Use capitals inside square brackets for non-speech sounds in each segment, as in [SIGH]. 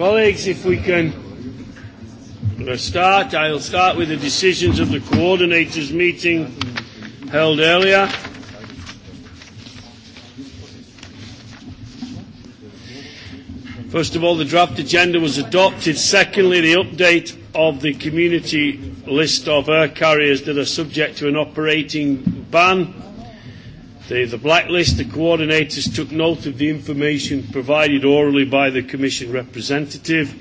Colleagues, if we can uh, start, I'll start with the decisions of the coordinators' meeting held earlier. First of all, the draft agenda was adopted. Secondly, the update of the community list of air carriers that are subject to an operating ban. The, the blacklist, the coordinators took note of the information provided orally by the Commission representative,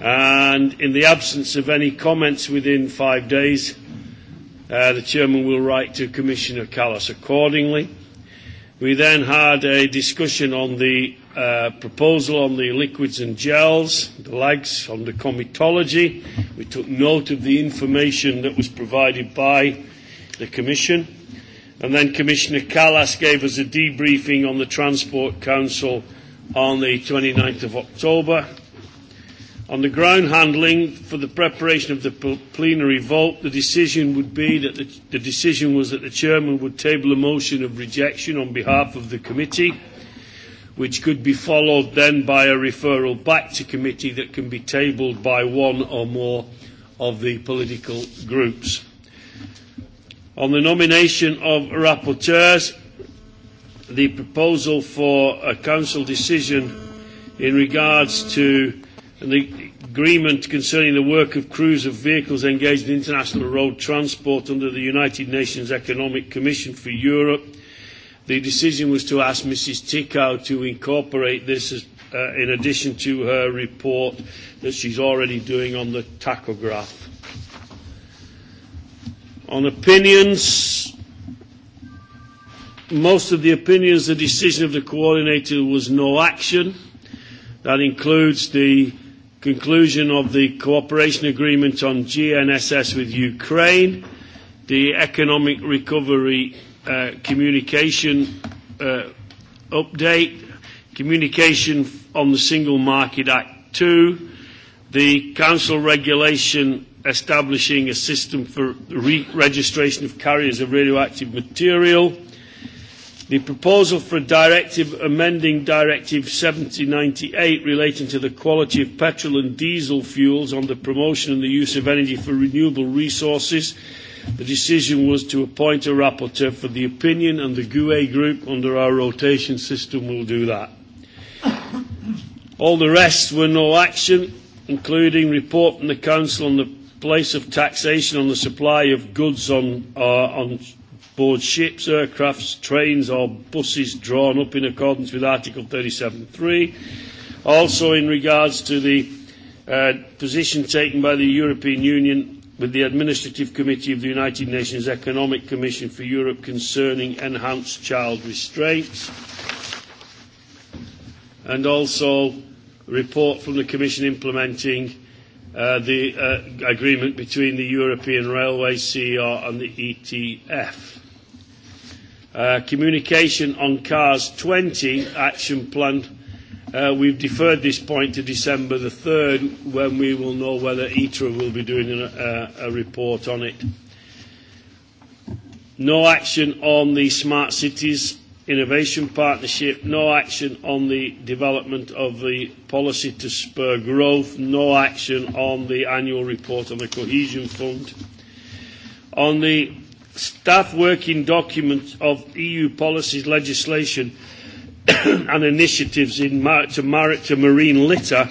and in the absence of any comments within five days, uh, the Chairman will write to Commissioner Callas accordingly. We then had a discussion on the uh, proposal on the liquids and gels, the lags on the comitology. We took note of the information that was provided by the Commission. And then Commissioner Callas gave us a debriefing on the Transport Council on the 29th of October. On the ground handling for the preparation of the plenary vote, the decision would be that the, the decision was that the chairman would table a motion of rejection on behalf of the committee, which could be followed then by a referral back to committee that can be tabled by one or more of the political groups. On the nomination of rapporteurs, the proposal for a council decision in regards to the agreement concerning the work of crews of vehicles engaged in international road transport under the United Nations Economic Commission for Europe. The decision was to ask Mrs. Tickow to incorporate this as, uh, in addition to her report that she's already doing on the tachograph on opinions. Most of the opinions, the decision of the coordinator was no action. That includes the conclusion of the cooperation agreement on GNSS with Ukraine, the economic recovery uh, communication uh, update, communication on the Single Market Act 2, the Council regulation establishing a system for re-registration of carriers of radioactive material. The proposal for a directive amending Directive 7098 relating to the quality of petrol and diesel fuels on the promotion and the use of energy for renewable resources. The decision was to appoint a rapporteur for the opinion and the GUE group under our rotation system will do that. All the rest were no action, including report from the Council on the place of taxation on the supply of goods on, uh, on board ships, aircrafts, trains or buses drawn up in accordance with Article 37.3. Also in regards to the uh, position taken by the European Union with the Administrative Committee of the United Nations Economic Commission for Europe concerning enhanced child restraints. And also report from the Commission implementing uh, the uh, agreement between the European Railway CER and the ETF. Uh, communication on CARS 20 action plan. Uh, we've deferred this point to December the 3rd when we will know whether ITRA e will be doing an, uh, a report on it. No action on the smart cities Innovation Partnership, no action on the development of the policy to spur growth, no action on the annual report on the Cohesion Fund. On the staff working document of EU policies, legislation [COUGHS] and initiatives in mar- to, mar- to marine litter,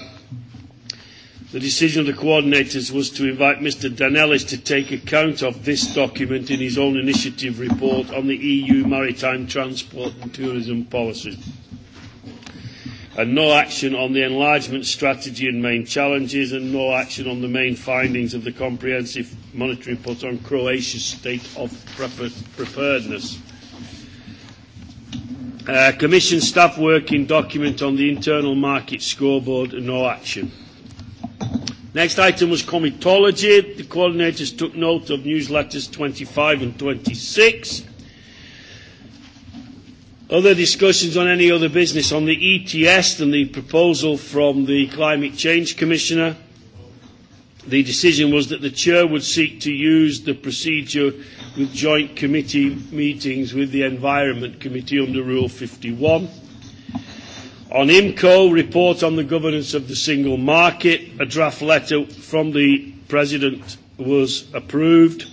The decision of the coordinators was to invite Mr Danellis to take account of this document in his own initiative report on the EU maritime transport and tourism policy. And no action on the enlargement strategy and main challenges, and no action on the main findings of the comprehensive monitoring report on Croatia's state of preparedness. Uh, commission staff working document on the internal market scoreboard, no action. Next item was comitology. The coordinators took note of newsletters 25 and 26. Other discussions on any other business on the ETS and the proposal from the Climate Change Commissioner. The decision was that the Chair would seek to use the procedure with joint committee meetings with the Environment Committee under Rule 51. On IMCO, report on the governance of the single market, a draft letter from the President was approved.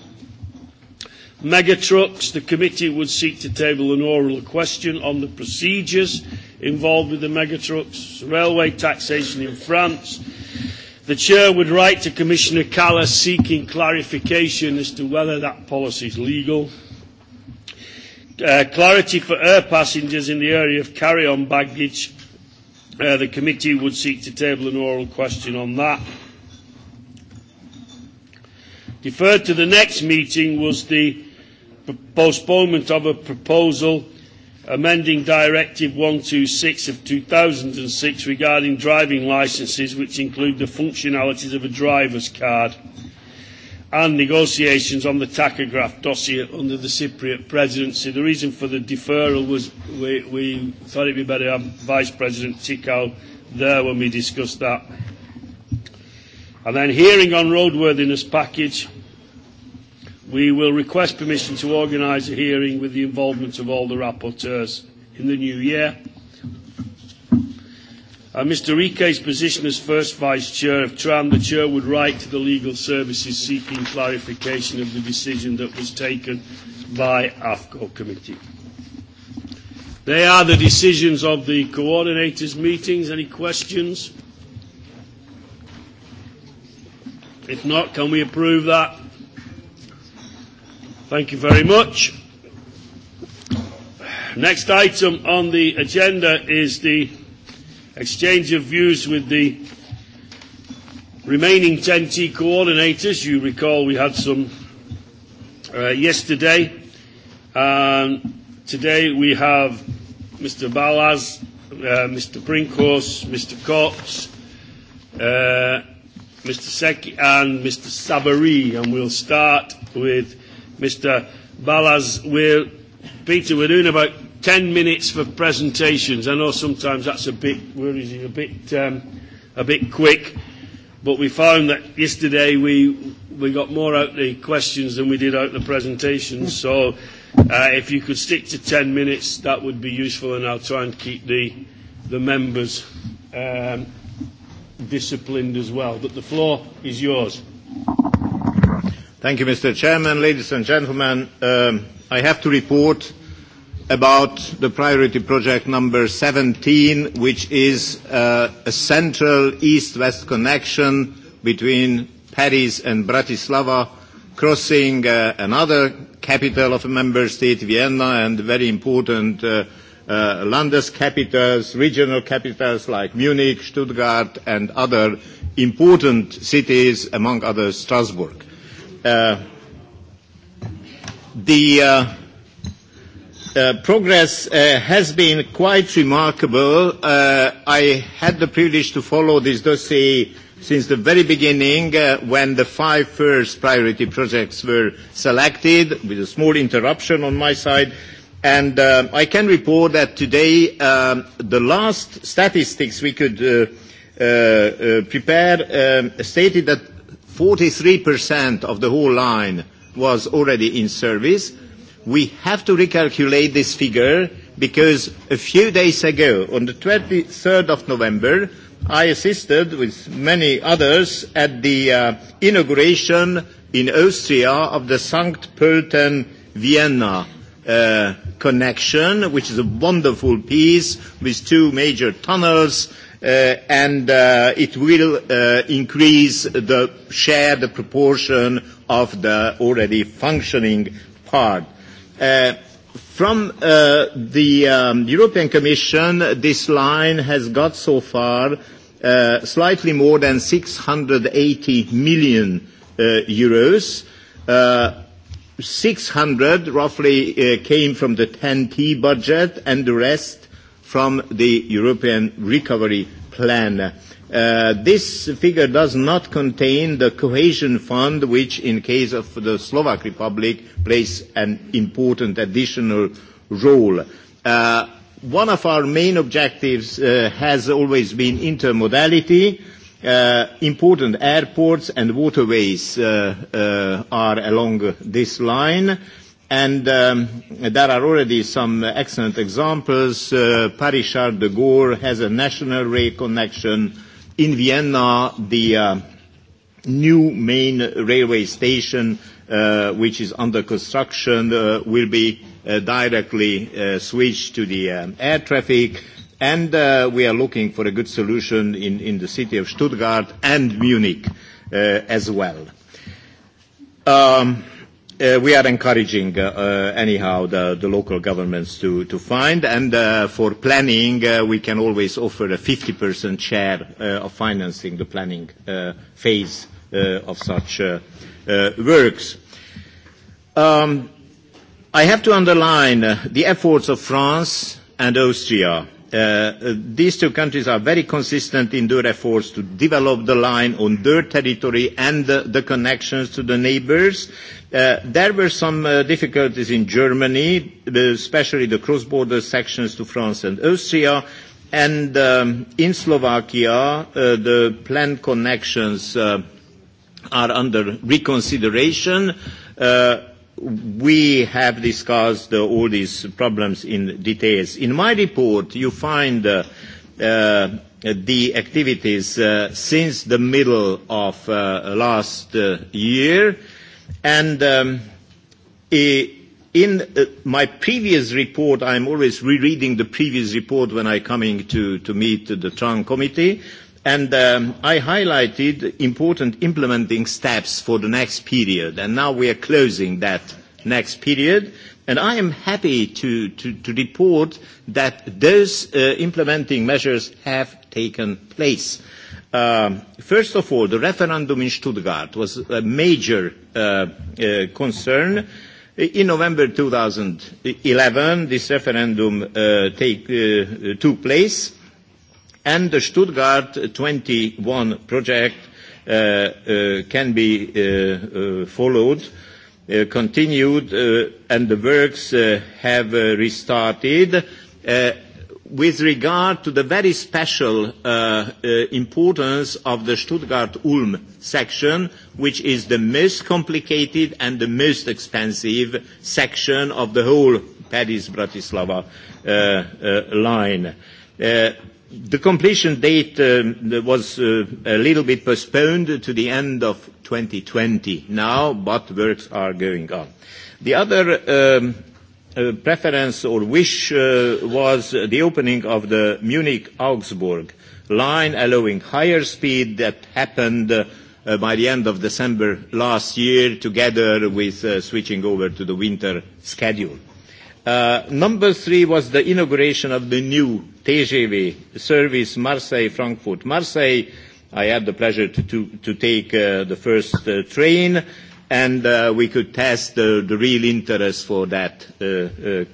Mega trucks, the committee would seek to table an oral question on the procedures involved with the mega trucks, railway taxation in France. The Chair would write to Commissioner Callas seeking clarification as to whether that policy is legal. Uh, clarity for air passengers in the area of carry-on baggage Uh, the committee would seek to table an oral question on that. Deferred to the next meeting was the postponement of a proposal amending Directive 126 of 2006 regarding driving licenses, which include the functionalities of a driver's card. Uh, and negotiations on the tachograph dossier under the Cypriot presidency. The reason for the deferral was we, we thought it'd be better to have Vice President Tikal there when we discussed that. And then hearing on roadworthiness package, we will request permission to organise a hearing with the involvement of all the rapporteurs in the new year. Uh, Mr. Rike's position as first vice chair of TRAN, the chair would write to the legal services seeking clarification of the decision that was taken by AFCO committee. They are the decisions of the coordinators' meetings. Any questions? If not, can we approve that? Thank you very much. Next item on the agenda is the exchange of views with the remaining 10T coordinators. You recall we had some uh, yesterday. And um, today we have Mr. Balaz, uh, Mr. Brinkhorst, Mr. Cox, uh, Mr. Seki, and Mr. Sabari. And we'll start with Mr. Balaz. We'll, Peter, we're doing about 10 minutes for presentations. I know sometimes that's a bit, where is it, a bit, um, a bit quick, but we found that yesterday we, we got more out the questions than we did out the presentations. So uh, if you could stick to 10 minutes, that would be useful, and I'll try and keep the, the members um, disciplined as well. But the floor is yours. Thank you, Mr. Chairman. Ladies and gentlemen, um, I have to report about the priority project number 17, which is uh, a central east-west connection between Paris and Bratislava, crossing uh, another capital of a member state, Vienna, and very important uh, uh, Landeskapitals, regional capitals like Munich, Stuttgart, and other important cities, among others Strasbourg. Uh, the uh, Uh, progress uh, has been quite remarkable. Uh, I had the privilege to follow this dossier since the very beginning uh, when the five first priority projects were selected with a small interruption on my side. And uh, I can report that today um, the last statistics we could uh, uh, uh, prepare um, stated that 43% of the whole line was already in service we have to recalculate this figure because a few days ago, on the 23rd of November, I assisted with many others at the uh, inauguration in Austria of the Sankt Pölten Vienna uh, connection, which is a wonderful piece with two major tunnels, uh, and uh, it will uh, increase the share, the proportion of the already functioning part. Uh, from uh, the um, European Commission, this line has got so far uh, slightly more than 680 million uh, euros. Uh, 600 roughly uh, came from the 10T budget and the rest from the European Recovery Plan. Uh, Uh, this figure does not contain the cohesion fund, which in case of the Slovak Republic plays an important additional role. Uh, one of our main objectives uh, has always been intermodality. Uh, important airports and waterways uh, uh, are along this line. And um, there are already some excellent examples. Uh, Paris Charles de Gaulle has a national rail connection in Vienna, the uh, new main railway station, uh, which is under construction, uh, will be uh, directly uh, switched to the um, air traffic. And uh, we are looking for a good solution in, in the city of Stuttgart and Munich uh, as well. Um, Uh, we are encouraging, uh, uh, anyhow, the, the local governments to, to find. And uh, for planning, uh, we can always offer a 50% share uh, of financing the planning uh, phase uh, of such uh, uh, works. Um, I have to underline uh, the efforts of France and Austria Uh, these two countries are very consistent in their efforts to develop the line on their territory and the, the connections to the neighbors. Uh, there were some uh, difficulties in Germany, uh, especially the cross-border sections to France and Austria, and um, in Slovakia, uh, the planned connections uh, are under reconsideration. Uh, we have discussed uh, all these problems in details. In my report, you find uh, uh, the activities uh, since the middle of uh, last uh, year, and um, it, in uh, my previous report, I'm always rereading the previous report when I'm coming to, to meet the Tran committee. Uh, And um, I highlighted important implementing steps for the next period, and now we are closing that next period. And I am happy to, to, to report that those uh, implementing measures have taken place. Uh, first of all, the referendum in Stuttgart was a major uh, uh, concern. In November 2011, this referendum uh, take, uh, took place and the Stuttgart 21 project uh, uh, can be uh, uh, followed, uh, continued, uh, and the works uh, have uh, restarted. Uh, with regard to the very special uh, uh, importance of the Stuttgart-Ulm section, which is the most complicated and the most expensive section of the whole Paris-Bratislava uh, uh, line. Uh, The completion date uh, was uh, a little bit postponed to the end of 2020 now, but works are going on. The other um, uh, preference or wish uh, was the opening of the Munich-Augsburg line, allowing higher speed that happened uh, by the end of December last year, together with uh, switching over to the winter schedule. Number three was the inauguration of the new TGV service Marseille-Frankfurt-Marseille. -Marseille. I had the pleasure to, to, to take uh, the first uh, train, and uh, we could test the, the real interest for that uh, uh,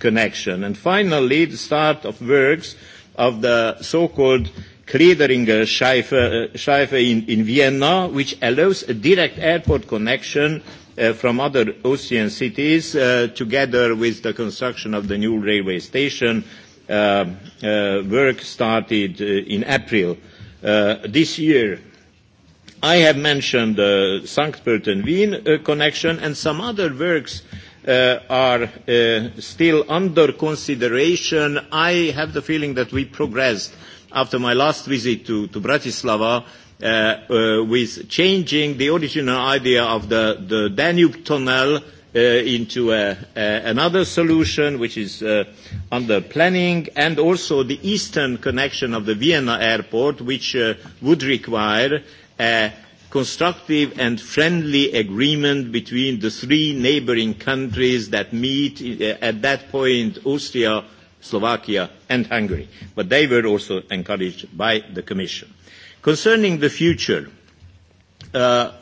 connection. And finally, the start of works of the so-called Kleideringer Schleife uh, in, in Vienna, which allows a direct airport connection Uh, from other Austrian cities, uh, together with the construction of the new railway station uh, uh, work started uh, in April uh, this year. I have mentioned the uh, Sankt Pölten-Wien uh, connection and some other works uh, are uh, still under consideration. I have the feeling that we progressed after my last visit to, to Bratislava uh, uh, with changing the original idea of the, the Danube Tunnel uh, uh, into a, uh, a, uh, another solution which is uh, under planning and also the eastern connection of the Vienna airport which uh, would require a constructive and friendly agreement between the three neighboring countries that meet uh, at that point Austria, Slovakia and Hungary. But they were also encouraged by the Commission. Concerning the future, uh,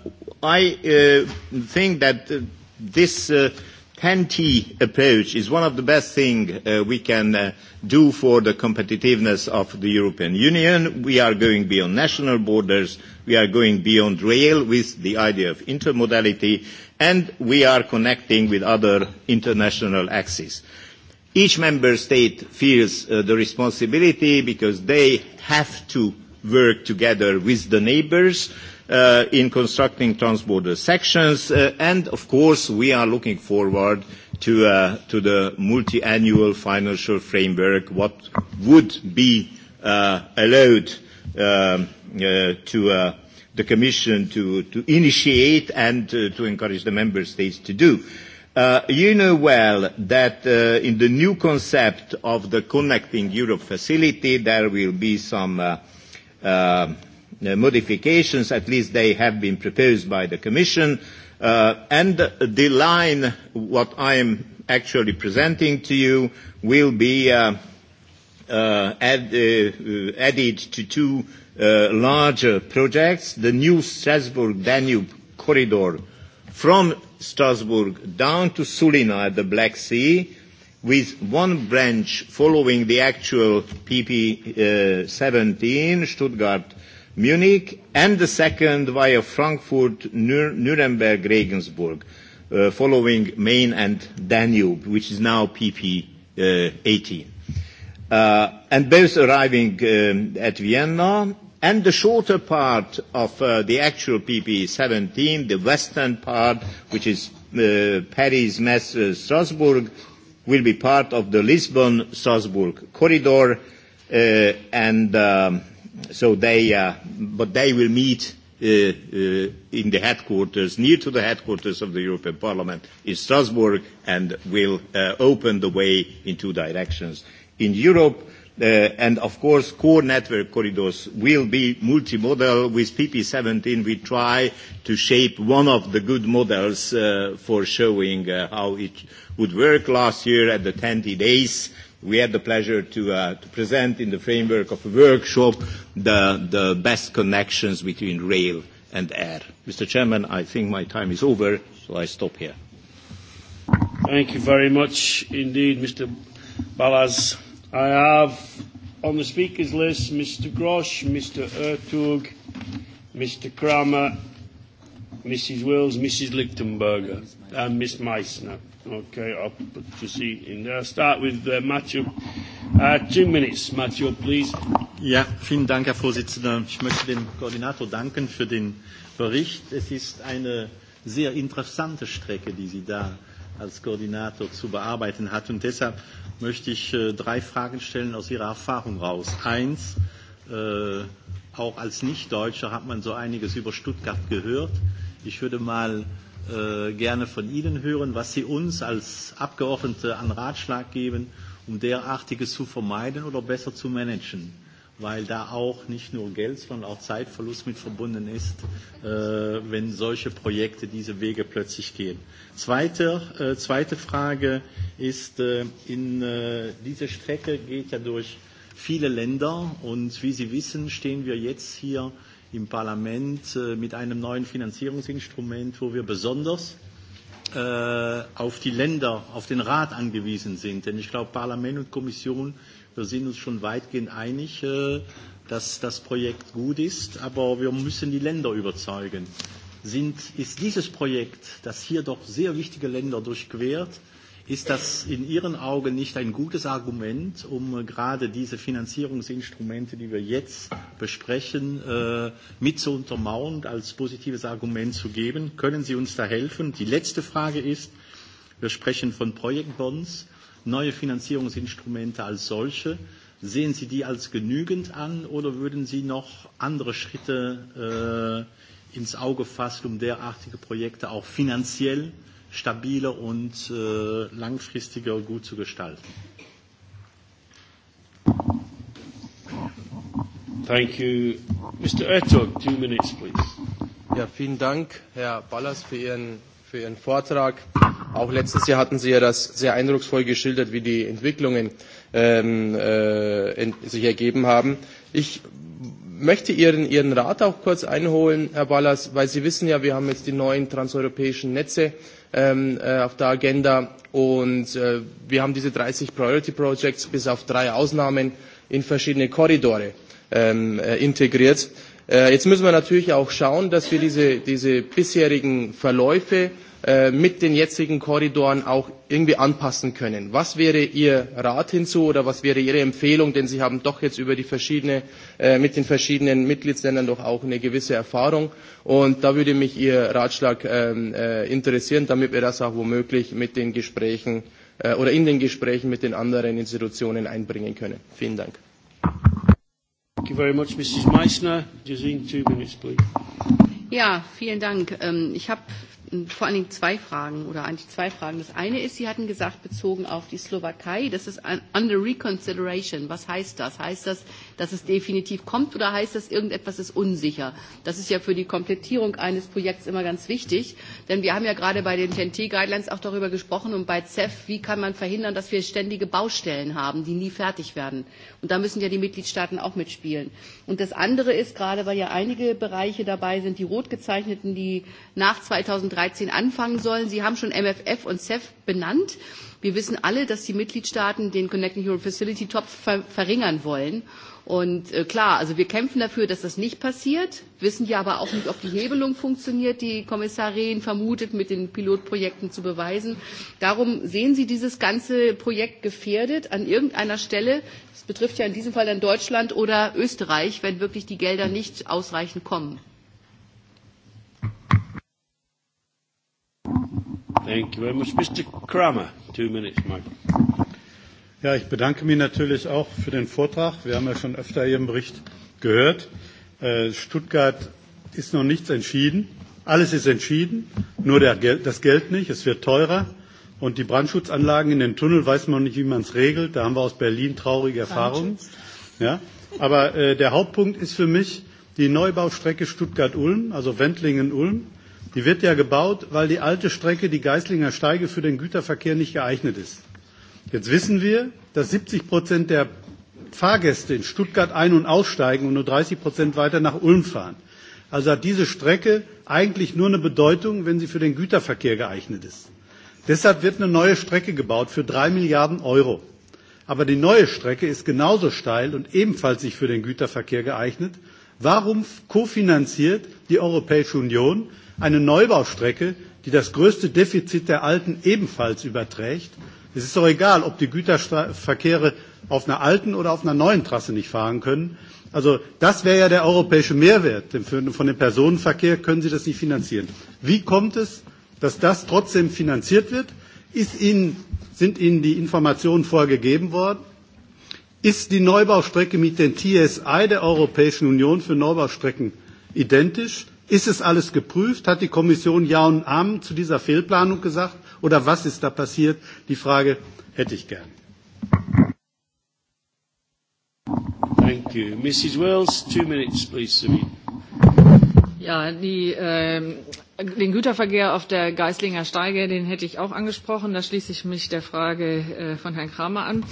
I uh, think that uh, this uh, 10T approach is one of the best things uh, we can uh, do for the competitiveness of the European Union. We are going beyond national borders. We are going beyond rail with the idea of intermodality, and we are connecting with other international axes. Each member state feels uh, the responsibility because they have to work together with the neighbors. Uh, uh, in constructing transborder sections. Uh, and of course, we are looking forward to, uh, to the multi-annual financial framework, what would be uh, allowed uh, uh, to uh, the Commission to, to initiate and uh, to encourage the Member States to do. Uh, you know well that uh, in the new concept of the Connecting Europe facility, there will be some uh, uh, uh, modifications, at least they have been proposed by the Commission, uh, and the line what I am actually presenting to you will be uh, uh, add, uh, uh added to two uh, larger projects, the new Strasbourg-Danube corridor from Strasbourg down to Sulina at the Black Sea, with one branch following the actual PP uh, 17, Stuttgart Munich, and the second via Frankfurt, Nur Nuremberg, Regensburg, uh, following Main and Danube, which is now PP uh, 18. Uh, and both arriving um, at Vienna, and the shorter part of uh, the actual PP 17, the western part, which is uh, Paris, Metz, uh, Strasbourg, will be part of the Lisbon-Strasbourg corridor, uh, and um, so they, uh, but they will meet uh, uh, in the headquarters, near to the headquarters of the European Parliament in Strasbourg, and will uh, open the way in two directions. In Europe, uh, and of course, core network corridors will be multimodal. With PP17, we try to shape one of the good models uh, for showing uh, how it would work. Last year at the 10 days, uh, we had the pleasure to, uh, to present in the framework of a workshop the, the best connections between rail and air. Mr. Chairman, I think my time is over, so I stop here. Thank you very much indeed, Mr. Balaz. I have on the speakers list Mr. Grosh, Mr. Ertug, Mr. Kramer, Mrs. Wills, Mrs. Lichtenberger uh, Ms. Meissner. Okay, I'll put your seat in there. I'll start with uh, Mathieu. Uh, two minutes, Mathieu, please. Ja, vielen Dank, Herr Vorsitzender. Ich möchte dem Koordinator danken für den Bericht. Es ist eine sehr interessante Strecke, die Sie da als Koordinator zu bearbeiten hat. Und deshalb möchte ich äh, drei Fragen stellen aus Ihrer Erfahrung raus. Eins, äh, auch als Nichtdeutscher hat man so einiges über Stuttgart gehört. Ich würde mal äh, äh, gerne von Ihnen hören, was Sie uns als Abgeordnete an Ratschlag geben, um derartiges zu vermeiden oder besser zu managen, weil da auch nicht nur Geld, sondern auch Zeitverlust mit verbunden ist, äh, wenn solche Projekte diese Wege plötzlich gehen. Zweite, äh, zweite Frage ist, äh, in, äh, diese Strecke geht ja durch viele Länder und wie Sie wissen, stehen wir jetzt hier äh, im Parlament äh, mit einem neuen Finanzierungsinstrument, wo wir besonders äh, auf die Länder, auf den Rat angewiesen sind. Denn ich glaube, Parlament und Kommission, wir sind uns schon weitgehend einig, äh, dass das Projekt gut ist, aber wir müssen die Länder überzeugen. Sind, ist dieses Projekt, das hier doch sehr wichtige Länder durchquert, äh, Ist das in Ihren Augen nicht ein gutes Argument, um äh, gerade diese Finanzierungsinstrumente, die wir jetzt besprechen, äh, mit zu untermauern, als positives Argument zu geben? Können Sie uns da helfen? Die letzte Frage ist, wir sprechen von Projektbonds, neue Finanzierungsinstrumente als solche. Sehen Sie die als genügend an oder würden Sie noch andere Schritte äh, ins Auge fassen, um derartige Projekte auch finanziell äh, stabiler und äh, langfristiger gut zu gestalten. Thank you. Mr. Ertug, two minutes, please. Ja, vielen Dank, Herr Ballas, für Ihren, für Ihren Vortrag. Auch letztes Jahr hatten Sie ja das sehr eindrucksvoll geschildert, wie die Entwicklungen ähm, äh, ent sich ergeben haben. Ich möchte Ihren, Ihren Rat auch kurz einholen, Herr Ballas, weil Sie wissen ja, wir haben jetzt die neuen transeuropäischen Netze ähm, äh, auf der Agenda und äh, wir haben diese 30 Priority Projects bis auf drei Ausnahmen in verschiedene Korridore ähm, äh, integriert. Äh, jetzt müssen wir natürlich auch schauen, dass wir diese, diese bisherigen Verläufe Äh, mit den jetzigen Korridoren auch irgendwie anpassen können. Was wäre Ihr Rat hinzu oder was wäre Ihre Empfehlung? Denn Sie haben doch jetzt über die verschiedene, äh, mit den verschiedenen Mitgliedsländern doch auch eine gewisse Erfahrung. Und da würde mich Ihr Ratschlag ähm, äh, interessieren, damit wir das auch womöglich mit den Gesprächen äh, oder in den Gesprächen mit den anderen Institutionen einbringen können. Vielen Dank. Thank you very much, Mrs. Meissner. Just in two minutes, please. Ja, vielen Dank. Ähm, ich habe vor allen Dingen zwei Fragen oder eigentlich zwei Fragen. Das eine ist, Sie hatten gesagt, bezogen auf die Slowakei, das ist under reconsideration. Was heißt das? Heißt das, dass es definitiv kommt oder heißt das, irgendetwas ist unsicher? Das ist ja für die Komplettierung eines Projekts immer ganz wichtig, denn wir haben ja gerade bei den TNT-Guidelines auch darüber gesprochen und bei CEF, wie kann man verhindern, dass wir ständige Baustellen haben, die nie fertig werden. Und da müssen ja die Mitgliedstaaten auch mitspielen. Und das andere ist, gerade weil ja einige Bereiche dabei sind, die rot gezeichneten, die nach 2013 anfangen sollen, Sie haben schon MFF und CEF benannt. Wir wissen alle, dass die Mitgliedstaaten den Connecting Europe Facility Topf ver verringern wollen. Und äh, klar, also wir kämpfen dafür, dass das nicht passiert, wissen ja aber auch nicht, ob die Hebelung funktioniert, die Kommissarin vermutet, mit den Pilotprojekten zu beweisen. Darum sehen Sie dieses ganze Projekt gefährdet an irgendeiner Stelle. Das betrifft ja in diesem Fall dann Deutschland oder Österreich, wenn wirklich die Gelder nicht ausreichend kommen. Thank you very much. Mr. Kramer, two minutes, Mike. Ja, ich bedanke mich natürlich auch für den Vortrag. Wir haben ja schon öfter Ihren Bericht gehört. Äh, Stuttgart ist noch nichts entschieden. Alles ist entschieden, nur der, das Geld nicht. Es wird teurer. Und die Brandschutzanlagen in den Tunnel weiß man nicht, wie man es regelt. Da haben wir aus Berlin traurige Erfahrungen. Ja? Aber äh, der Hauptpunkt ist für mich die Neubaustrecke Stuttgart-Ulm, also Wendlingen-Ulm. Die wird ja gebaut, weil die alte Strecke, die Geißlinger Steige, für den Güterverkehr nicht geeignet ist. Jetzt wissen wir, dass 70 Prozent der Fahrgäste in Stuttgart ein- und aussteigen und nur 30 Prozent weiter nach Ulm fahren. Also hat diese Strecke eigentlich nur eine Bedeutung, wenn sie für den Güterverkehr geeignet ist. Deshalb wird eine neue Strecke gebaut für drei Milliarden Euro. Aber die neue Strecke ist genauso steil und ebenfalls nicht für den Güterverkehr geeignet. Warum kofinanziert die Europäische Union eine Neubaustrecke, die das größte Defizit der alten ebenfalls überträgt Es ist doch egal, ob die Güterverkehre auf einer alten oder auf einer neuen Trasse nicht fahren können. Also das wäre ja der europäische Mehrwert. Von dem Personenverkehr können Sie das nicht finanzieren. Wie kommt es, dass das trotzdem finanziert wird? Ist Ihnen, sind Ihnen die Informationen vorher gegeben worden? Ist die Neubaustrecke mit den TSI der Europäischen Union für Neubaustrecken identisch? Ist es alles geprüft? Hat die Kommission Ja und Amen zu dieser Fehlplanung gesagt? oder was ist da passiert? Die Frage hätte ich gern. Thank you. Mrs. Wells, two minutes, please, Sabine. Ja, die ähm, Den Güterverkehr auf der Geislinger Steige, den hätte ich auch angesprochen. Da schließe ich mich der Frage äh, von Herrn Kramer an.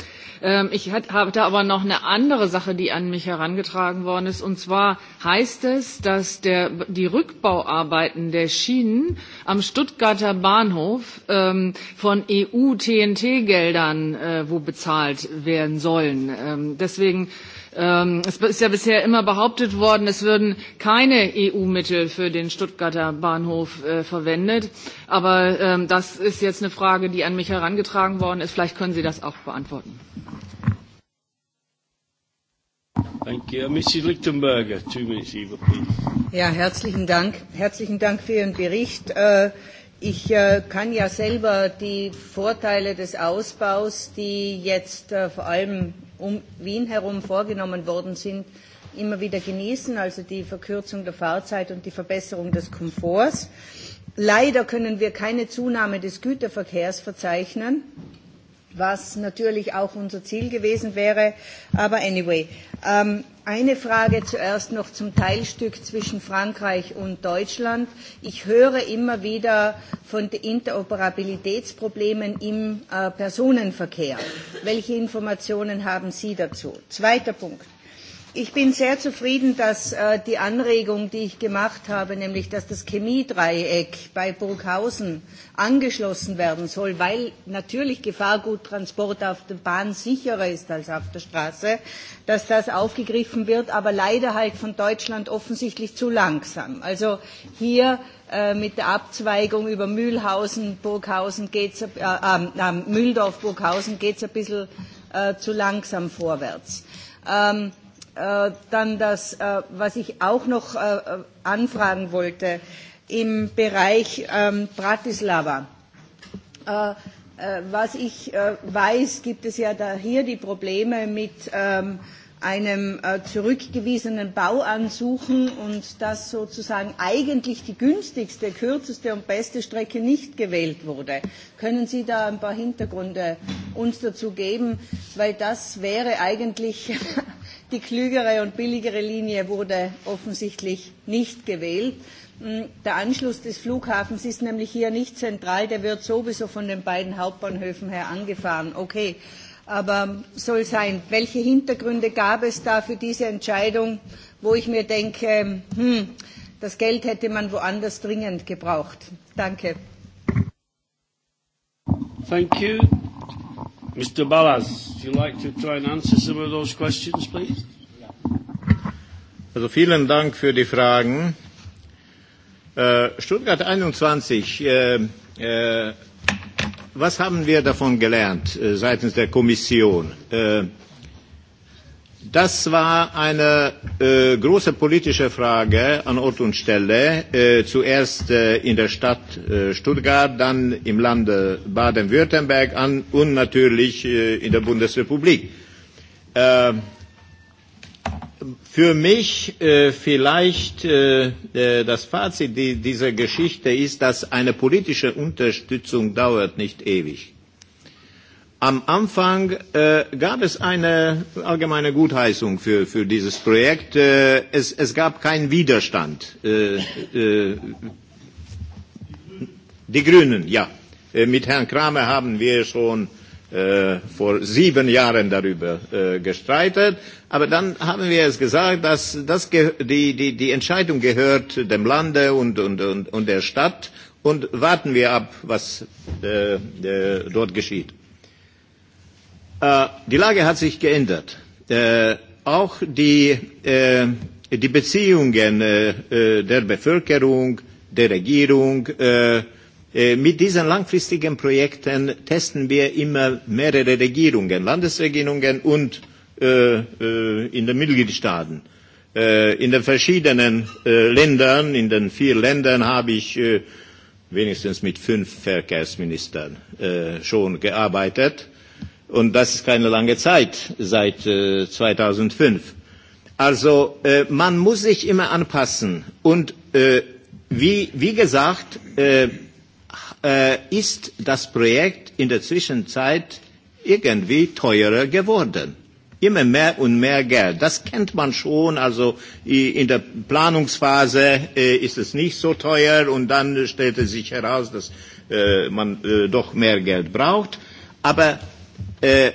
Ähm, ich habe da aber noch eine andere Sache, die an mich herangetragen worden ist. Und zwar heißt es, dass der, die Rückbauarbeiten der Schienen am Stuttgarter Bahnhof ähm, von EU-TNT-Geldern äh, wo bezahlt werden sollen. Ähm, deswegen Es ist ja bisher immer behauptet worden, es würden keine EU-Mittel für den Stuttgarter Bahnhof Bahnhof äh, verwendet. Aber ähm, das ist jetzt eine Frage, die an mich herangetragen worden ist. Vielleicht können Sie das auch beantworten. Thank you. Uh, Mrs. Lichtenberger, two minutes, Eva, please. Ja, herzlichen Dank. Herzlichen Dank für Ihren Bericht. Äh, Ich äh, kann ja selber die Vorteile des Ausbaus, die jetzt äh, vor allem um Wien herum vorgenommen worden sind, äh, immer wieder genießen, also die Verkürzung der Fahrzeit und die Verbesserung des Komforts. Leider können wir keine Zunahme des Güterverkehrs verzeichnen, was natürlich auch unser Ziel gewesen wäre. Aber anyway, ähm, eine Frage zuerst noch zum Teilstück zwischen Frankreich und Deutschland. Ich höre immer wieder von den Interoperabilitätsproblemen im äh, Personenverkehr. Welche Informationen haben Sie dazu? Zweiter Punkt ich bin sehr zufrieden, dass äh, die Anregung, die ich gemacht habe, nämlich dass das Chemiedreieck bei Burghausen angeschlossen werden soll, weil natürlich Gefahrguttransport auf der Bahn sicherer ist als auf der Straße, dass das aufgegriffen wird, aber leider halt von Deutschland offensichtlich zu langsam. Also hier äh, mit der Abzweigung über Mühlhausen, Burghausen geht's, äh, äh, Mühldorf, Burghausen geht es ein bisschen äh, zu langsam vorwärts. Ähm, äh, dann das, äh, was ich auch noch äh, anfragen wollte im Bereich ähm, Bratislava. Äh, äh, was ich äh, weiß, gibt es ja da hier die Probleme mit ähm, einem äh, zurückgewiesenen Bauansuchen und dass sozusagen eigentlich die günstigste, kürzeste und beste Strecke nicht gewählt wurde. Können Sie da ein paar Hintergründe uns dazu geben? Weil das wäre eigentlich [LAUGHS] Die klügere und billigere Linie wurde offensichtlich nicht gewählt. Hm, der Anschluss des Flughafens ist nämlich hier nicht zentral, der wird sowieso von den beiden Hauptbahnhöfen her angefahren. Okay, aber soll sein. Welche Hintergründe gab es da für diese Entscheidung, wo ich mir denke, hm, das Geld hätte man woanders dringend gebraucht? Danke. Thank you. Mr. Ballas, would you like to try and answer some of those questions, please? Also vielen Dank für die Fragen. Äh, Stuttgart 21, äh, äh, was haben wir davon gelernt äh, seitens der Kommission? Äh, Das war eine äh, große politische Frage an Ort und Stelle, äh, zuerst äh, in der Stadt äh, Stuttgart, dann im Lande Baden-Württemberg an und natürlich äh, in der Bundesrepublik. Äh, für mich äh, vielleicht äh, äh das Fazit die, dieser Geschichte ist, dass eine politische Unterstützung dauert nicht ewig Am Anfang äh, gab es eine allgemeine Gutheißung für, für dieses Projekt. Äh, es, es gab keinen Widerstand. Äh, äh, die Grünen, ja. Äh, mit Herrn Kramer haben wir schon äh, vor sieben Jahren darüber äh, gestreitet. Aber dann haben wir es gesagt, dass das die, die, die Entscheidung gehört dem Lande und, und, und, und der Stadt. Und warten wir ab, was äh, äh, dort geschieht. Äh, die Lage hat sich geändert. Äh, auch die, äh, die Beziehungen äh, äh der Bevölkerung, der Regierung äh, äh, mit diesen langfristigen Projekten testen wir immer mehrere Regierungen, Landesregierungen und äh, äh, in den Mitgliedstaaten. Äh, in den verschiedenen äh, Ländern, in den vier Ländern habe ich äh, wenigstens mit fünf Verkehrsministern äh, schon gearbeitet. Und das ist keine lange Zeit seit äh, 2005. Also äh, man muss sich immer anpassen. Und äh, wie, wie gesagt, äh, äh, ist das Projekt in der Zwischenzeit irgendwie teurer geworden. Immer mehr und mehr Geld. Das kennt man schon. Also in der Planungsphase äh, ist es nicht so teuer und dann stellte sich heraus, dass äh, man äh, doch mehr Geld braucht. Aber Äh,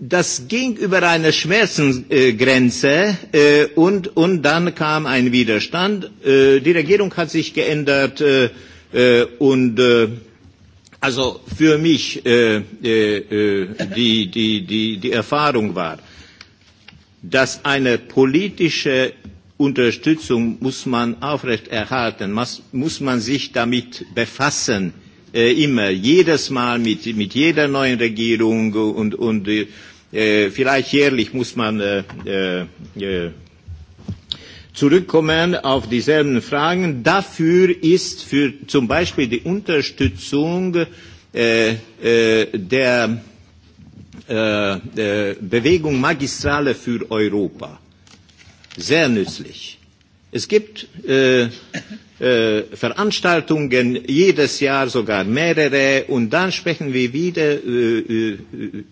das ging über eine Schmerzensgrenze äh, und, und dann kam ein Widerstand. Äh, die Regierung hat sich geändert äh, äh, und äh, also für mich äh, äh, äh die, die, die, die Erfahrung war, dass eine politische Unterstützung muss man aufrechterhalten, muss, muss man sich damit befassen äh, immer, jedes Mal mit, mit jeder neuen Regierung und, und äh, vielleicht jährlich muss man äh, äh, äh, zurückkommen auf dieselben Fragen. Dafür ist für zum Beispiel die Unterstützung äh, äh, der äh, äh, Bewegung Magistrale für Europa sehr nützlich. Es gibt äh, Äh, Veranstaltungen, jedes Jahr sogar mehrere, und dann sprechen wir wieder, äh, äh,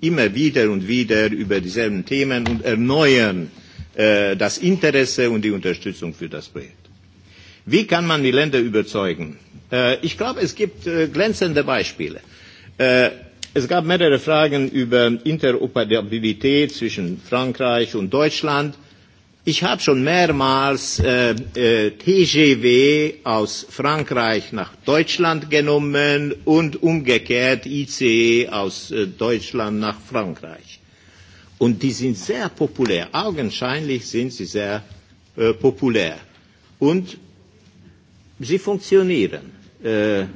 immer wieder und wieder über dieselben Themen und erneuern das Interesse und die Unterstützung für das Projekt. Wie kann man die Länder überzeugen? Ich glaube, es gibt glänzende Beispiele. Es gab mehrere Fragen über Interoperabilität zwischen Frankreich und Deutschland. Ich habe schon mehrmals äh, äh, TGW aus Frankreich nach Deutschland genommen und umgekehrt ICE aus äh, Deutschland nach Frankreich. Und die sind sehr populär. Augenscheinlich sind sie sehr äh, populär. Und sie funktionieren. Äh,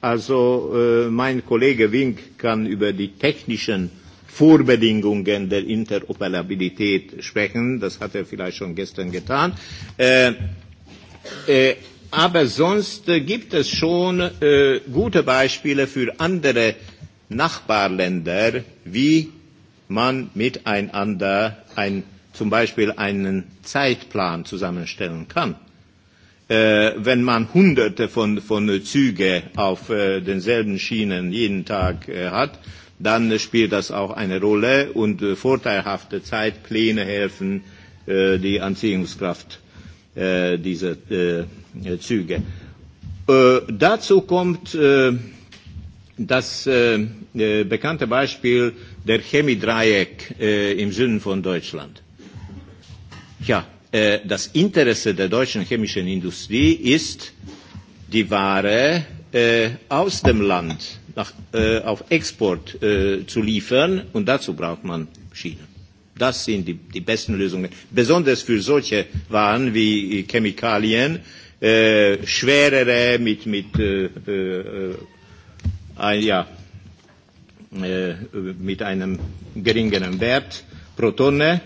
also äh, mein Kollege Wink kann über die technischen äh, Vorbedingungen der Interoperabilität sprechen. Das hat er vielleicht schon gestern getan. Äh, äh, aber sonst äh, gibt es schon äh, gute Beispiele für andere Nachbarländer, wie man miteinander ein, zum Beispiel einen Zeitplan zusammenstellen kann. Äh, wenn man hunderte von, von Züge auf äh, denselben Schienen jeden Tag äh, hat, dann spielt das auch eine Rolle und äh, vorteilhafte Zeitpläne helfen äh, die Anziehungskraft äh, dieser äh, Züge. Äh, dazu kommt äh, das äh, äh, bekannte Beispiel der Chemiedreieck äh, im Süden von Deutschland. Ja, äh, das Interesse der deutschen chemischen Industrie ist, die Ware äh, aus dem Land nach, äh, auf Export äh, zu liefern. Und dazu braucht man China. Das sind die, die besten Lösungen. Besonders für solche Waren wie Chemikalien, äh, schwerere mit, mit, äh, äh, ein, ja, äh, mit einem geringeren Wert pro Tonne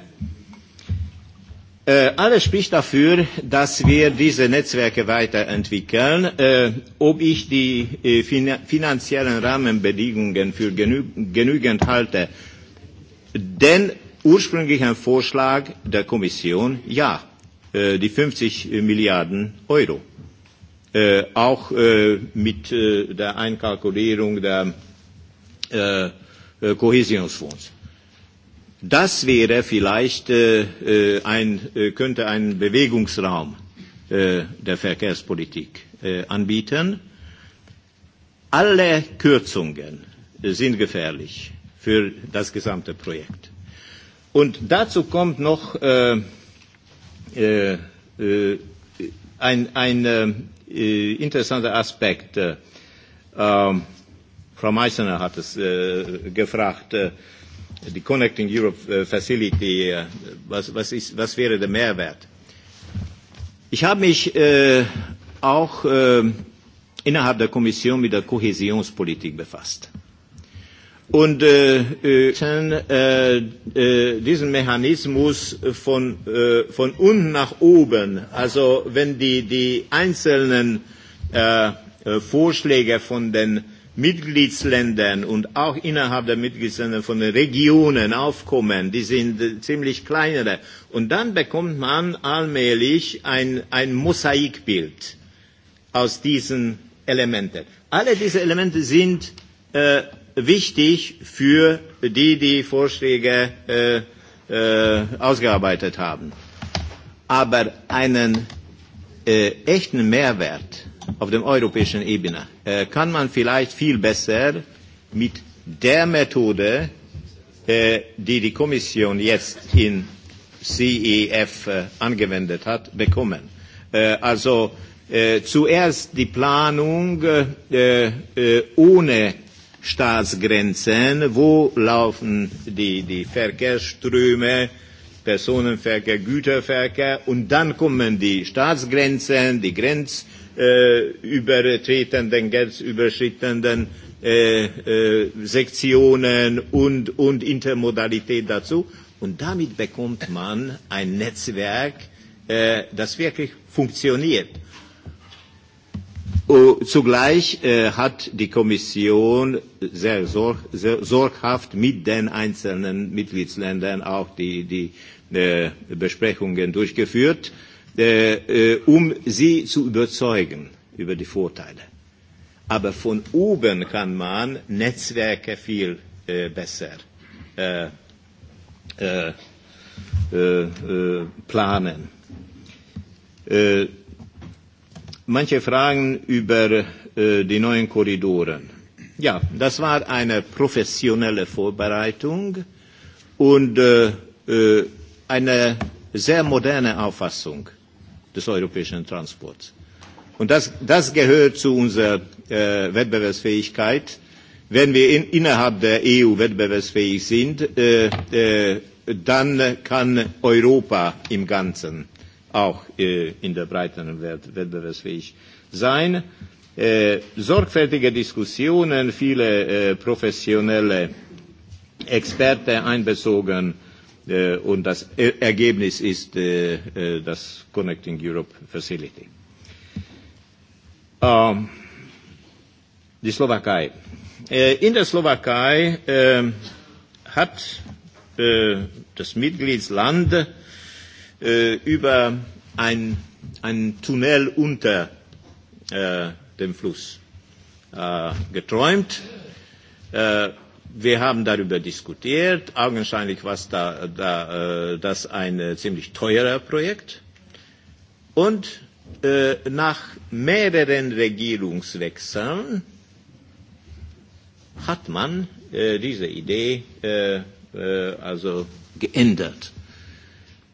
Äh, alles spricht dafür, dass wir diese Netzwerke weiterentwickeln. Äh, ob ich die äh, finanziellen Rahmenbedingungen für genügend halte, den ursprünglichen Vorschlag der Kommission, ja, die 50 Milliarden Euro. Auch mit der Einkalkulierung der Kohäsionsfonds. Das wäre vielleicht äh, äh ein, äh, könnte einen Bewegungsraum äh, der Verkehrspolitik äh, anbieten. Alle Kürzungen sind gefährlich für das gesamte Projekt. Und dazu kommt noch äh, äh, äh ein, ein äh, interessanter Aspekt. Äh, Frau Meissner hat es äh, gefragt. Äh, die Connecting Europe uh, Facility, uh, was, was, ist, was wäre der Mehrwert? Ich habe mich äh, auch äh, innerhalb der Kommission mit der Kohäsionspolitik befasst. Und äh, äh, äh, äh, diesen Mechanismus von, äh, von unten nach oben, also wenn die, die einzelnen äh, äh Vorschläge von den Mitgliedsländern und auch innerhalb der Mitgliedsländer von den Regionen aufkommen, die sind äh, ziemlich kleinere. Und dann bekommt man allmählich ein, ein Mosaikbild aus diesen Elementen. Alle diese Elemente sind äh, wichtig für die, die Vorschläge äh, äh, ausgearbeitet haben. Aber einen äh, echten Mehrwert auf dem europäischen Ebene, äh, kann man vielleicht viel besser mit der Methode, äh, die die Kommission jetzt in CEF äh, angewendet hat, bekommen. Äh, also äh, zuerst die Planung äh, äh, ohne Staatsgrenzen, wo laufen die, die Verkehrsströme, Personenverkehr, Güterverkehr und dann kommen die Staatsgrenzen, die Grenz- äh, übertretenden, grenzüberschreitenden äh, äh, Sektionen und, und Intermodalität dazu. Und damit bekommt man ein Netzwerk, äh, das wirklich funktioniert. Uh, zugleich äh, hat die Kommission sehr, sorg, sehr sorghaft mit den einzelnen Mitgliedsländern auch die, die äh, Besprechungen durchgeführt. Äh, Äh, äh, um sie zu überzeugen über die Vorteile. Aber von oben kann man Netzwerke viel äh, besser äh, äh, äh, äh, planen. Äh, manche Fragen über äh, die neuen Korridoren. Ja, das war eine professionelle Vorbereitung und äh, äh, eine sehr moderne Auffassung des europäischen Transports. Und das, das gehört zu unserer äh, Wettbewerbsfähigkeit. Wenn wir in, innerhalb der EU wettbewerbsfähig sind, äh, äh, dann kann Europa im Ganzen auch äh, in der breiteren Welt wettbewerbsfähig sein. Äh, sorgfältige Diskussionen, viele äh, professionelle Experten einbezogen äh, Äh, und das e-, Ergebnis ist äh, äh, das Connecting Europe Facility. Ähm, die Slowakei. Äh, in der Slowakei äh, hat äh, das Mitgliedsland äh, über ein, ein Tunnel unter äh, dem Fluss äh, geträumt. Äh, Wir haben darüber diskutiert. Augenscheinlich war da, da, äh, das ein äh, ziemlich teurer Projekt. Und äh, nach mehreren Regierungswechseln hat man äh, diese Idee äh, äh, also geändert.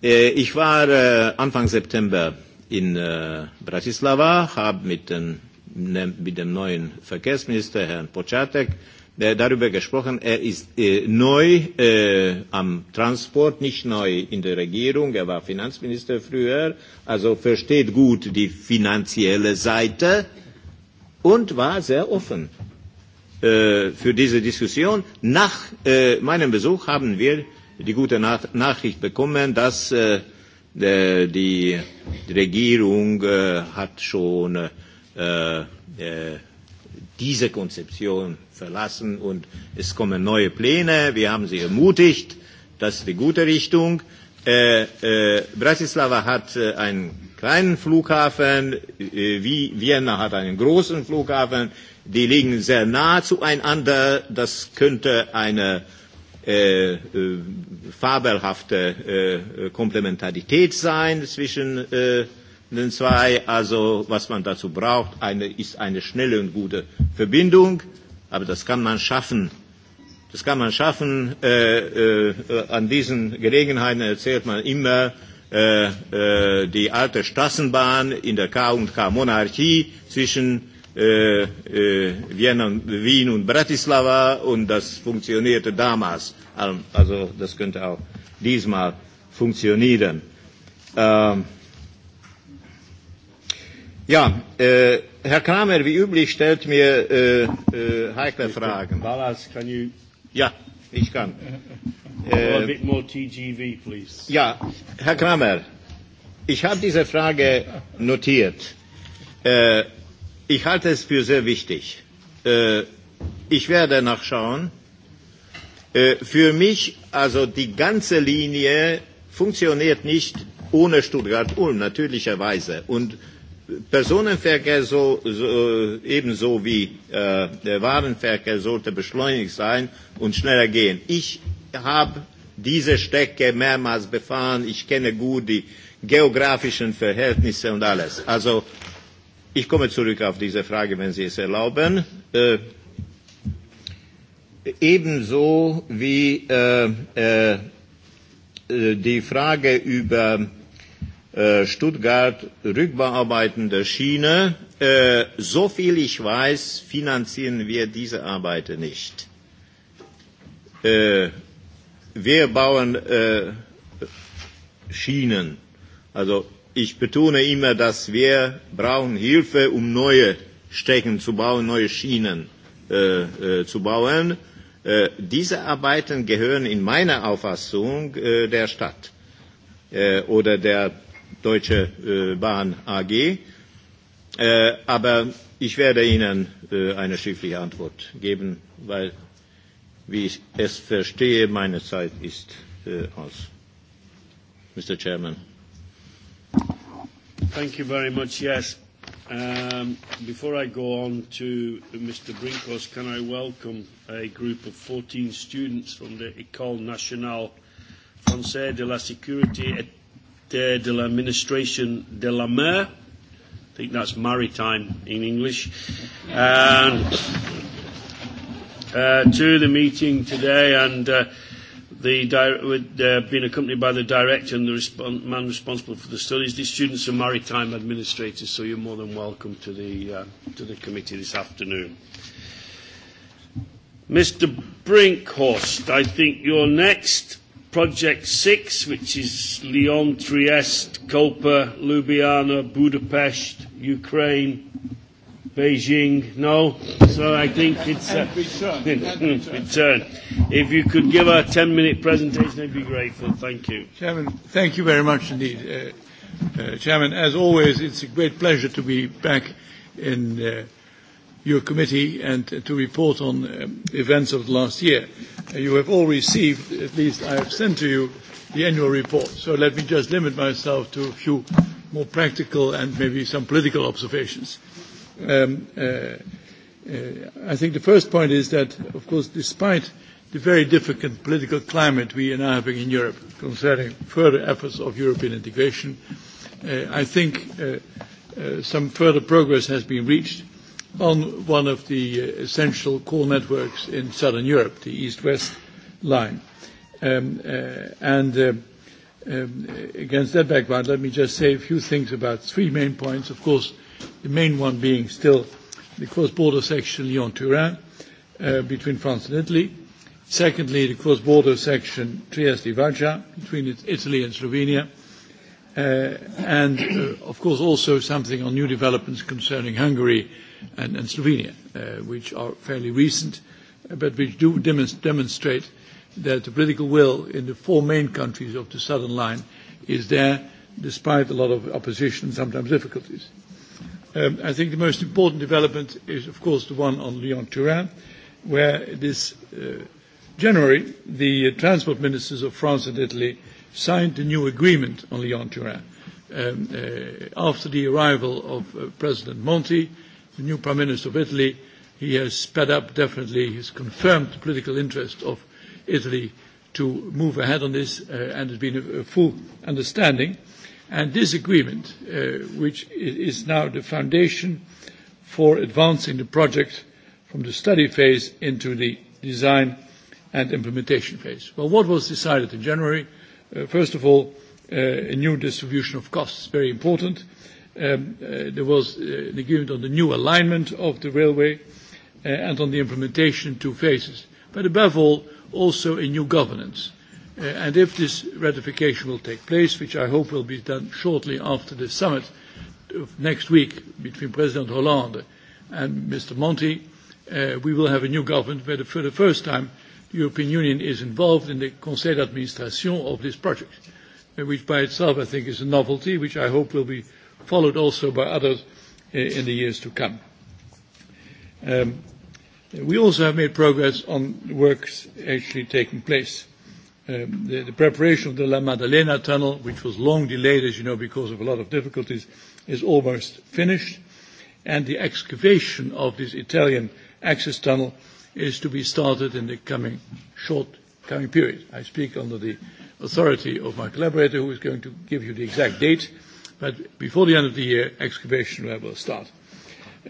Äh, ich war äh, Anfang September in äh, Bratislava, habe mit, den, ne, mit dem neuen Verkehrsminister, Herrn Pochatek, äh, äh, darüber gesprochen, er ist äh, neu äh, am Transport, nicht neu in der Regierung, er war Finanzminister früher, also versteht gut die finanzielle Seite und war sehr offen äh, für diese Diskussion. Nach äh, meinem Besuch haben wir die gute Nach Nachricht bekommen, dass äh, äh die Regierung äh, hat schon äh, äh, diese Konzeption verlassen und es kommen neue Pläne. Wir haben sie ermutigt. Das ist die gute Richtung. Äh, äh, Bratislava hat äh, einen kleinen Flughafen, äh, wie Vienna hat einen großen Flughafen. Die liegen sehr nah zueinander. Das könnte eine äh, äh, fabelhafte äh, Komplementarität sein zwischen äh, Denn zwei, also was man dazu braucht, eine, ist eine schnelle und gute Verbindung, aber das kann man schaffen. Das kann man schaffen. Äh, äh, an diesen Gelegenheiten erzählt man immer, äh, äh, die alte Straßenbahn in der K&K-Monarchie zwischen äh, äh, Vienna, Wien und Bratislava und das funktionierte damals. Also das könnte auch diesmal funktionieren. Ähm, Ja, äh, Herr Kramer, wie üblich stellt mir äh, äh, heikle Fragen. Balas, can you? Ja, ich kann. Äh, a bit more TGV, please. Ja, Herr Kramer, ich habe diese Frage notiert. Äh, ich halte es für sehr wichtig. Äh, ich werde nachschauen. Äh, für mich, also die ganze Linie funktioniert nicht ohne Stuttgart-Ulm, natürlicherweise. Und Personenverkehr so, so, äh, ebenso wie äh, der Warenverkehr sollte beschleunigt sein und schneller gehen. Ich habe diese Strecke mehrmals befahren. Ich kenne gut die geografischen Verhältnisse und alles. Also ich komme zurück auf diese Frage, wenn Sie es erlauben. Äh, ebenso wie äh, äh, äh die Frage über äh, Stuttgart Rückbauarbeiten der Schiene. Äh, so viel ich weiß, finanzieren wir diese Arbeiten nicht. Äh, wir bauen äh, Schienen. Also ich betone immer, dass wir brauchen Hilfe, um neue Strecken zu bauen, neue Schienen äh, äh, zu bauen. Äh, diese Arbeiten gehören in meiner Auffassung äh, der Stadt äh, oder der Deutsche äh, Bahn AG. Äh, aber ich werde Ihnen äh, eine schriftliche Antwort geben, weil, wie ich es verstehe, meine Zeit ist äh, aus. Mr. Chairman. Thank you very much. Yes. Um, before I go on to Mr. Brinkos, can I welcome a group of 14 students from the École Nationale Française de la Sécurité et Secretaire de l'Administration de la Mer. I think that's maritime in English. And uh, to the meeting today, and uh, the di- with, uh, being accompanied by the director and the respon- man responsible for the studies, the students are maritime administrators. So you're more than welcome to the uh, to the committee this afternoon. Mr. Brinkhorst, I think you're next. Project 6, which is Lyon, Trieste, Koper, Ljubljana, Budapest, Ukraine, Beijing. No? So I think it's. Uh, return. [LAUGHS] return. If you could give a 10 minute presentation, I'd be grateful. Thank you. Chairman, thank you very much indeed. Uh, uh, Chairman, as always, it's a great pleasure to be back in. Uh, your committee and to report on um, events of the last year. Uh, you have all received, at least I have sent to you, the annual report. So let me just limit myself to a few more practical and maybe some political observations. Um, uh, uh, I think the first point is that, of course, despite the very difficult political climate we are now having in Europe concerning further efforts of European integration, uh, I think uh, uh, some further progress has been reached. Uh, on one of the uh, essential core networks in Southern Europe, the East-West line. Um, uh, and uh, um, against that background, let me just say a few things about three main points. Of course, the main one being still the cross-border section Lyon-Turin uh, between France and Italy. Secondly, the cross-border section Trieste-Varja between Italy and Slovenia. Uh, and uh, of course, also something on new developments concerning Hungary and, and Slovenia, uh, which are fairly recent, uh, but which do demonst- demonstrate that the political will in the four main countries of the southern line is there, despite a lot of opposition and sometimes difficulties. Um, I think the most important development is, of course, the one on Lyon-Turin, where this uh, January, the uh, transport ministers of France and Italy signed a new agreement on Lyon-Turin. Um, uh, after the arrival of uh, President Monti, uh, the new Prime Minister of Italy, he has sped up definitely, he's confirmed the political interest of Italy to move ahead on this, uh, and there's been a, a full understanding. And this agreement, uh, which is now the foundation for advancing the project from the study phase into the design and implementation phase. Well, what was decided in January? Uh, first of all, uh, a new distribution of costs, very important. Uh, Um, uh, there was uh, an agreement on the new alignment of the railway uh, and on the implementation in two phases, but above all, also a new governance. Uh, and if this ratification will take place, which I hope will be done shortly after the summit of next week between President Hollande and Mr. Monti, uh, we will have a new government where the, for the first time the European Union is involved in the Conseil d'administration of this project, uh, which by itself I think is a novelty, which I hope will be uh, followed also by others in the years to come. Um, we also have made progress on works actually taking place. Um, the, the preparation of the La Maddalena tunnel, which was long delayed, as you know, because of a lot of difficulties, is almost finished, and the excavation of this Italian access tunnel is to be started in the coming short coming period. I speak under the authority of my collaborator, who is going to give you the exact date. Uh, but before the end of the year, excavation will start.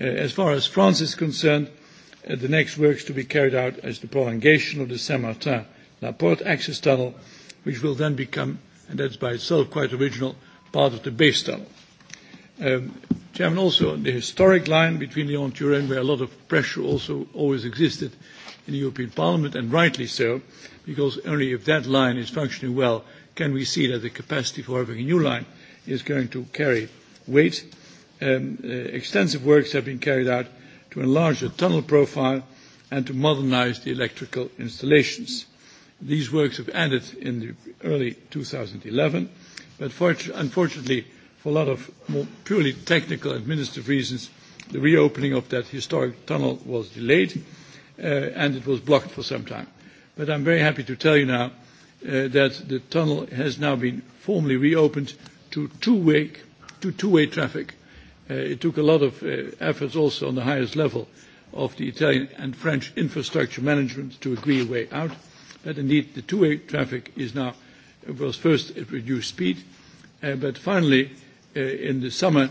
Uh, as far as France is concerned, uh, the next works to be carried out is the prolongation of the Saint-Martin-La-Porte access tunnel, which will then become, and that's by itself quite original, part of the base tunnel. Um, Chairman, also the historic line between Lyon and Turin, where a lot of pressure also always existed in the European Parliament, and rightly so, because only if that line is functioning well can we see that the capacity for having a new line is going to carry weight. Um, uh, extensive works have been carried out to enlarge the tunnel profile and to modernize the electrical installations. These works have ended in the early 2011, but for, unfortunately, for a lot of more purely technical administrative reasons, the reopening of that historic tunnel was delayed, uh, and it was blocked for some time. But I'm very happy to tell you now uh, that the tunnel has now been formally reopened to two-way to two-way traffic. Uh, it took a lot of uh, efforts also on the highest level of the Italian and French infrastructure management to agree a way out. But indeed, the two-way traffic is now was first at reduced speed, uh, but finally, uh, in the summer,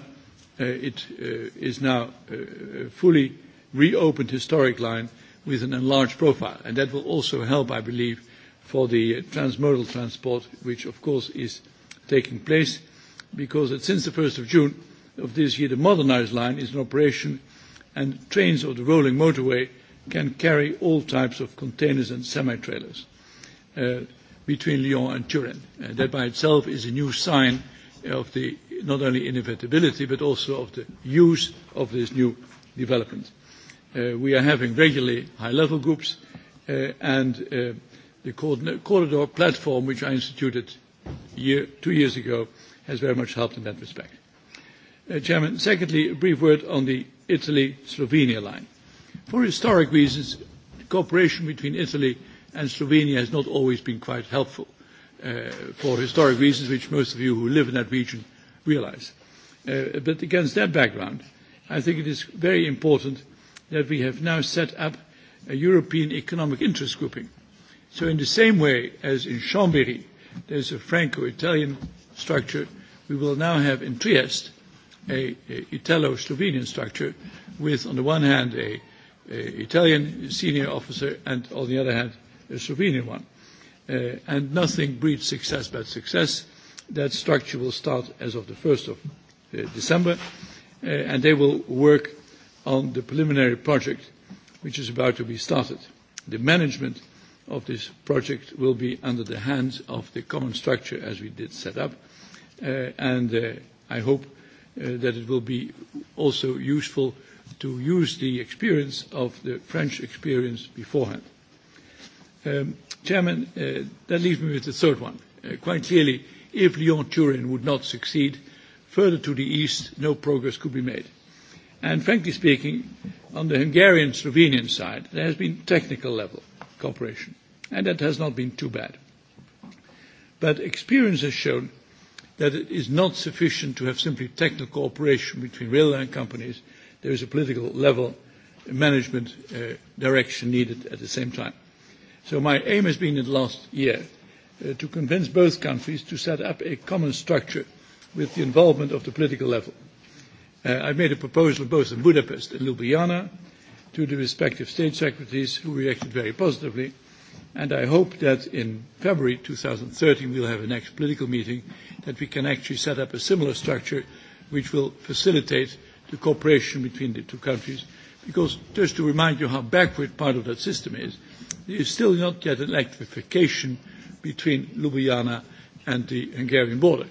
uh, it uh, is now uh, fully reopened historic line with an enlarged profile. And that will also help, I believe, for the uh, transmodal transport, which of course is taking place. Uh, because it, since the 1st of June of this year, the modernized line is in operation and trains of the rolling motorway can carry all types of containers and semi-trailers uh, between Lyon and Turin. Uh, that by itself is a new sign of the not only inevitability but also of the use of this new development. Uh, we are having regularly high-level groups uh, and uh, the corridor platform which I instituted year, two years ago has very much helped in that respect. Uh, Chairman, secondly, a brief word on the Italy-Slovenia line. For historic reasons, cooperation between Italy and Slovenia has not always been quite helpful uh, for historic reasons which most of you who live in that region realize. Uh, but against that background, I think it is very important that we have now set up a European economic interest grouping. So in the same way as in Chambéry, there's a Franco-Italian structure, we will now have in Trieste a, a Italo-Slovenian structure with, on the one hand, a, a Italian senior officer and, on the other hand, a Slovenian one. Uh, and nothing breeds success but success. That structure will start as of the 1st of uh, December, uh, and they will work on the preliminary project, which is about to be started. The management of this project will be under the hands of the common structure as we did set up. Uh, and uh, I hope uh, that it will be also useful to use the experience of the French experience beforehand. Um, Chairman, uh, that leaves me with the third one. Uh, quite clearly, if Lyon-Turin would not succeed, further to the east, no progress could be made. And frankly speaking, on the Hungarian-Slovenian side, there has been technical level – cooperation. And that has not been too bad. But experience has shown that it is not sufficient to have simply technical cooperation between railline companies. There is a political level management uh, direction needed at the same time. So my aim has been in the last year uh, to convince both countries to set up a common structure with the involvement of the political level. Uh, I've made a proposal both in Budapest and Ljubljana, to the respective state secretaries who reacted very positively. And I hope that in February 2013 we'll have a next political meeting that we can actually set up a similar structure which will facilitate the cooperation between the two countries. Because just to remind you how backward part of that system is, there is still not yet an electrification between Ljubljana and the Hungarian border.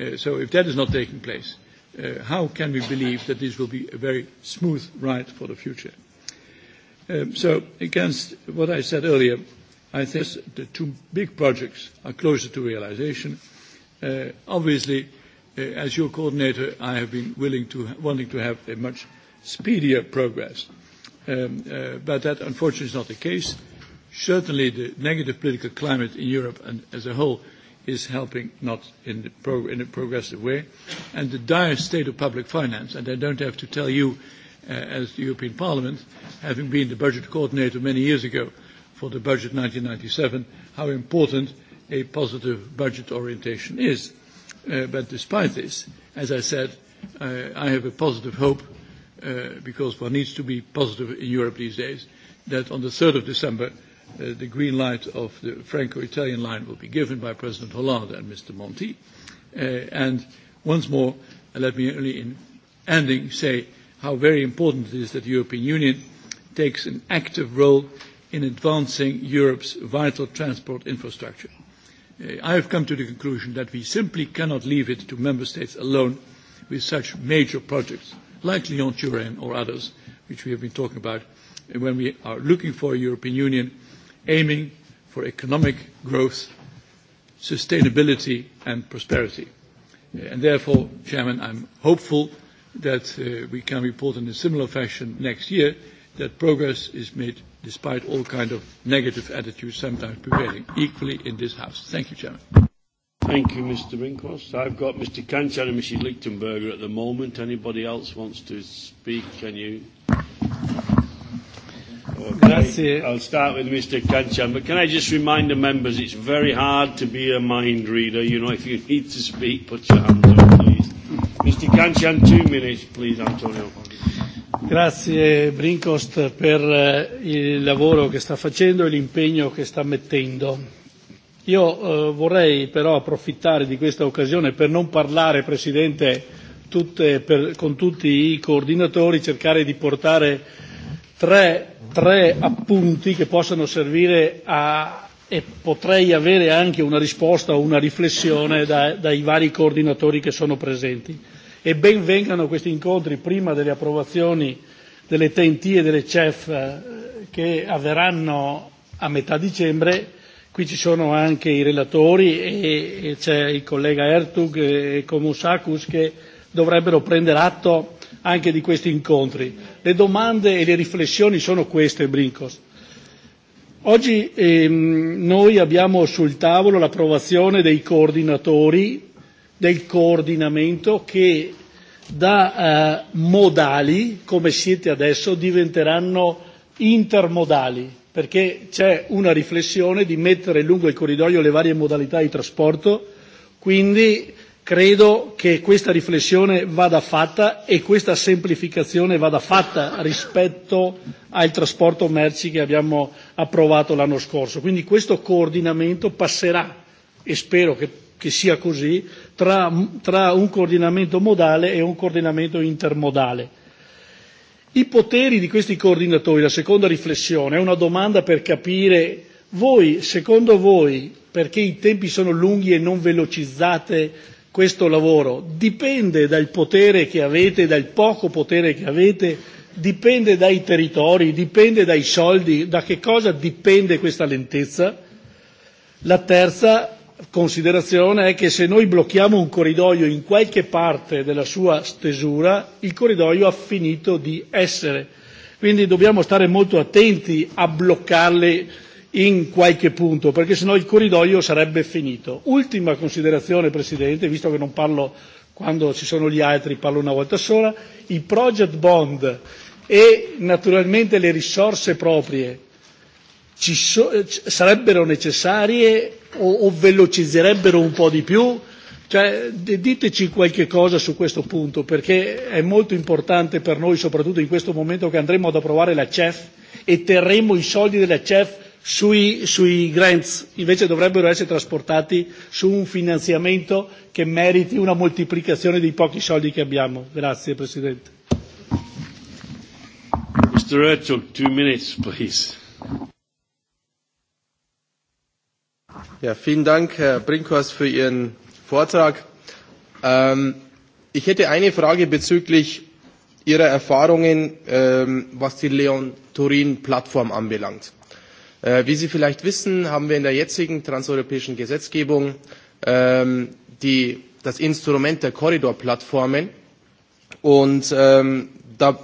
Uh, so if that is not taking place, uh, how can we believe that this will be a very smooth ride for the future? Um, so against what I said earlier, I think the two big projects are closer to realization. Uh, obviously, uh, as your coordinator, I have been willing to, wanting to have a much speedier progress. Um, uh, but that unfortunately is not the case. Certainly, the negative political climate in Europe and as a whole is helping not in, the pro- in a progressive way. And the dire state of public finance, and I don't have to tell you uh, as the European Parliament, having been the budget coordinator many years ago for the budget 1997, how important a positive budget orientation is. Uh, but despite this, as I said, uh, I have a positive hope, uh, because one needs to be positive in Europe these days, that on the 3rd of December, Uh, the green light of the Franco-Italian line will be given by President Hollande and Mr. Monti. Uh, and once more, uh, let me only in ending say how very important it is that the European Union takes an active role in advancing Europe's vital transport infrastructure. Uh, I have come to the conclusion that we simply cannot leave it to member states alone with such major projects like Lyon-Turin or others, which we have been talking about, when we are looking for a European Union aiming for economic growth, sustainability, and prosperity. Uh, and therefore, Chairman, I'm hopeful that uh, we can report in a similar fashion next year that progress is made despite all kind of negative attitudes sometimes prevailing, equally in this House. Thank you, Chairman. Thank you, Mr. Brinkhorst. I've got Mr. Kanchan and Mrs. Lichtenberger at the moment. Anybody else wants to speak? Can you? Okay. I'll start with Mr. Kanchan, but can I just remind the members it's very hard to be a mind reader. You know, if you need to speak, put your hand up. Mr. Cancian, two minutes, please, Antonio. Grazie Brinkost per eh, il lavoro che sta facendo e l'impegno che sta mettendo. Io eh, vorrei però approfittare di questa occasione per non parlare, Presidente, tutte, per, con tutti i coordinatori, cercare di portare tre, tre appunti che possano servire a, e potrei avere anche una risposta o una riflessione da, dai vari coordinatori che sono presenti. E ben vengano questi incontri prima delle approvazioni delle TNT e delle CEF eh, che avverranno a metà dicembre. Qui ci sono anche i relatori e, e c'è il collega Ertug e, e Komusakus che dovrebbero prendere atto anche di questi incontri. Le domande e le riflessioni sono queste, Brincos Oggi ehm, noi abbiamo sul tavolo l'approvazione dei coordinatori del coordinamento che da eh, modali, come siete adesso, diventeranno intermodali, perché c'è una riflessione di mettere lungo il corridoio le varie modalità di trasporto, quindi Credo che questa riflessione vada fatta e questa semplificazione vada fatta rispetto al trasporto merci che abbiamo approvato l'anno scorso. Quindi questo coordinamento passerà, e spero che, che sia così, tra, tra un coordinamento modale e un coordinamento intermodale. I poteri di questi coordinatori, la seconda riflessione, è una domanda per capire voi, secondo voi, perché i tempi sono lunghi e non velocizzate questo lavoro dipende dal potere che avete, dal poco potere che avete, dipende dai territori, dipende dai soldi, da che cosa dipende questa lentezza? La terza considerazione è che se noi blocchiamo un corridoio in qualche parte della sua stesura, il corridoio ha finito di essere. Quindi dobbiamo stare molto attenti a bloccarle in qualche punto, perché sennò il corridoio sarebbe finito. Ultima considerazione, Presidente, visto che non parlo quando ci sono gli altri, parlo una volta sola, i project bond e naturalmente le risorse proprie ci so, sarebbero necessarie o, o velocizzerebbero un po' di più? Cioè, diteci qualche cosa su questo punto, perché è molto importante per noi, soprattutto in questo momento che andremo ad approvare la CEF e terremo i soldi della CEF sui, sui grants invece dovrebbero essere trasportati su un finanziamento che meriti una moltiplicazione dei pochi soldi che abbiamo. Grazie Presidente. Mr. Ertug, two minutes, please. Ja, vielen Dank, Herr Brinkhorst, für Ihren Vortrag. Ähm, ich hätte eine Frage bezüglich Ihrer Erfahrungen, ähm, was die Leon-Turin-Plattform anbelangt. Äh, wie Sie vielleicht wissen, haben wir in der jetzigen transeuropäischen Gesetzgebung ähm, die, das Instrument der Korridorplattformen. Und ähm, da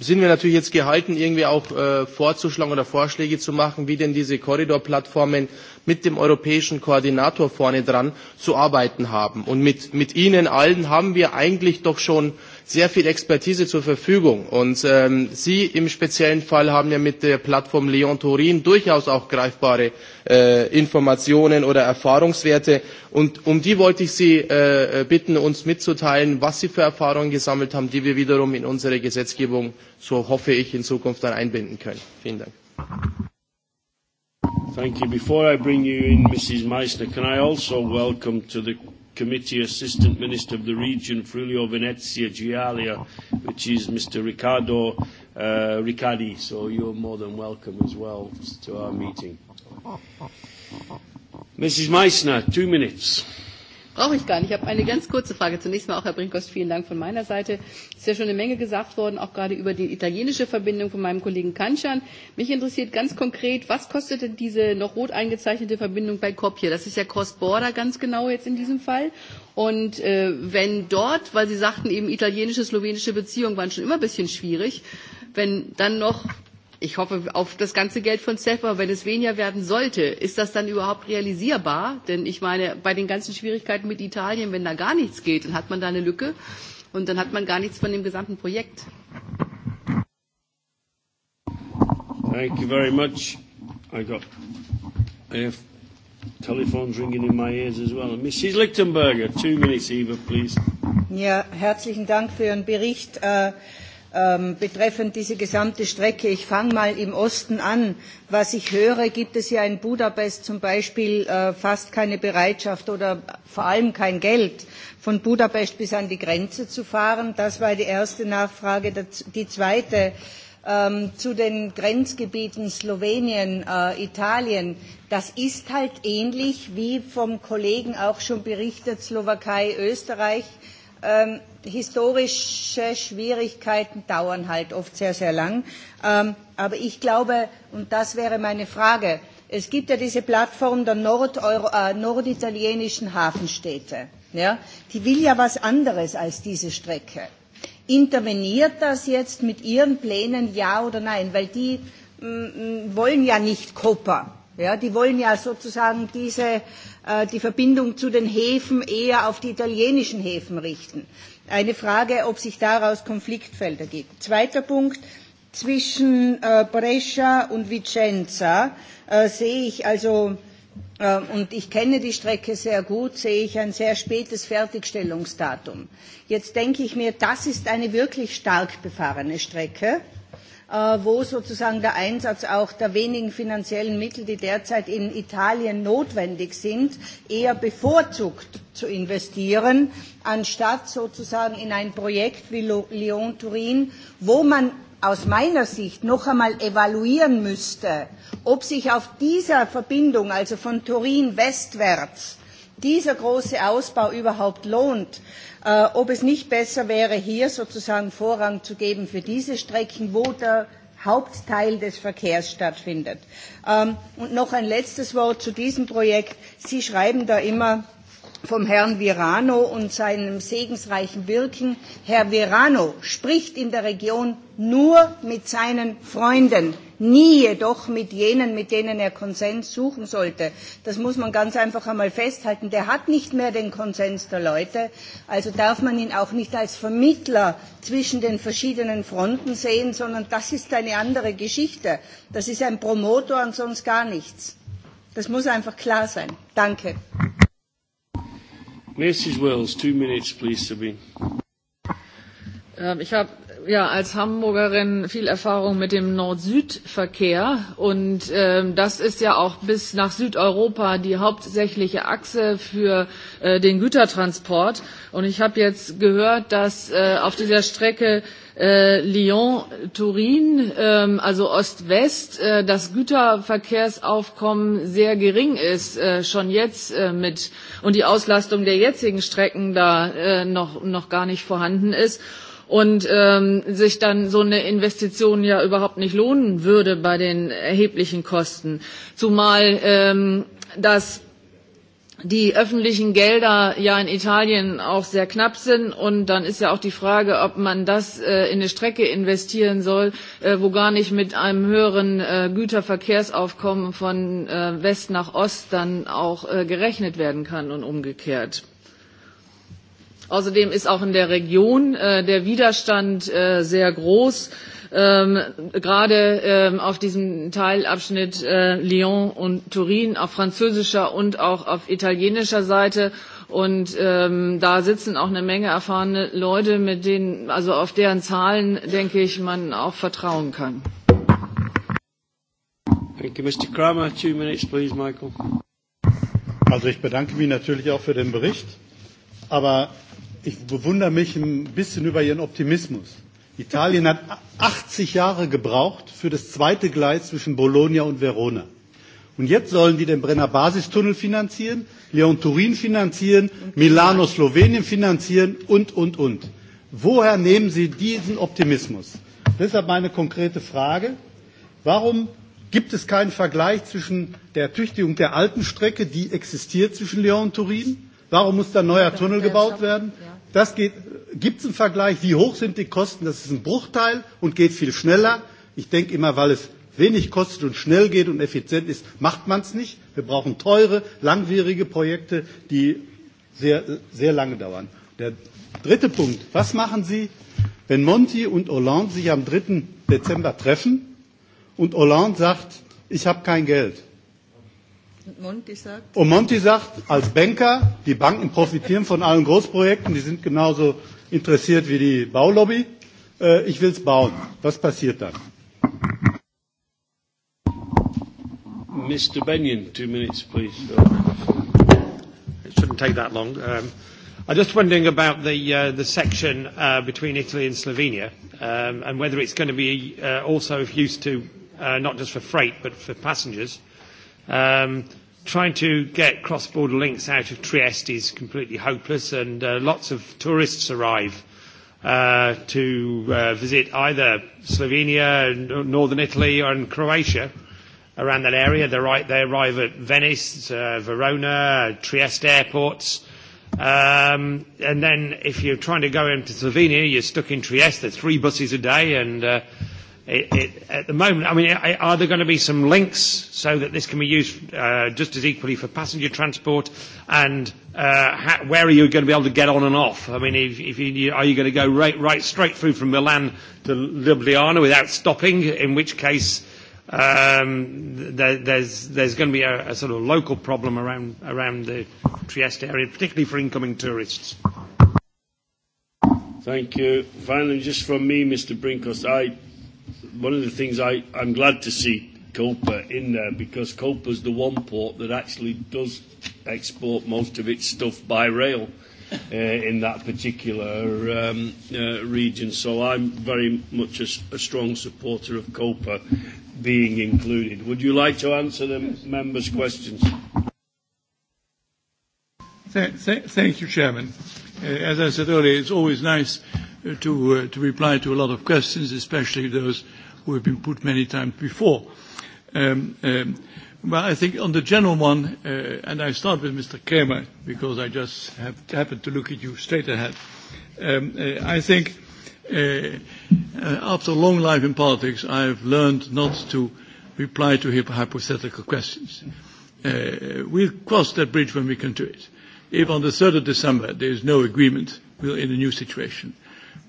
sind wir natürlich jetzt gehalten, irgendwie auch äh, vorzuschlagen oder Vorschläge zu machen, wie denn diese Korridorplattformen mit dem europäischen Koordinator vorne dran zu arbeiten haben. Und mit, mit Ihnen allen haben wir eigentlich doch schon sehr viel Expertise zur Verfügung. Und ähm, Sie im speziellen Fall haben ja mit der Plattform Leon Turin durchaus auch greifbare äh, Informationen oder Erfahrungswerte. Und um die wollte ich Sie äh, bitten, uns mitzuteilen, was Sie für Erfahrungen gesammelt haben, die wir wiederum in unsere Gesetzgebung, so hoffe ich, in Zukunft dann einbinden können. Vielen Dank. Thank you. Before I bring you in, Mrs. Meissner, can I also welcome to the Committee Assistant Minister of the Region, Friulio Venezia Gialia, which is Mr. Riccardo uh, Riccardi. So you're more than welcome as well to our meeting. Mrs. Meissner, two minutes. Brauche ich gar nicht. Ich habe eine ganz kurze Frage. Zunächst mal auch, Herr Brinkhorst, vielen Dank von meiner Seite. Es ist ja schon eine Menge gesagt worden, auch gerade über die italienische Verbindung von meinem Kollegen Kanschan. Mich interessiert ganz konkret, was kostet denn diese noch rot eingezeichnete Verbindung bei Kopje? Das ist ja Cross-Border ganz genau jetzt in diesem Fall. Und äh, wenn dort, weil Sie sagten, eben italienische, slowenische Beziehungen waren schon immer ein bisschen schwierig, wenn dann noch ich hoffe auf das ganze Geld von CEF, aber wenn es weniger werden sollte, ist das dann überhaupt realisierbar? Denn ich meine, bei den ganzen Schwierigkeiten mit Italien, wenn da gar nichts geht, dann hat man da eine Lücke und dann hat man gar nichts von dem gesamten Projekt. Thank you very much. I got I have telephones ringing in my ears as well. Mrs. Lichtenberger, two minutes, Eva, please. Ja, herzlichen Dank für Ihren Bericht. Äh, uh, ähm, betreffend diese gesamte Strecke. Ich fange mal im Osten an. Was ich höre, gibt es ja in Budapest zum Beispiel äh, fast keine Bereitschaft oder vor allem kein Geld, von Budapest bis an die Grenze zu fahren. Das war die erste Nachfrage. Die zweite ähm, zu den Grenzgebieten Slowenien, äh, Italien. Das ist halt ähnlich wie vom Kollegen auch schon berichtet, Slowakei, Österreich. Ähm, historische Schwierigkeiten dauern halt oft sehr, sehr lang. Ähm, aber ich glaube, und das wäre meine Frage, es gibt ja diese Plattform der Nordeuro äh, norditalienischen Hafenstädte. Ja? Die will ja was anderes als diese Strecke. Interveniert das jetzt mit ihren Plänen, ja oder nein? Weil die mh, mm, mm, wollen ja nicht Copa. Ja, die wollen ja sozusagen diese, äh, die Verbindung zu den Häfen eher auf die italienischen Häfen richten. Eine Frage, ob sich daraus Konfliktfelder gibt. Zweiter Punkt. Zwischen äh, Brescia und Vicenza äh, sehe ich also äh, und ich kenne die Strecke sehr gut, sehe ich ein sehr spätes Fertigstellungsdatum. Jetzt denke ich mir, das ist eine wirklich stark befahrene Strecke. Äh, wo sozusagen der Einsatz auch der wenigen finanziellen Mittel, die derzeit in Italien notwendig sind, eher bevorzugt zu investieren, anstatt sozusagen in ein Projekt wie Lyon-Turin, wo man aus meiner Sicht noch einmal evaluieren müsste, ob sich auf dieser Verbindung, also von Turin westwärts, dieser große Ausbau überhaupt lohnt, äh, ob es nicht besser wäre, hier sozusagen Vorrang zu geben für diese Strecken, wo der Hauptteil des Verkehrs stattfindet. Ähm, und noch ein letztes Wort zu diesem Projekt. Sie schreiben da immer, vom Herrn Virano und seinem segensreichen Wirken. Herr Virano spricht in der Region nur mit seinen Freunden, nie jedoch mit jenen, mit denen er Konsens suchen sollte. Das muss man ganz einfach einmal festhalten. Der hat nicht mehr den Konsens der Leute, also darf man ihn auch nicht als Vermittler zwischen den verschiedenen Fronten sehen, sondern das ist eine andere Geschichte. Das ist ein Promotor und sonst gar nichts. Das muss einfach klar sein. Danke. Applaus Mrs. Wells, two minutes, please, Sabine. Ähm, ich habe ja als Hamburgerin viel Erfahrung mit dem Nord-Süd-Verkehr und ähm, das ist ja auch bis nach Südeuropa die hauptsächliche Achse für äh, den Gütertransport. Und ich habe jetzt gehört, dass äh, auf dieser Strecke äh, Lyon-Turin, ähm, also Ost-West, äh, das Güterverkehrsaufkommen sehr gering ist, äh, schon jetzt äh, mit und die Auslastung der jetzigen Strecken da äh, noch, noch gar nicht vorhanden ist und ähm, sich dann so eine Investition ja überhaupt nicht lohnen würde bei den erheblichen Kosten. Zumal ähm, das die öffentlichen Gelder ja in Italien auch sehr knapp sind. Und dann ist ja auch die Frage, ob man das äh, in eine Strecke investieren soll, äh, wo gar nicht mit einem höheren äh, Güterverkehrsaufkommen von äh, West nach Ost dann auch äh, gerechnet werden kann und umgekehrt. Außerdem ist auch in der Region äh, der Widerstand äh, sehr groß. Ähm, gerade ähm, auf diesem Teilabschnitt äh, Lyon und Turin auf französischer und auch auf italienischer Seite. Und ähm, da sitzen auch eine Menge erfahrene Leute, mit denen, also auf deren Zahlen, denke ich, man auch vertrauen kann. Thank you, Mr. Kramer. Two minutes, please, Michael. Also ich bedanke mich natürlich auch für den Bericht. Aber ich bewundere mich ein bisschen über Ihren Optimismus. Italien hat 80 Jahre gebraucht für das zweite Gleis zwischen Bologna und Verona. Und jetzt sollen die den Brenner Basistunnel finanzieren, Lyon Turin finanzieren, Milano Slowenien finanzieren und, und, und. Woher nehmen Sie diesen Optimismus? Deshalb meine konkrete Frage. Warum gibt es keinen Vergleich zwischen der Ertüchtigung der alten Strecke, die existiert zwischen Lyon und Turin? Warum muss da ein neuer Tunnel gebaut werden? Das geht, gibt es einen Vergleich, wie hoch sind die Kosten? Das ist ein Bruchteil und geht viel schneller. Ich denke immer, weil es wenig kostet und schnell geht und effizient ist, macht man es nicht. Wir brauchen teure, langwierige Projekte, die sehr, sehr lange dauern. Der dritte Punkt. Was machen Sie, wenn Monti und Hollande sich am 3. Dezember treffen und Hollande sagt, ich habe kein Geld? Monti sagt? Und Monti sagt, als Banker, die Banken profitieren von allen Großprojekten, die sind genauso interessiert wie die Baulobby. Äh, ich will es bauen. Was passiert dann? Mr. Benyon, two minutes, please. It shouldn't take that long. Um, I'm just wondering about the, uh, the section uh, between Italy and Slovenia um, and whether it's going to be uh, also of use to uh, not just for freight but for passengers. Um, trying to get cross-border links out of Trieste is completely hopeless, and uh, lots of tourists arrive uh, to uh, visit either Slovenia, northern Italy, and Croatia around that area. They arrive, they arrive at Venice, uh, Verona, Trieste airports. Um, and then if you're trying to go into Slovenia, you're stuck in Trieste. There's three buses a day, and uh, it, it, at the moment, I mean, are there going to be some links so that this can be used uh, just as equally for passenger transport? And uh, how, where are you going to be able to get on and off? I mean, if, if you, are you going to go right, right straight through from Milan to Ljubljana without stopping? In which case, um, there, there's, there's going to be a, a sort of local problem around, around the Trieste area, particularly for incoming tourists. Thank you. Finally, just from me, Mr. Brinkhorst, I one of the things I, I'm glad to see Copa in there because Copa's the one port that actually does export most of its stuff by rail uh, in that particular um, uh, region. So I'm very much a, a strong supporter of COPA being included. Would you like to answer the yes. members' questions? Th- th- thank you, Chairman. Uh, as I said earlier, it's always nice uh, to, uh, to reply to a lot of questions, especially those uh, who have been put many times before. Um, um, well, I think on the general one, uh, and I start with Mr. Kremer because I just have happened to look at you straight ahead. Um, uh, I think uh, after a long life in politics, I have learned not to reply to hypothetical questions. Uh, we'll cross that bridge when we come to it. If on the 3rd of December there is no agreement, we're in a new situation.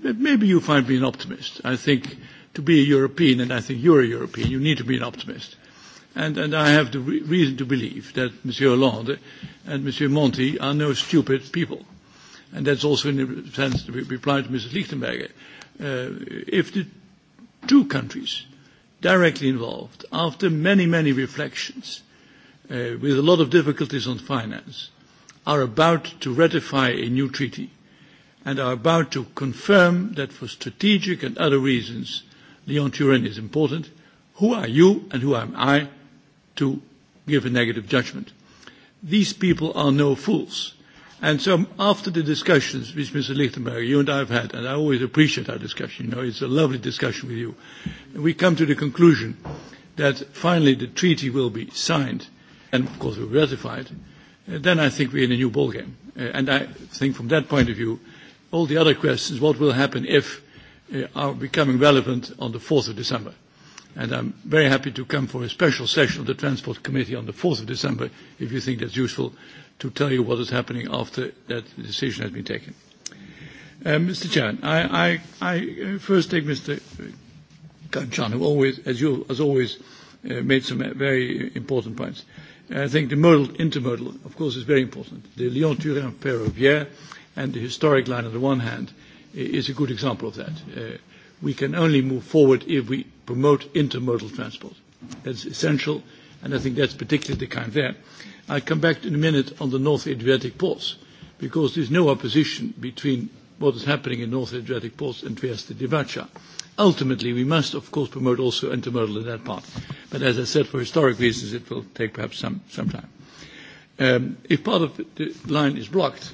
But maybe you find me an optimist. I think to be a European, and I think you're a European, you need to be an optimist. And, and I have the re- reason to believe that Monsieur Hollande and Monsieur Monti are no stupid people. And that's also in the sense to reply to Mrs. Lichtenberger. Uh, if the two countries directly involved, after many, many reflections, uh, with a lot of difficulties on finance, are about to ratify a new treaty and are about to confirm that for strategic and other reasons Leon Turin is important. Who are you and who am I to give a negative judgment? These people are no fools. And so after the discussions which Mr. Lichtenberg, you and I have had, and I always appreciate our discussion, you know, it's a lovely discussion with you, we come to the conclusion that finally the treaty will be signed and of course will be ratified, uh, then I think we're in a new ballgame. Uh, and I think from that point of view, all the other questions, what will happen if, Uh, are becoming relevant on the 4th of December. And I'm very happy to come for a special session of the Transport Committee on the 4th of December, if you think that's useful, to tell you what is happening after that decision has been taken. Uh, Mr. Chairman, I, I, I uh, first take Mr. Kanchan, who always, as, you, as always, uh, made some very important points. I think the modal, intermodal, of course, is very important. The Lyon-Turin ferroviaire and the historic line on the one hand, uh, is a good example of that. Uh, we can only move forward if we promote intermodal transport. That's essential, and I think that's particularly the kind there. I'll come back in a minute on the North Adriatic ports, because there's no opposition between what is happening in North Adriatic ports and Trieste Divaca. Ultimately, we must, of course, promote also intermodal in that part. But as I said, for historic reasons, it will take perhaps some, some time. Um, if part of the line is blocked,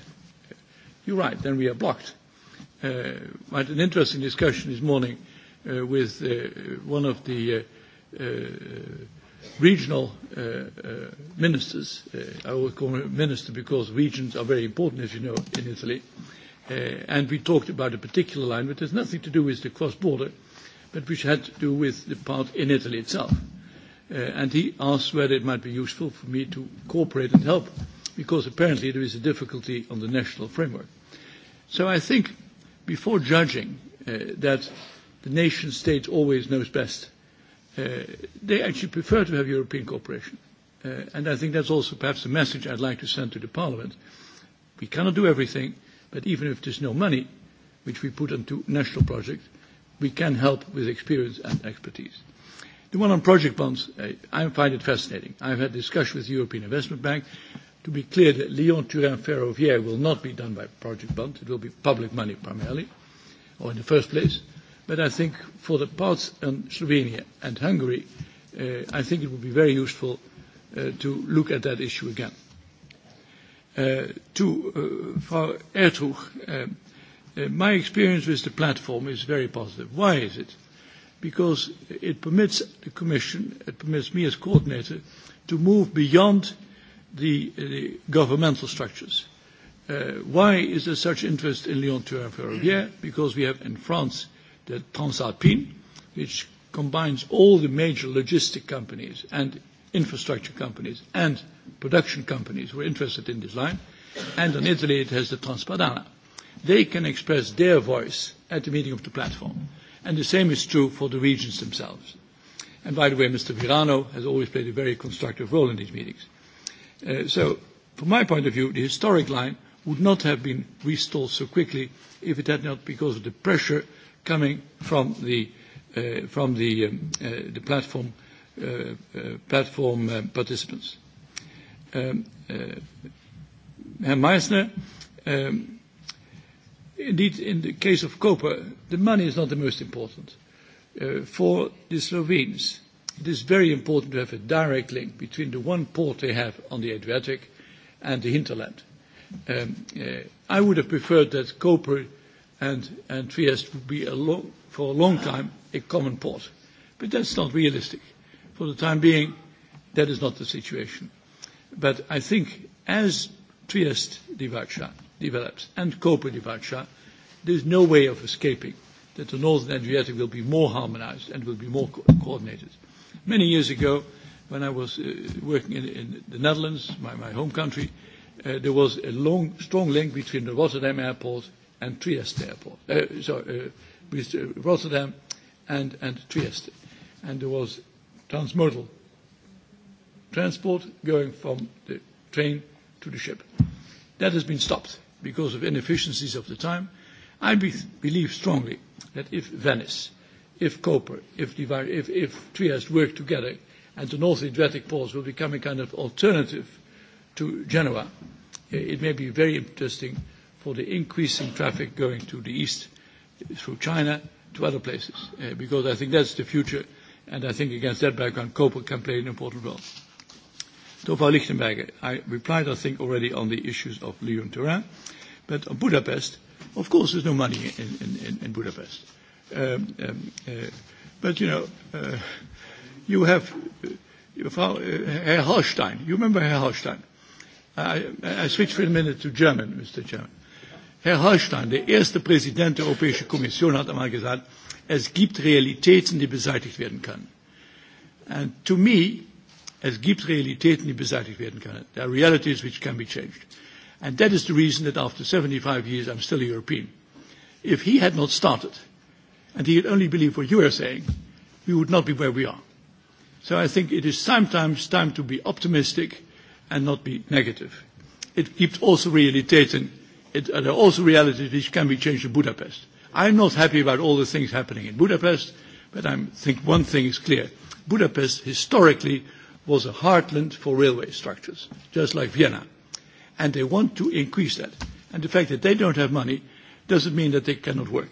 you're right, then we are blocked uh, had an interesting discussion this morning uh, with uh, one of the uh, uh, regional uh, uh, ministers. Uh, I will call him minister because regions are very important, as you know, in Italy. Uh, and we talked about a particular line, which has nothing to do with the cross-border, but which had to do with the part in Italy itself. Uh, and he asked whether it might be useful for me to cooperate and help, because apparently there is a difficulty on the national framework. So I think before judging uh, that the nation state always knows best, uh, they actually prefer to have European cooperation. Uh, and I think that's also perhaps the message I'd like to send to the Parliament. We cannot do everything, but even if there's no money, which we put into national projects, we can help with experience and expertise. The one on project bonds, uh, I find it fascinating. I've had discussion with the European Investment Bank. To be clear, the Lyon-Turin Ferroviaire will not be done by project bond. It will be public money primarily, or in the first place. But I think for the parts in Slovenia and Hungary, uh, I think it would be very useful uh, to look at that issue again. Uh, to uh, Frau Ertug, uh, um, uh, my experience with the platform is very positive. Why is it? Because it permits the Commission, it permits me as coordinator, to move beyond the, uh, the governmental structures. Uh, why is there such interest in Lyon-Turin Ferroviaire? Mm-hmm. Because we have in France the Transalpine, which combines all the major logistic companies and infrastructure companies and production companies who are interested in this line. And in Italy, it has the Transpadana. They can express their voice at the meeting of the platform. And the same is true for the regions themselves. And by the way, Mr. Virano has always played a very constructive role in these meetings. Uh, so from my point of view, the historic line would not have been restored so quickly if it had not because of the pressure coming from the, uh, from the, um, uh, the platform, uh, uh, platform uh, participants. Um, uh, Herr Meissner, um, indeed, in the case of COPA, the money is not the most important. Uh, for the Slovenes, it is very important to have a direct link between the one port they have on the Adriatic and the hinterland. Um, uh, I would have preferred that Koper and, and Trieste would be a long, for a long time a common port, but that's not realistic. For the time being, that is not the situation. But I think as Trieste develops and Koper develops, there's no way of escaping that the Northern Adriatic will be more harmonized and will be more co- coordinated. Many years ago, when I was uh, working in, in the Netherlands, my, my home country, uh, there was a long, strong link between the Rotterdam airport and Trieste airport. Uh, sorry, uh, with, uh, Rotterdam and, and Trieste. And there was transmodal transport going from the train to the ship. That has been stopped because of inefficiencies of the time. I be- believe strongly that if Venice – if Koper, if, if, if Trieste work together, and the North Adriatic ports will become a kind of alternative to Genoa, eh, it may be very interesting for the increasing traffic going to the east eh, through China to other places, uh, because I think that's the future, and I think against that background, Koper can play an important role. To Frau Lichtenberger, I replied, I think, already on the issues of Lyon-Turin, but on Budapest, of course, there's no money in, in, in Budapest. Uh, Um, um, uh, but, you know, uh, you have Frau, uh, Herr Holstein. You remember Herr Holstein? I, I switch for a minute to German, Mr. Chairman. Herr Holstein, der erste Präsident der Europäischen Kommission, hat einmal gesagt, es gibt Realitäten, die beseitigt werden können. And to me, es gibt Realitäten, die beseitigt werden können. There are realities which can be changed. And that is the reason that after 75 years I'm still a European. If he had not started – and he'd only believe what you are saying, we would not be where we are. So I think it is sometimes time to be optimistic and not be negative. It keeps also realiteten. It, uh, there are also realities which can be changed in Budapest. I'm not happy about all the things happening in Budapest, but I think one thing is clear. Budapest historically was a heartland for railway structures, just like Vienna. And they want to increase that. And the fact that they don't have money doesn't mean that they cannot work.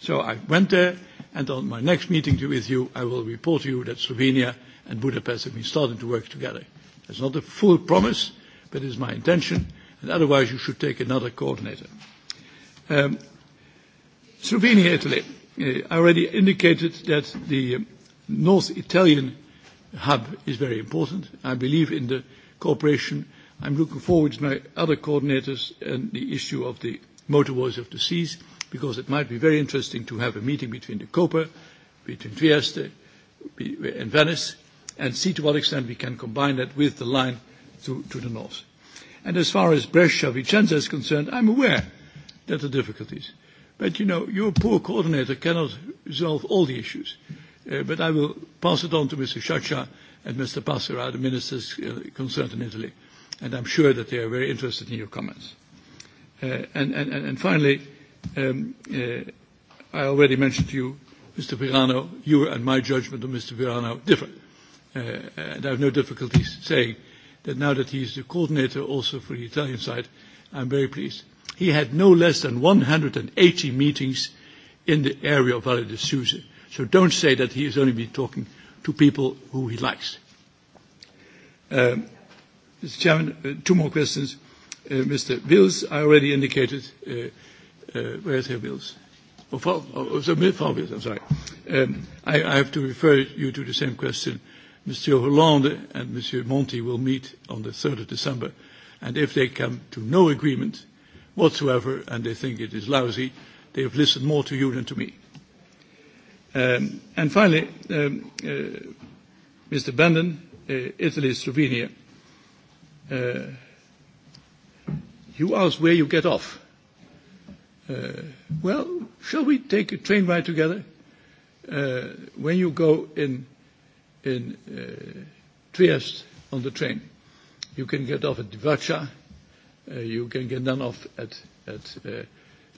So I went there, and on my next meeting to, with you, I will report to you that Slovenia and Budapest have been starting to work together. That's not a full promise, but it is my intention, and otherwise you should take another coordinator. Um, Slovenia, Italy. Uh, I already indicated that the um, North Italian hub is very important. I believe in the cooperation. I'm looking forward to my other coordinators and the issue of the motorways of the seas. Uh, because it might be very interesting to have a meeting between the COPA, between Trieste and Venice, and see to what extent we can combine that with the line to, to the north. And as far as Brescia-Vicenza is concerned, I'm aware that there are difficulties. But, you know, your poor coordinator cannot resolve all the issues. Uh, but I will pass it on to Mr. Sciaccia and Mr. Passera, the ministers uh, concerned in Italy, and I'm sure that they are very interested in your comments. Uh, and, and, and finally, Um, uh, I already mentioned to you, Mr. Pirano, your and my judgment of Mr. Pirano differ. Uh, and I have no difficulties saying that now that he is the coordinator also for the Italian side, I'm very pleased. He had no less than 180 meetings in the area of Valle de Sousa. So don't say that he has only been talking to people who he likes. Um, Mr. Chairman, uh, two more questions. Uh, Mr. Wills, I already indicated uh, uh, where's Hervils? Oh, Far, oh, so Farvils, I'm sorry. Um, I, I have to refer you to the same question. Monsieur Hollande and Monsieur Monti will meet on the 3rd of December, and if they come to no agreement whatsoever and they think it is lousy, they have listened more to you than to me. Um, and finally, um, uh, Mr. Bannon, uh, Italy, Slovenia. Uh, you asked where you get off uh, well, shall we take a train ride together? Uh, when you go in, in uh, Trieste on the train, you can get off at Divaca, uh, you can get then off at, at uh,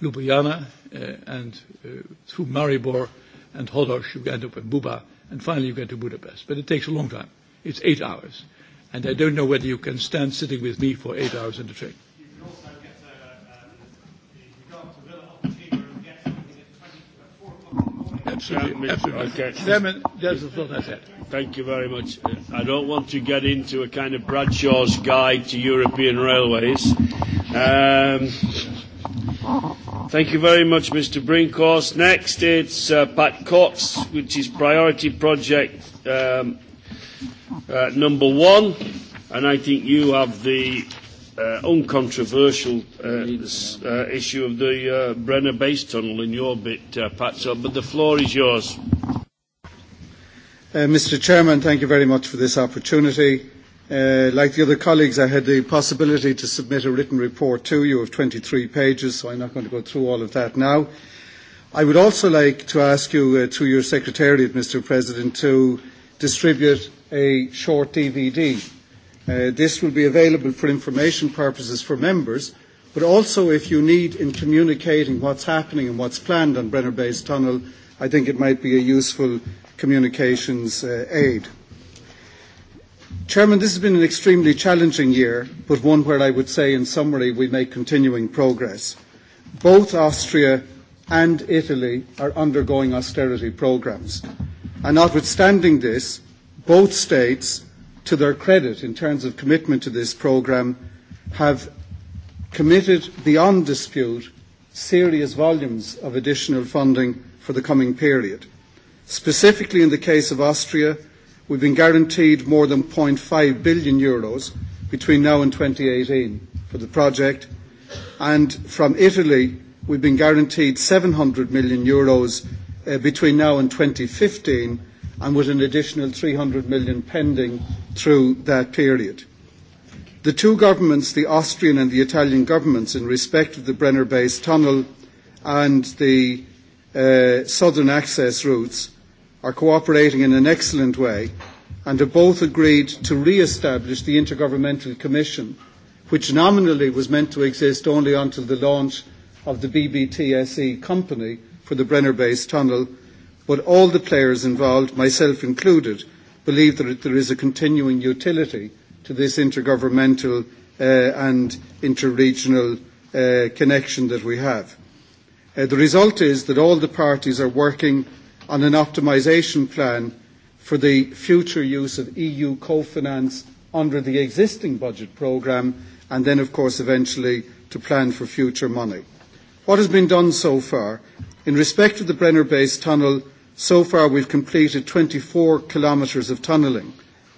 Ljubljana, uh, and uh, through Maribor and Hodosh, you end up at Buba, and finally you get to Budapest. But it takes a long time. It's eight hours. And I don't know whether you can stand sitting with me for eight hours in the train. Chairman, that's what I said. Thank you very much. Uh, I don't want to get into a kind of Bradshaw's guide to European railways. Um, thank you very much, Mr. Brinkhorst. Next, it's uh, Pat Cox, which is priority project um, uh, number one, and I think you have the uh, uncontroversial uh, uh, issue of the uh, Brenner Base Tunnel in your bit, uh, Pat. So, but the floor is yours. Uh, Mr. Chairman, thank you very much for this opportunity. Uh, like the other colleagues, I had the possibility to submit a written report to you of 23 pages, so I'm not going to go through all of that now. I would also like to ask you, uh, through your Secretariat, Mr. President, to distribute a short DVD Uh, this will be available for information purposes for members, but also if you need in communicating what's happening and what's planned on Brenner Base Tunnel, I think it might be a useful communications uh, aid. Chairman, this has been an extremely challenging year, but one where I would say, in summary, we make continuing progress. Both Austria and Italy are undergoing austerity programs. And notwithstanding this, both states to their credit in terms of commitment to this programme, have committed beyond dispute serious volumes of additional funding for the coming period. Specifically in the case of Austria, we've been guaranteed more than 0.5 billion euros between now and 2018 for the project, and from Italy, we've been guaranteed 700 million euros uh, between now and 2015 and with an additional 300 million pending through that period. The two governments, the Austrian and the Italian governments, in respect of the Brenner Base tunnel and the uh, southern access routes, are cooperating in an excellent way and have both agreed to re-establish the Intergovernmental Commission, which nominally was meant to exist only until the launch of the BBTSE company for the Brenner Base tunnel but all the players involved, myself included, believe that there is a continuing utility to this intergovernmental uh, and interregional uh, connection that we have. Uh, the result is that all the parties are working on an optimisation plan for the future use of EU co-finance under the existing budget programme and then, of course, eventually to plan for future money. What has been done so far? In respect of the Brenner Base tunnel, So far, we've completed 24 kilometres of tunnelling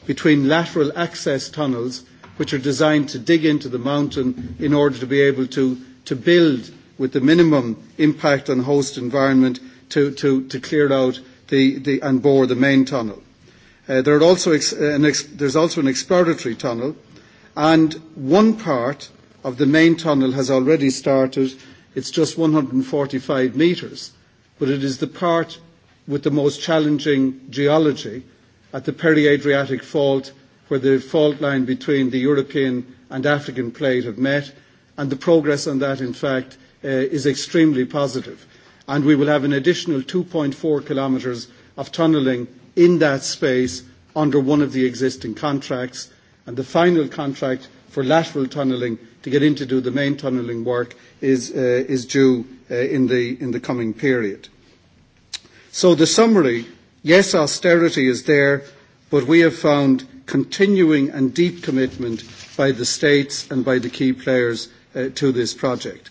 between lateral access tunnels, which are designed to dig into the mountain in order to be able to, to build with the minimum impact on host environment to, to, to clear out the, the, and bore the main tunnel. Uh, there are also ex- uh, an ex- there's also an exploratory tunnel, and one part of the main tunnel has already started. It's just 145 metres, but it is the part with the most challenging geology at the peri-Adriatic fault, where the fault line between the European and African plate have met, and the progress on that, in fact, uh, is extremely positive. And we will have an additional 2.4 kilometers of tunneling in that space under one of the existing contracts, and the final contract for lateral tunneling to get in to do the main tunneling work is, uh, is due uh, in, the, in the coming period. So the summary, yes, austerity is there, but we have found continuing and deep commitment by the states and by the key players uh, to this project.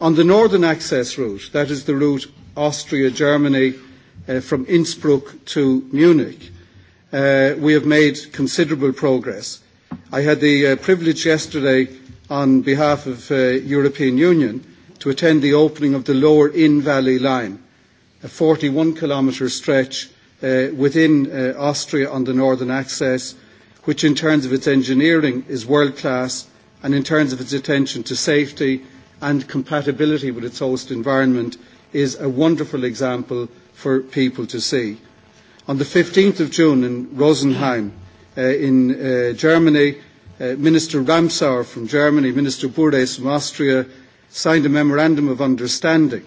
On the northern access route, that is the route Austria, Germany, uh, from Innsbruck to Munich, uh, we have made considerable progress. I had the uh, privilege yesterday, on behalf of uh, European Union, to attend the opening of the Lower Inn Valley Line, a 41 kilometre stretch uh, within uh, Austria on the northern axis, which in terms of its engineering is world class and in terms of its attention to safety and compatibility with its host environment is a wonderful example for people to see. On the 15th of June in Rosenheim uh, in uh, Germany, uh, Minister Ramsauer from Germany, Minister Bures from Austria signed a memorandum of understanding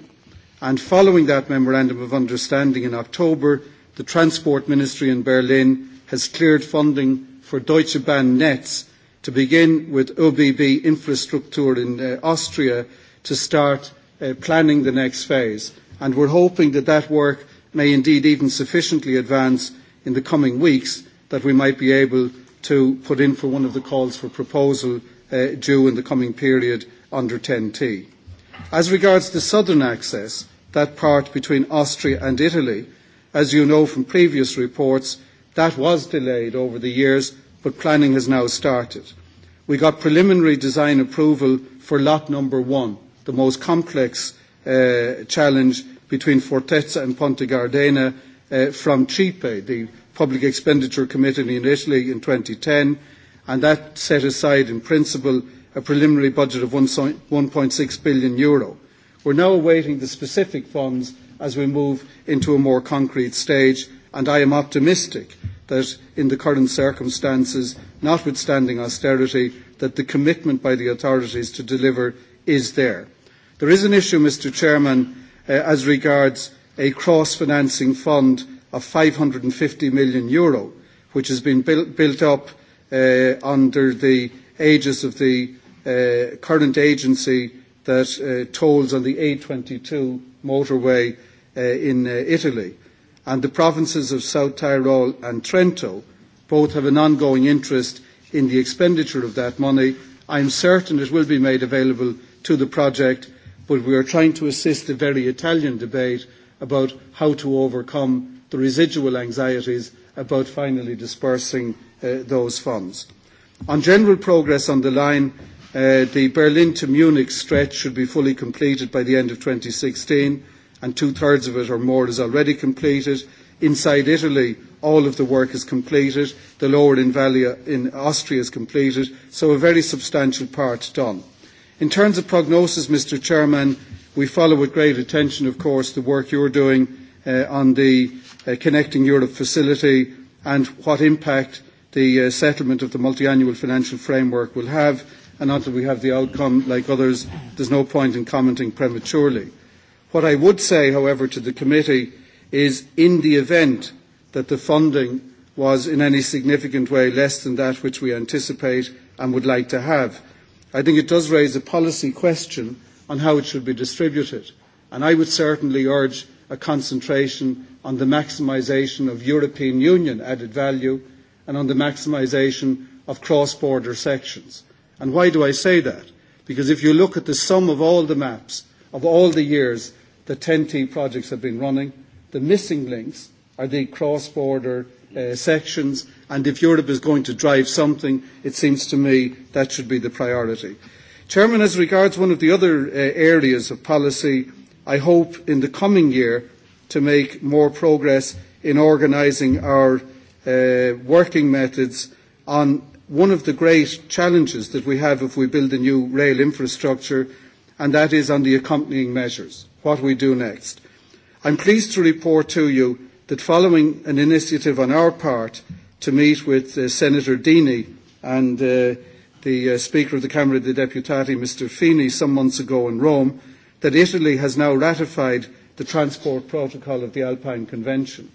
And following that memorandum of understanding in October, the Transport Ministry in Berlin has cleared funding for Deutsche Bahn Netz to begin with OBB infrastructure in uh, Austria to start uh, planning the next phase. And we're hoping that that work may indeed even sufficiently advance in the coming weeks that we might be able to put in for one of the calls for proposal uh, due in the coming period under 10T. As regards the southern access, that part between Austria and Italy, as you know from previous reports, that was delayed over the years, but planning has now started. We got preliminary design approval for lot number one, the most complex uh, challenge between Fortezza and Ponte Gardena uh, from CIPE, the Public Expenditure Committee in Italy in 2010, and that set aside in principle a preliminary budget of 1.6 billion euro. We're now awaiting the specific funds as we move into a more concrete stage, and I am optimistic that in the current circumstances, notwithstanding austerity, that the commitment by the authorities to deliver is there. There is an issue, Mr. Chairman, uh, as regards a cross-financing fund of 550 million euro, which has been built, built up uh, under the aegis of the uh, current agency that uh, tolls on the A22 motorway uh, in uh, Italy. And the provinces of South Tyrol and Trento both have an ongoing interest in the expenditure of that money. I am certain it will be made available to the project, but we are trying to assist the very Italian debate about how to overcome the residual anxieties about finally dispersing uh, those funds. On general progress on the line, Uh, the Berlin to Munich stretch should be fully completed by the end of 2016, and two-thirds of it or more is already completed. Inside Italy, all of the work is completed. The lower in Valia in Austria is completed, so a very substantial part done. In terms of prognosis, Mr. Chairman, we follow with great attention, of course, the work you're doing uh, on the uh, Connecting Europe facility and what impact the uh, settlement of the multiannual financial framework will have and until we have the outcome, like others, there's no point in commenting prematurely. What I would say, however, to the committee is in the event that the funding was in any significant way less than that which we anticipate and would like to have, I think it does raise a policy question on how it should be distributed. And I would certainly urge a concentration on the maximisation of European Union added value and on the maximisation of cross-border sections. And why do I say that? Because if you look at the sum of all the maps of all the years the 10T projects have been running, the missing links are the cross-border uh, sections. And if Europe is going to drive something, it seems to me that should be the priority. Chairman, as regards one of the other uh, areas of policy, I hope in the coming year to make more progress in organising our uh, working methods on one of the great challenges that we have if we build a new rail infrastructure, and that is on the accompanying measures, what we do next. I'm pleased to report to you that following an initiative on our part to meet with uh, Senator Deeney and uh, the uh, Speaker of the Camera dei Deputati, Mr Feeney, some months ago in Rome, that Italy has now ratified the Transport Protocol of the Alpine Convention.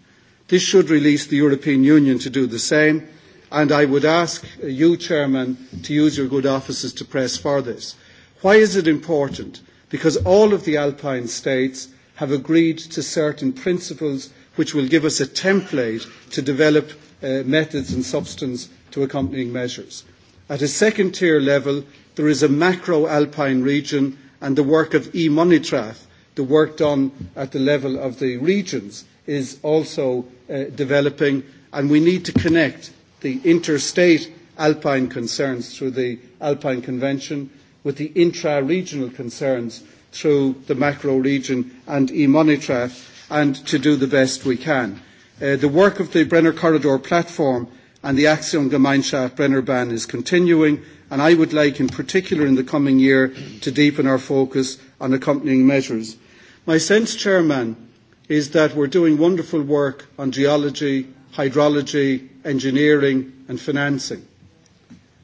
This should release the European Union to do the same, and I would ask you, Chairman, to use your good offices to press for this. Why is it important? Because all of the Alpine states have agreed to certain principles which will give us a template to develop uh, methods and substance to accompanying measures. At a second tier level, there is a macro alpine region and the work of e-monitraf, the work done at the level of the regions, is also uh, developing and we need to connect the interstate alpine concerns through the Alpine Convention, with the intra-regional concerns through the macro region and eMonitraf, and to do the best we can. Uh, the work of the Brenner Corridor platform and the Axiom Gemeinschaft Brenner Ban is continuing, and I would like, in particular in the coming year, to deepen our focus on accompanying measures. My sense, Chairman, is that we're doing wonderful work on geology, hydrology, engineering and financing.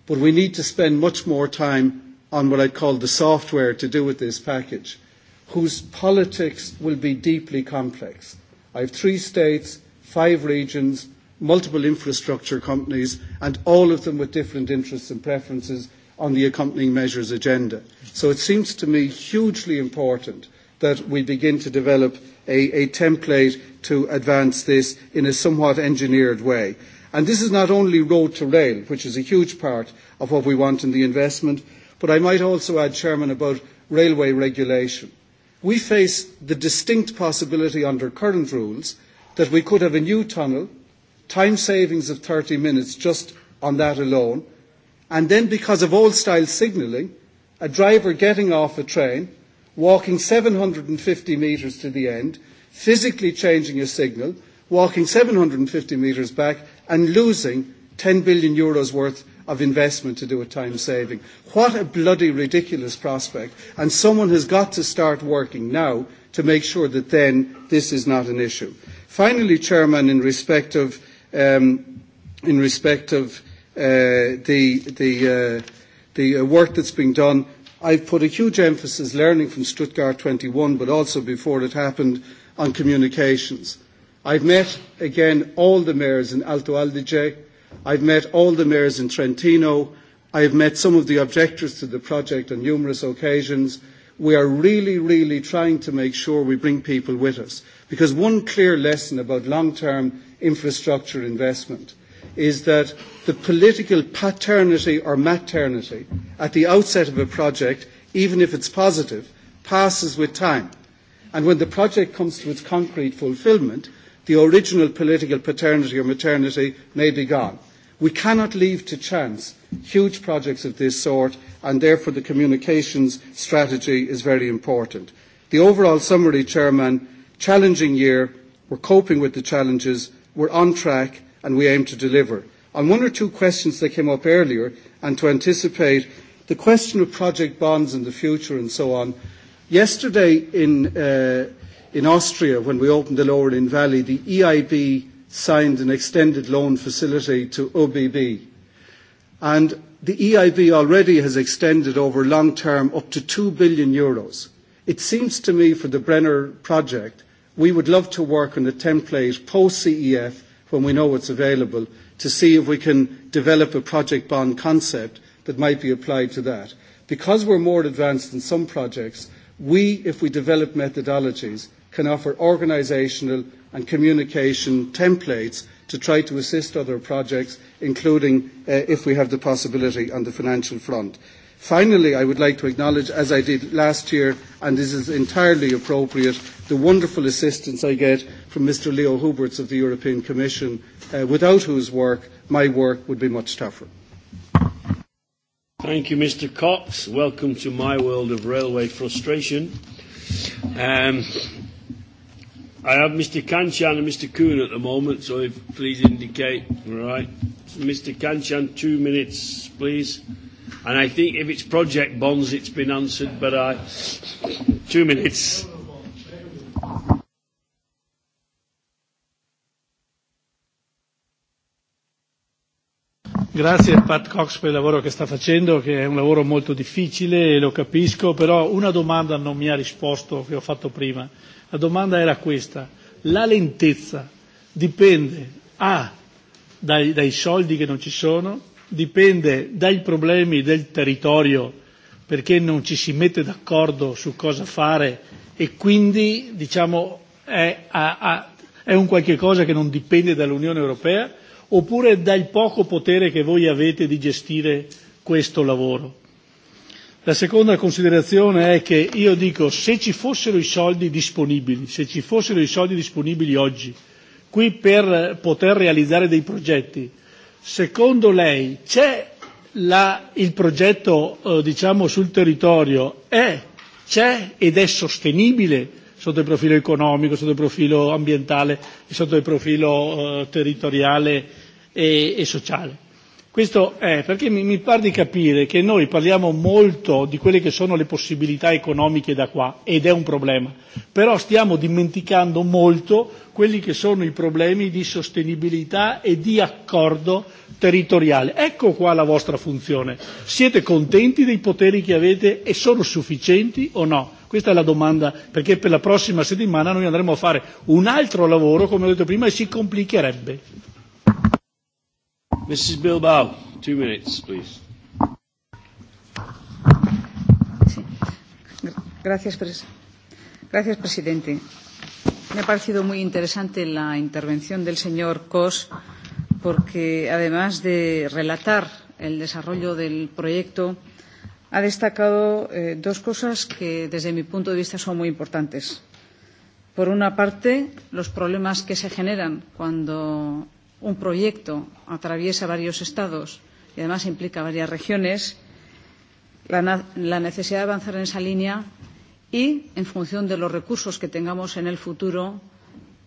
But we need to spend much more time on what I call the software to do with this package, whose politics will be deeply complex. I have three states, five regions, multiple infrastructure companies, and all of them with different interests and preferences on the accompanying measures agenda. So it seems to me hugely important that we begin to develop a, a template to advance this in a somewhat engineered way. And this is not only road to rail, which is a huge part of what we want in the investment, but I might also add, Chairman, about railway regulation. We face the distinct possibility under current rules that we could have a new tunnel, time savings of 30 minutes just on that alone, and then because of old-style signalling, a driver getting off a train, walking 750 metres to the end, physically changing a signal, walking 750 metres back, and losing 10 billion euros worth of investment to do a time saving. What a bloody ridiculous prospect. And someone has got to start working now to make sure that then this is not an issue. Finally, Chairman, in respect of, um, in respect of uh, the, the, uh, the uh, work that's being done, I've put a huge emphasis, learning from Stuttgart 21, but also before it happened, on communications. I've met, again, all the mayors in Alto Adige. I've met all the mayors in Trentino. I've met some of the objectors to the project on numerous occasions. We are really, really trying to make sure we bring people with us. Because one clear lesson about long-term infrastructure investment is that the political paternity or maternity at the outset of a project, even if it's positive, passes with time. And when the project comes to its concrete fulfillment, the original political paternity or maternity may be gone. We cannot leave to chance huge projects of this sort, and therefore the communications strategy is very important. The overall summary, Chairman, challenging year, we're coping with the challenges, we're on track, and we aim to deliver. On one or two questions that came up earlier, and to anticipate the question of project bonds in the future and so on, yesterday in uh, in Austria, when we opened the Lower Linn Valley, the EIB signed an extended loan facility to OBB. And the EIB already has extended over long term up to 2 billion euros. It seems to me for the Brenner project, we would love to work on a template post-CEF when we know it's available to see if we can develop a project bond concept that might be applied to that. Because we're more advanced in some projects, we, if we develop methodologies, can offer organisational and communication templates to try to assist other projects, including uh, if we have the possibility on the financial front. Finally, I would like to acknowledge, as I did last year, and this is entirely appropriate, the wonderful assistance I get from Mr. Leo Huberts of the European Commission, uh, without whose work my work would be much tougher. Thank you, Mr. Cox. Welcome to my world of railway frustration. Um, I have Mr. Kanchan and Mr. Kuhn at the moment, so if please indicate. All right. Mr. Kanchan, two minutes, please. And I think if it's project bonds, it's been answered, but I. Two minutes. Grazie a Pat Cox per il lavoro che sta facendo, che è un lavoro molto difficile e lo capisco, però una domanda non mi ha risposto che ho fatto prima. La domanda era questa. La lentezza dipende A dai, dai soldi che non ci sono, dipende dai problemi del territorio perché non ci si mette d'accordo su cosa fare e quindi diciamo, è, a, a, è un qualche cosa che non dipende dall'Unione Europea oppure dal poco potere che voi avete di gestire questo lavoro. La seconda considerazione è che io dico se ci fossero i soldi disponibili, se ci fossero i soldi disponibili oggi, qui per poter realizzare dei progetti, secondo lei c'è la, il progetto eh, diciamo sul territorio è, c'è ed è sostenibile sotto il profilo economico, sotto il profilo ambientale e sotto il profilo eh, territoriale e, e sociale. Questo è perché mi, mi pare di capire che noi parliamo molto di quelle che sono le possibilità economiche da qua ed è un problema, però stiamo dimenticando molto quelli che sono i problemi di sostenibilità e di accordo territoriale. Ecco qua la vostra funzione. Siete contenti dei poteri che avete e sono sufficienti o no? Questa è la domanda, perché per la prossima settimana noi andremo a fare un altro lavoro, come ho detto prima, e si complicherebbe. Mrs. Bilbao, two minutes, please. Sí. Gracias, pres Gracias, presidente. Me ha parecido muy interesante la intervención del señor Cos, porque además de relatar el desarrollo del proyecto, ha destacado eh, dos cosas que desde mi punto de vista son muy importantes. Por una parte, los problemas que se generan cuando un proyecto atraviesa varios estados y además implica varias regiones, la, la necesidad de avanzar en esa línea y, en función de los recursos que tengamos en el futuro,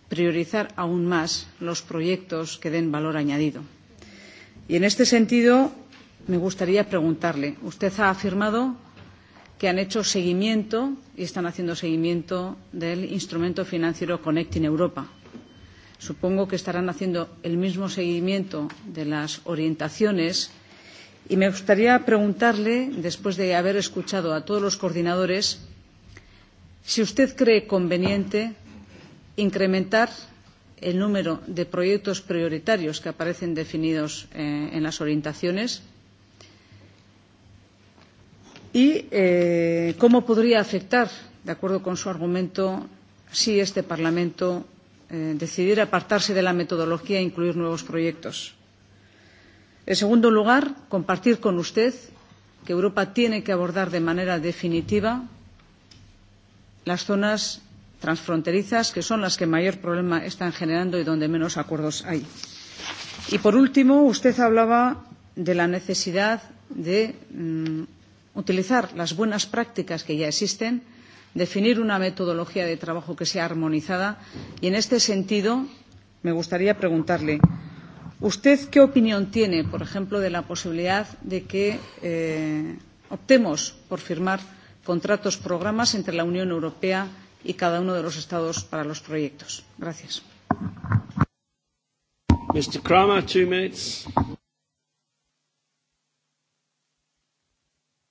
priorizar aún más los proyectos que den valor añadido. Y en este sentido, me gustaría preguntarle, usted ha afirmado que han hecho seguimiento y están haciendo seguimiento del instrumento financiero Connecting Europa. Supongo que estarán haciendo el mismo seguimiento de las orientaciones y me gustaría preguntarle, después de haber escuchado a todos los coordinadores, si usted cree conveniente incrementar el número de proyectos prioritarios que aparecen definidos eh, en las orientaciones y eh, cómo podría afectar, de acuerdo con su argumento, si este Parlamento eh, decidir apartarse de la metodología e incluir nuevos proyectos. En segundo lugar, compartir con usted que Europa tiene que abordar de manera definitiva las zonas transfronterizas, que son las que mayor problema están generando y donde menos acuerdos hay. Y, por último, usted hablaba de la necesidad de mm, utilizar las buenas prácticas que ya existen definir una metodología de trabajo que sea armonizada y, en este sentido, me gustaría preguntarle ¿Usted qué opinión tiene, por ejemplo, de la posibilidad de que eh, optemos por firmar contratos programas entre la Unión Europea y cada uno de los Estados para los proyectos? Gracias. Mr. Kramer, two minutes.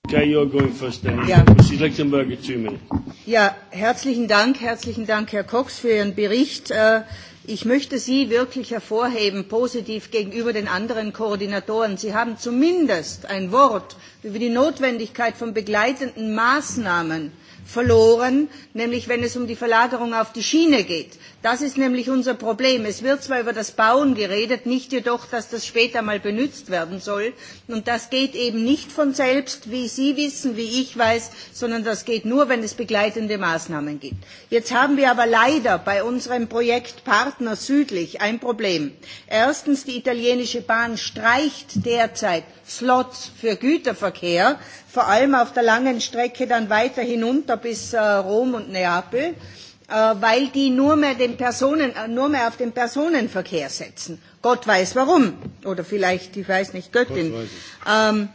Okay, you're going first then. Ja. Mrs. Lichtenberger, two minutes. Ja, herzlichen Dank, herzlichen Dank, Herr Cox, für Ihren Bericht. Äh, Ich möchte Sie wirklich hervorheben, positiv gegenüber den anderen Koordinatoren. Sie haben zumindest ein Wort über die Notwendigkeit von begleitenden Maßnahmen verloren, nämlich wenn es um die Verlagerung auf die Schiene geht. Das ist nämlich unser Problem. Es wird zwar über das Bauen geredet, nicht jedoch, dass das später mal benutzt werden soll. Und das geht eben nicht von selbst, wie Sie wissen, wie ich weiß, sondern das geht nur, wenn es begleitende Maßnahmen gibt. Jetzt haben wir aber leider bei unserem Projekt Partner südlich ein Problem. Erstens, die italienische Bahn streicht derzeit Slots für Güterverkehr, vor allem auf der langen Strecke dann weiter hinunter bis äh, Rom und Neapel, äh, weil die nur mehr, den Personen, äh, nur mehr auf den Personenverkehr setzen. Gott weiß warum. Oder vielleicht, ich weiß nicht, Göttin. Gott weiß es. ähm,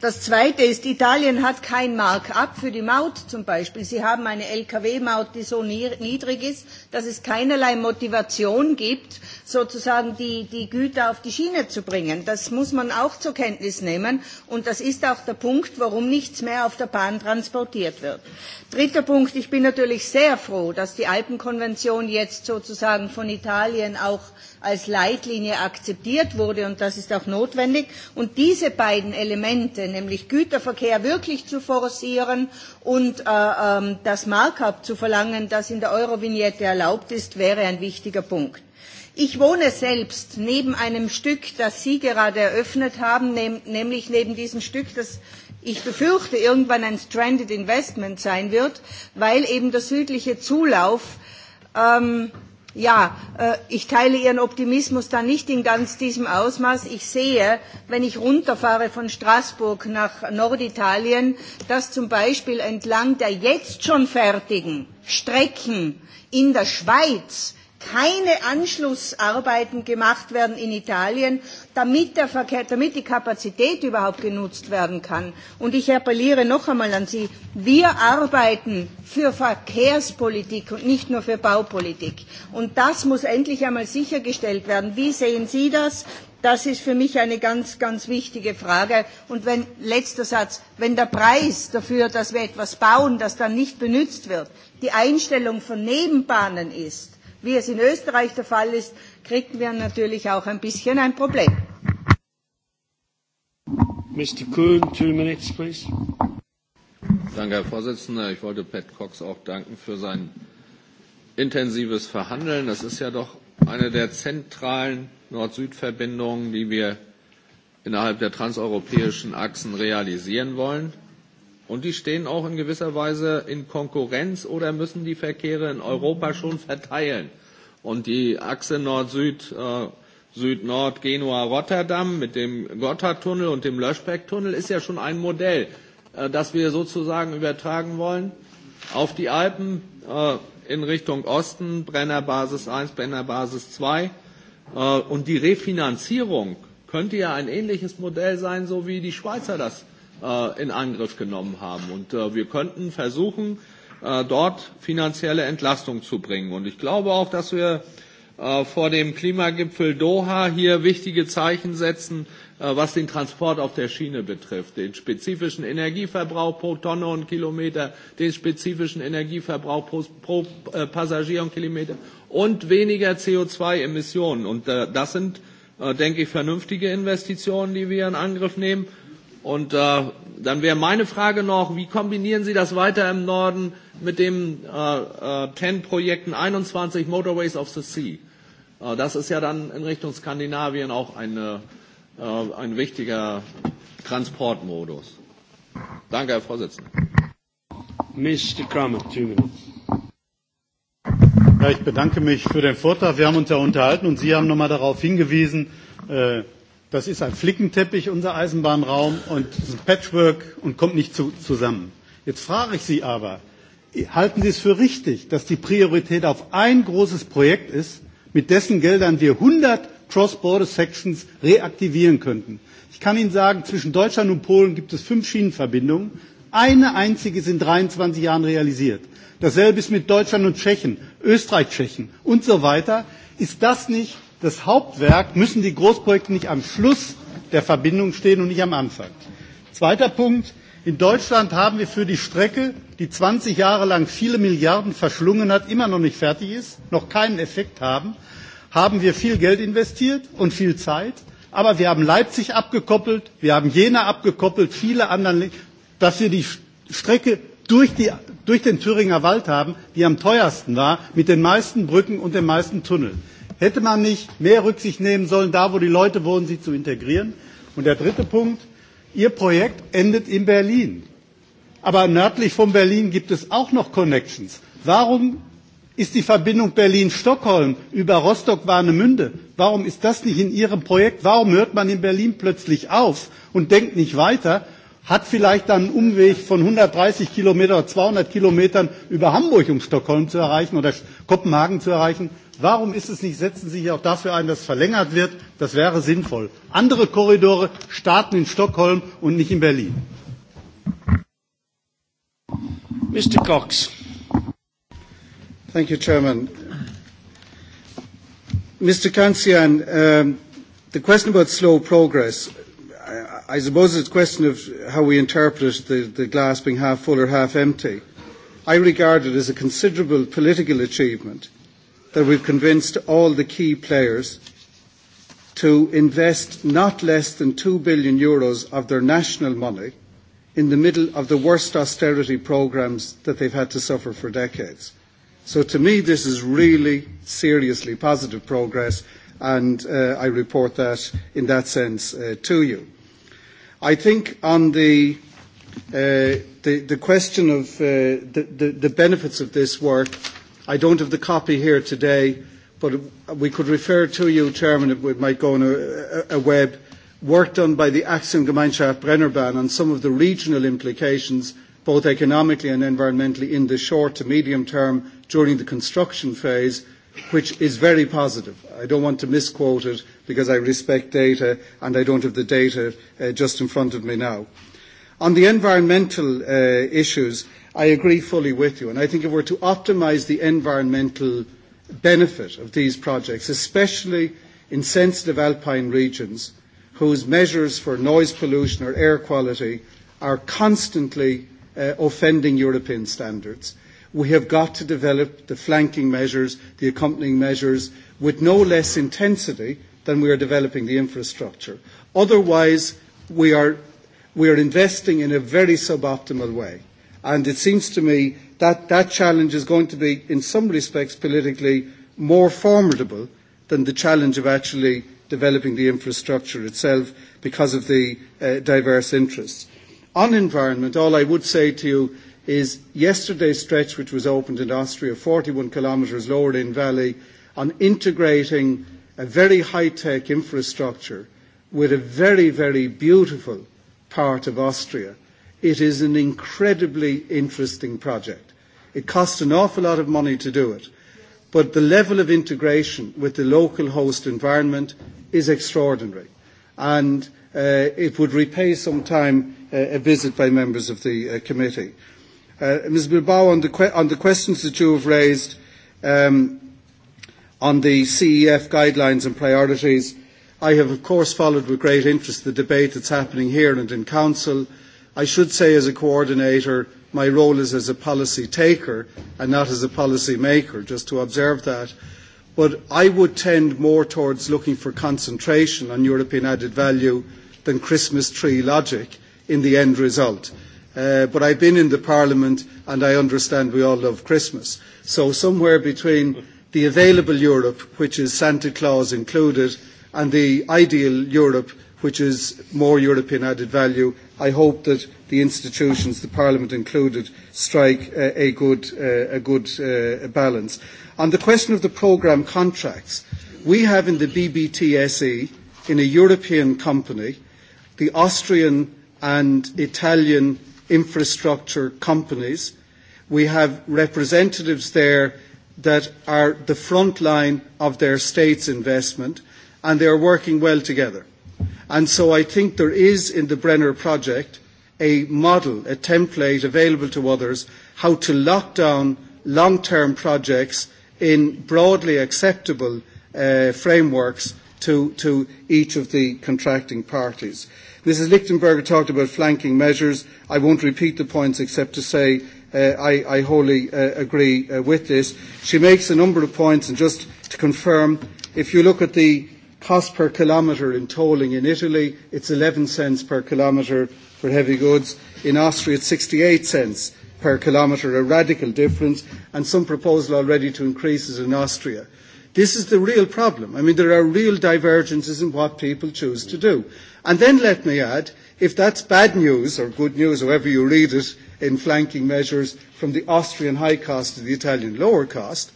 Das Zweite ist, Italien hat kein Markup für die Maut zum Beispiel. Sie haben eine Lkw-Maut, die so niedrig ist, dass es keinerlei Motivation gibt, sozusagen die, die Güter auf die Schiene zu bringen. Das muss man auch zur Kenntnis nehmen. Und das ist auch der Punkt, warum nichts mehr auf der Bahn transportiert wird. Dritter Punkt. Ich bin natürlich sehr froh, dass die Alpenkonvention jetzt sozusagen von Italien auch als Leitlinie akzeptiert wurde und das ist auch notwendig. Und diese beiden Elemente, nämlich Güterverkehr wirklich zu forcieren und äh, ähm, das Markup zu verlangen, das in der Eurovignette erlaubt ist, wäre ein wichtiger Punkt. Ich wohne selbst neben einem Stück, das Sie gerade eröffnet haben, nehm, nämlich neben diesem Stück, das ich befürchte irgendwann ein Stranded Investment sein wird, weil eben der südliche Zulauf ähm, Ja, äh, ich teile Ihren Optimismus da nicht in ganz diesem Ausmaß. Ich sehe, wenn ich runterfahre von Straßburg nach Norditalien, dass zum Beispiel entlang der jetzt schon fertigen Strecken in der Schweiz keine Anschlussarbeiten gemacht werden in Italien, damit, der Verkehr, damit die Kapazität überhaupt genutzt werden kann. Und ich appelliere noch einmal an Sie, wir arbeiten für Verkehrspolitik und nicht nur für Baupolitik. Und das muss endlich einmal sichergestellt werden. Wie sehen Sie das? Das ist für mich eine ganz, ganz wichtige Frage. Und wenn, letzter Satz, wenn der Preis dafür, dass wir etwas bauen, das dann nicht benutzt wird, die Einstellung von Nebenbahnen ist, wie es in Österreich der Fall ist, kriegen wir natürlich auch ein bisschen ein Problem. Mr. Kuhn, two minutes, please. Danke, Herr Vorsitzender. Ich wollte Pat Cox auch danken für sein intensives Verhandeln. Das ist ja doch eine der zentralen Nord-Süd-Verbindungen, die wir innerhalb der transeuropäischen Achsen realisieren wollen. Und die stehen auch in gewisser Weise in Konkurrenz oder müssen die Verkehre in Europa schon verteilen. Und die Achse Nord-Süd, äh, Süd-Nord, Genua-Rotterdam mit dem Gotthardtunnel und dem Löschbeck-Tunnel ist ja schon ein Modell, äh, das wir sozusagen übertragen wollen auf die Alpen äh, in Richtung Osten, Brennerbasis 1, Brennerbasis 2. Äh, und die Refinanzierung könnte ja ein ähnliches Modell sein, so wie die Schweizer das äh, in Angriff genommen haben. Und äh, wir könnten versuchen, äh, dort finanzielle Entlastung zu bringen. Und ich glaube auch, dass wir äh, vor dem Klimagipfel Doha hier wichtige Zeichen setzen, äh, was den Transport auf der Schiene betrifft, den spezifischen Energieverbrauch pro Tonne und Kilometer, den spezifischen Energieverbrauch pro, pro äh, Passagier und Kilometer und weniger CO2-Emissionen. Und äh, das sind, äh, denke ich, vernünftige Investitionen, die wir in Angriff nehmen. Und äh, dann wäre meine Frage noch, wie kombinieren Sie das weiter im Norden mit den äh, äh, 10 Projekten 21 Motorways of the Sea? Äh, das ist ja dann in Richtung Skandinavien auch eine, äh, ein wichtiger Transportmodus. Danke, Herr Vorsitzender. Mr. Kramer, two minutes. Ja, ich bedanke mich für den Vortrag. Wir haben uns ja unterhalten und Sie haben nochmal darauf hingewiesen, äh, Das ist ein Flickenteppich, unser Eisenbahnraum, und es ist Patchwork und kommt nicht zu, zusammen. Jetzt frage ich Sie aber, halten Sie es für richtig, dass die Priorität auf ein großes Projekt ist, mit dessen Geldern wir 100 Cross-Border-Sections reaktivieren könnten? Ich kann Ihnen sagen, zwischen Deutschland und Polen gibt es fünf Schienenverbindungen. Eine einzige ist in 23 Jahren realisiert. Dasselbe ist mit Deutschland und Tschechien, Österreich, Tschechien und so weiter. Ist das nicht das Hauptwerk, müssen die Großprojekte nicht am Schluss der Verbindung stehen und nicht am Anfang. Zweiter Punkt. In Deutschland haben wir für die Strecke, die 20 Jahre lang viele Milliarden verschlungen hat, immer noch nicht fertig ist, noch keinen Effekt haben, haben wir viel Geld investiert und viel Zeit. Aber wir haben Leipzig abgekoppelt, wir haben Jena abgekoppelt, viele andere, dass wir die Strecke durch, die, durch den Thüringer Wald haben, die am teuersten war, mit den meisten Brücken und den meisten Tunneln. Hätte man nicht mehr Rücksicht nehmen sollen, da wo die Leute wohnen, sie zu integrieren? Und der dritte Punkt, Ihr Projekt endet in Berlin. Aber nördlich von Berlin gibt es auch noch Connections. Warum ist die Verbindung Berlin-Stockholm über Rostock-Warnemünde, warum ist das nicht in Ihrem Projekt? Warum hört man in Berlin plötzlich auf und denkt nicht weiter? hat vielleicht dann einen Umweg von 130 Kilometer, 200 Kilometern über Hamburg, um Stockholm zu erreichen oder Kopenhagen zu erreichen. Warum ist es nicht, setzen Sie sich auch dafür ein, dass verlängert wird? Das wäre sinnvoll. Andere Korridore starten in Stockholm und nicht in Berlin. Mr. Cox. Thank you, Chairman. Mr. Kansian, um, the question about slow progress I suppose it's a question of how we interpret the, the glass being half full or half empty. I regard it as a considerable political achievement that we've convinced all the key players to invest not less than 2 billion euros of their national money in the middle of the worst austerity programs that they've had to suffer for decades. So to me, this is really seriously positive progress, and uh, I report that in that sense uh, to you. I think on the uh, the, the question of uh, the, the, the benefits of this work, I don't have the copy here today, but we could refer to you, Chairman, if it might go on a, a, a web, work done by the Axengemeinschaft Brennerbahn on some of the regional implications, both economically and environmentally, in the short to medium term during the construction phase – which is very positive. I don't want to misquote it because I respect data and I don't have the data uh, just in front of me now. On the environmental uh, issues, I agree fully with you. And I think if we're to optimise the environmental benefit of these projects, especially in sensitive alpine regions, whose measures for noise pollution or air quality are constantly uh, offending European standards, uh, we have got to develop the flanking measures, the accompanying measures, with no less intensity than we are developing the infrastructure. Otherwise, we are, we are investing in a very suboptimal way. And it seems to me that that challenge is going to be, in some respects, politically more formidable than the challenge of actually developing the infrastructure itself because of the uh, diverse interests. On environment, all I would say to you is yesterday's stretch, which was opened in Austria, 41 kilometres lower Rhine Valley, on integrating a very high-tech infrastructure with a very, very beautiful part of Austria. It is an incredibly interesting project. It costs an awful lot of money to do it, but the level of integration with the local host environment is extraordinary, and uh, it would repay some time uh, a visit by members of the uh, committee. Uh, Ms. Bilbao, on the, que- on the questions that you have raised um, on the CEF guidelines and priorities, I have, of course, followed with great interest the debate that's happening here and in Council. I should say, as a coordinator, my role is as a policy taker and not as a policy maker, just to observe that. But I would tend more towards looking for concentration on European added value than Christmas tree logic in the end result. Uh, but I've been in the Parliament and I understand we all love Christmas. So somewhere between the available Europe, which is Santa Claus included, and the ideal Europe, which is more European added value, I hope that the institutions, the Parliament included, strike uh, a good, uh, a good uh, balance. On the question of the programme contracts, we have in the BBTSE, in a European company, the Austrian and Italian infrastructure companies. We have representatives there that are the front line of their state's investment, and they are working well together. And so I think there is in the Brenner project a model, a template available to others, how to lock down long-term projects in broadly acceptable uh, frameworks to, to each of the contracting parties. Mrs. Lichtenberger talked about flanking measures. I won't repeat the points except to say uh, I, I wholly uh, agree uh, with this. She makes a number of points, and just to confirm, if you look at the cost per kilometre in tolling in Italy, it's 11 cents per kilometre for heavy goods. In Austria, it's 68 cents per kilometre, a radical difference, and some proposal already to increase it in Austria. This is the real problem. I mean, there are real divergences in what people choose to do. And then let me add, if that's bad news or good news, however you read it, in flanking measures from the Austrian high cost to the Italian lower cost,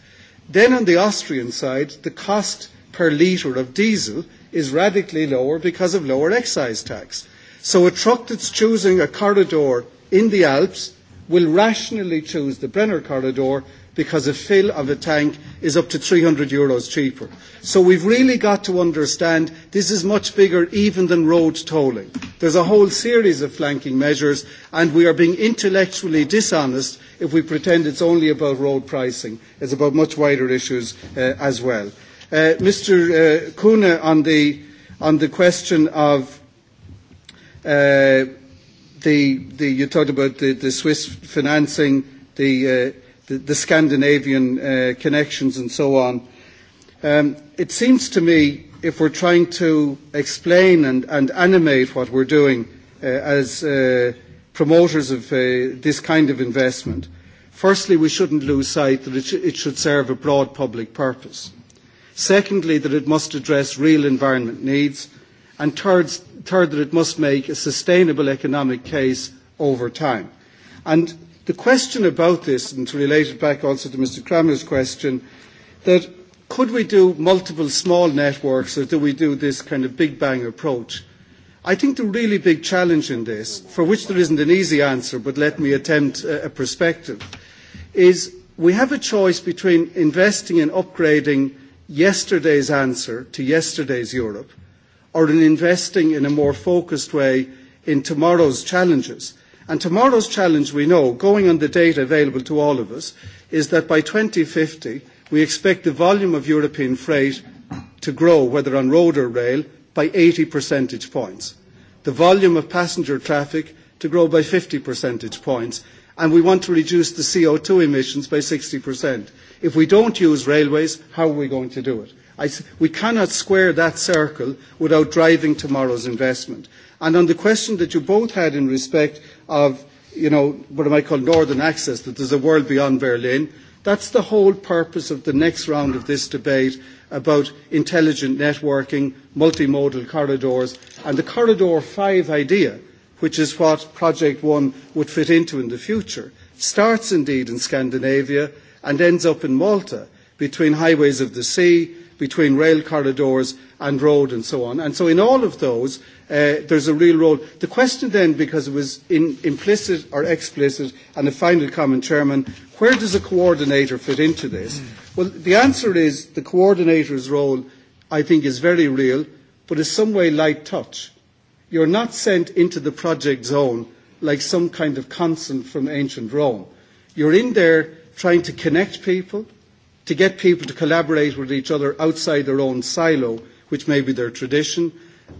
then on the Austrian side, the cost per litre of diesel is radically lower because of lower excise tax. So a truck that's choosing a corridor in the Alps will rationally choose the Brenner corridor because a fill of a tank is up to 300 euros cheaper. So we've really got to understand this is much bigger even than road tolling. There's a whole series of flanking measures and we are being intellectually dishonest if we pretend it's only about road pricing. It's about much wider issues uh, as well. Uh, Mr. Uh, Kuna on the, on the question of uh, the, the, you talked about the, the Swiss financing, the uh, the, the Scandinavian uh, connections and so on. Um, it seems to me, if we're trying to explain and, and animate what we're doing uh, as uh, promoters of uh, this kind of investment, firstly, we shouldn't lose sight that it, sh- it should serve a broad public purpose. Secondly, that it must address real environment needs. And third, third that it must make a sustainable economic case over time. And The question about this, and to relate it back also to Mr Cramer's question, that could we do multiple small networks or do we do this kind of big bang approach? I think the really big challenge in this, for which there isn't an easy answer, but let me attempt a, a perspective, is we have a choice between investing in upgrading yesterday's answer to yesterday's Europe or in investing in a more focused way in tomorrow's challenges. And tomorrow's challenge, we know, going on the data available to all of us, is that by 2050, we expect the volume of European freight to grow, whether on road or rail, by 80 percentage points. The volume of passenger traffic to grow by 50 percentage points, and we want to reduce the CO2 emissions by 60%. If we don't use railways, how are we going to do it? I, we cannot square that circle without driving tomorrow's investment. And on the question that you both had in respect of, you know, what I might call northern access, that there's a world beyond Berlin. That's the whole purpose of the next round of this debate about intelligent networking, multimodal corridors, and the Corridor 5 idea, which is what Project 1 would fit into in the future, starts indeed in Scandinavia and ends up in Malta between highways of the sea, between rail corridors and road and so on. And so in all of those, Uh, there's a real role. The question then, because it was in, implicit or explicit, and the final comment, Chairman, where does a coordinator fit into this? Mm. Well, the answer is the coordinator's role, I think, is very real, but is some way light touch. You're not sent into the project zone like some kind of constant from ancient Rome. You're in there trying to connect people, to get people to collaborate with each other outside their own silo, which may be their tradition,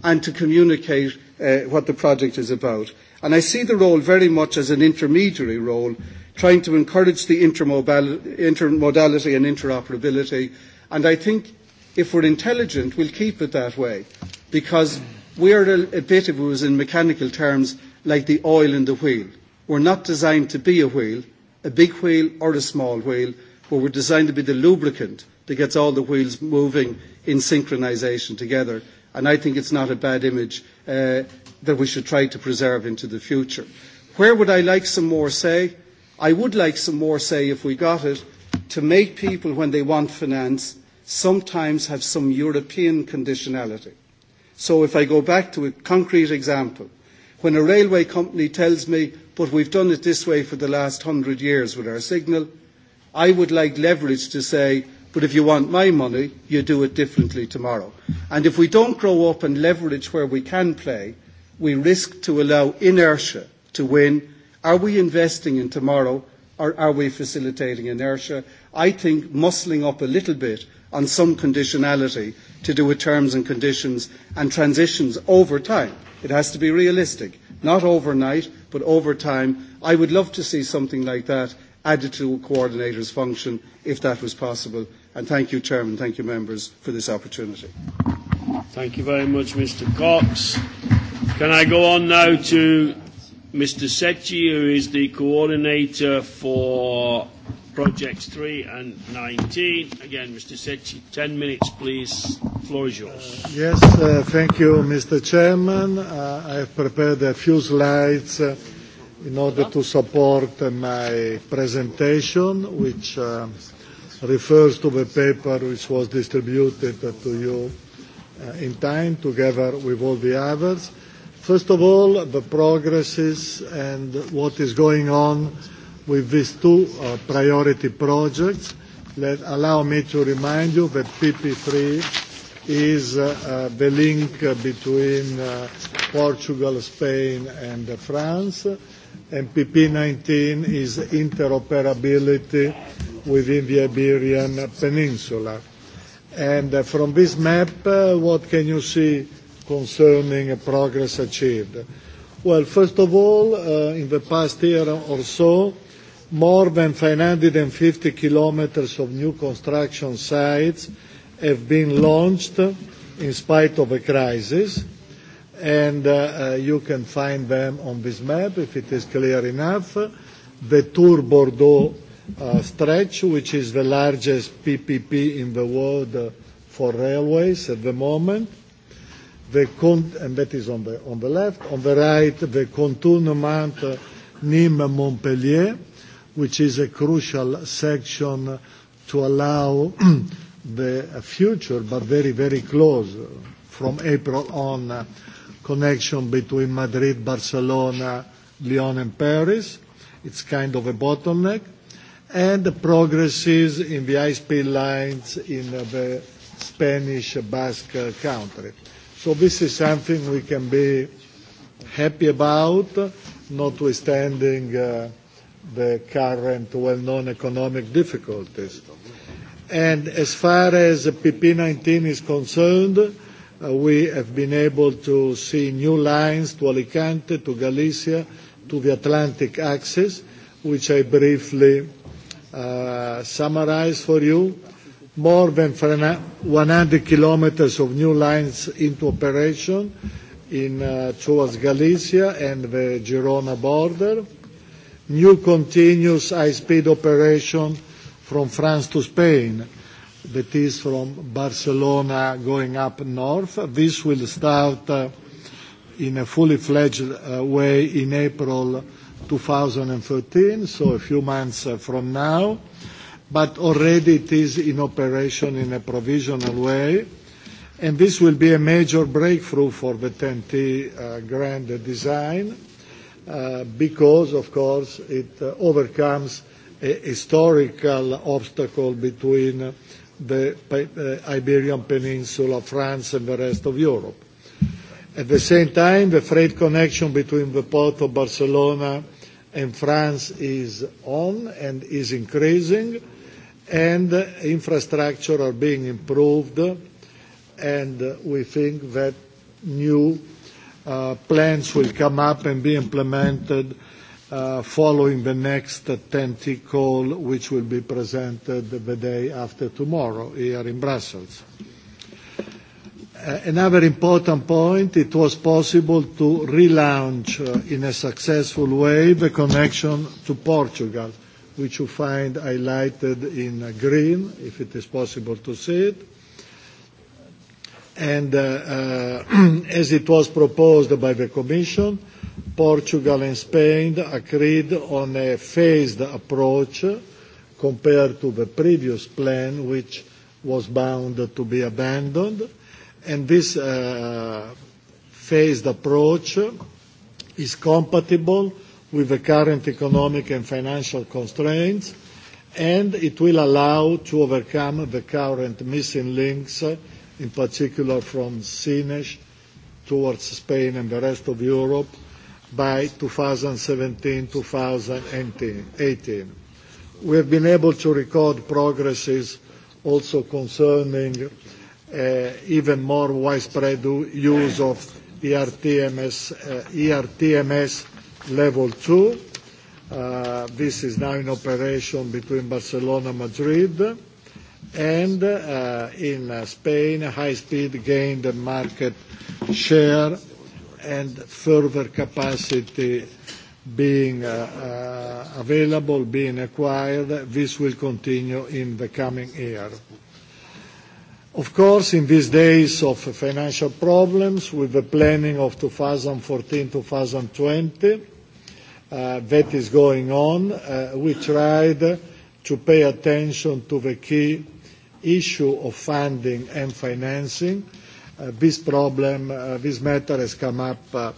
and to communicate uh, what the project is about. And I see the role very much as an intermediary role, trying to encourage the intermodal- intermodality and interoperability. And I think if we're intelligent, we'll keep it that way, because we are a, a bit, if it was in mechanical terms, like the oil in the wheel. We're not designed to be a wheel, a big wheel or a small wheel, but we're designed to be the lubricant that gets all the wheels moving in synchronization together. And I think it's not a bad image uh, that we should try to preserve into the future. Where would I like some more say? I would like some more say, if we got it, to make people, when they want finance, sometimes have some European conditionality. So if I go back to a concrete example, when a railway company tells me, but we've done it this way for the last hundred years with our signal, I would like leverage to say, But if you want my money, you do it differently tomorrow. And if we don't grow up and leverage where we can play, we risk to allow inertia to win. Are we investing in tomorrow or are we facilitating inertia? I think muscling up a little bit on some conditionality to do with terms and conditions and transitions over time. It has to be realistic, not overnight, but over time. I would love to see something like that added to a coordinator's function if that was possible And thank you, Chairman, thank you, members, for this opportunity. Thank you very much, Mr. Cox. Can I go on now to Mr. Secchi, who is the coordinator for projects 3 and 19. Again, Mr. Secchi, 10 minutes, please. Floor is yours. Uh, yes, uh, thank you, Mr. Chairman. Uh, I have prepared a few slides uh, in order to support uh, my presentation, which uh, refers to the paper which was distributed to you uh, in time together with all the others. First of all, the progresses and what is going on with these two uh, priority projects. Let, allow me to remind you that PP3 is uh, uh, the link between uh, Portugal, Spain, and uh, France. Uh, MPP 19 is interoperability within the Iberian Peninsula. And uh, from this map, uh, what can you see concerning uh, progress achieved? Well, first of all, uh, in the past year or so, more than 550 kilometers of new construction sites have been launched in spite of a crisis and uh, uh, you can find them on this map if it is clear enough. The Tour Bordeaux uh, stretch, which is the largest PPP in the world uh, for railways at the moment. The con- and that is on the, on the left. On the right, the contournement uh, Nîmes-Montpellier, which is a crucial section to allow [CLEARS THROAT] the future, but very, very close, uh, from April on, uh, connection between Madrid, Barcelona, Lyon, and Paris. It's kind of a bottleneck. And the progresses in the high-speed lines in the Spanish Basque Country. So this is something we can be happy about, notwithstanding uh, the current well-known economic difficulties. And as far as PP19 is concerned, uh, we have been able to see new lines to Alicante, to Galicia, to the Atlantic axis, which I briefly uh, summarized for you. More than 100 kilometers of new lines into operation in uh, towards Galicia and the Girona border. New continuous high-speed operation from France to Spain that is from Barcelona going up north. This will start uh, in a fully fledged uh, way in April 2013, so a few months uh, from now. But already it is in operation in a provisional way, and this will be a major breakthrough for the TEN-T uh, grant design, uh, because of course it uh, overcomes a historical obstacle between the Iberian Peninsula, France, and the rest of Europe. At the same time, the freight connection between the port of Barcelona and France is on and is increasing, and infrastructure are being improved, and we think that new uh, plans will come up and be implemented Uh, following the next TEN-T call, which will be presented the day after tomorrow here in Brussels. Uh, another important point, it was possible to relaunch uh, in a successful way the connection to Portugal, which you find highlighted in green, if it is possible to see it. And, uh, uh, [CLEARS THROAT] as it was proposed by the Commission, Portugal and Spain agreed on a phased approach compared to the previous plan, which was bound to be abandoned. And this uh, phased approach is compatible with the current economic and financial constraints, and it will allow to overcome the current missing links, in particular from CNES towards Spain and the rest of Europe, by 2017-2018. We have been able to record progresses also concerning uh, even more widespread use of ERTMS, uh, ERTMS Level 2. Uh, this is now in operation between Barcelona and Madrid. And, uh, in uh, Spain, high speed gained market share and further capacity being uh, uh, available, being acquired. This will continue in the coming year. Of course, in these days of financial problems, with the planning of 2014, 2020, uh, that is going on, uh, we tried to pay attention to the key issue of funding and financing, Uh, this problem, uh, this matter has come up uh,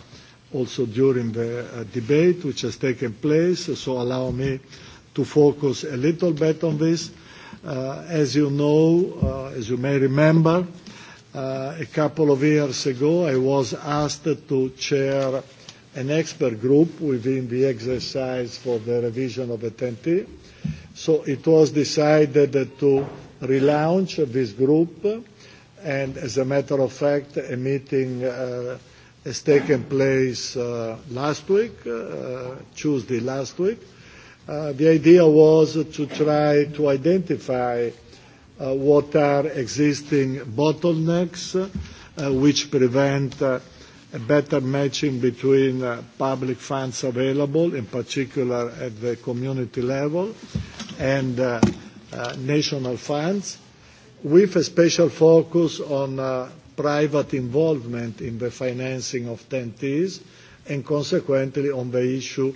also during the uh, debate which has taken place, so allow me to focus a little bit on this. Uh, as you know, uh, as you may remember, uh, a couple of years ago I was asked to chair an expert group within the exercise for the revision of the TEN-T. So it was decided to relaunch this group and as a matter of fact, a meeting uh, has taken place uh, last week, uh, uh, Tuesday last week. Uh, the idea was to try to identify uh, what are existing bottlenecks uh, which prevent uh, a better matching between uh, public funds available, in particular at the community level, and uh, uh, national funds with a special focus on uh, private involvement in the financing of TEN-Ts, and consequently on the issue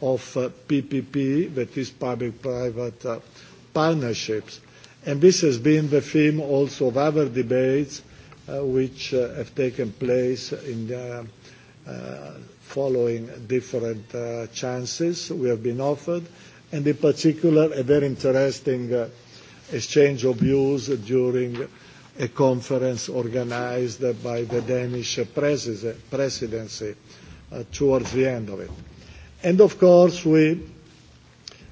of uh, PPP, that is public-private uh, partnerships. And this has been the theme also of other debates uh, which uh, have taken place in the uh, following different uh, chances we have been offered, and in particular, a very interesting exchange of views during a conference organized by the Danish presidency uh, towards the end of it. And of course, we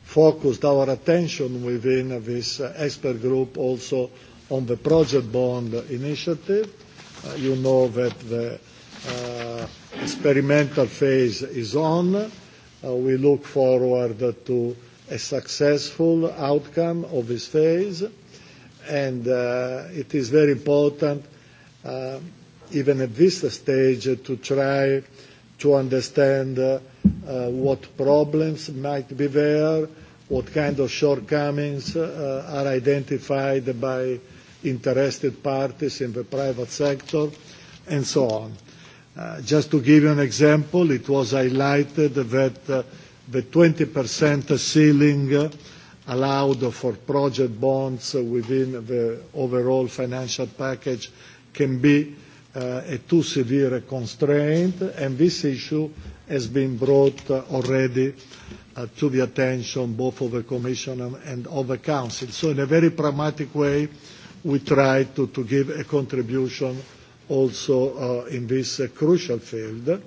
focused our attention within this uh, expert group also on the Project Bond initiative. Uh, you know that the uh, experimental phase is on. Uh, we look forward to a successful outcome of this phase, and uh, it is very important, uh, even at this stage, to try to understand uh, uh what problems might be there, what kind of shortcomings uh, are identified by interested parties in the private sector, and so on. Uh, just to give you an example, it was highlighted that the 20% ceiling allowed for project bonds within the overall financial package can be uh, a too severe a constraint, and this issue has been brought already uh, to the attention both of the Commission and of the Council. So in a very pragmatic way, we try to, to give a contribution also uh, in this uh, crucial field.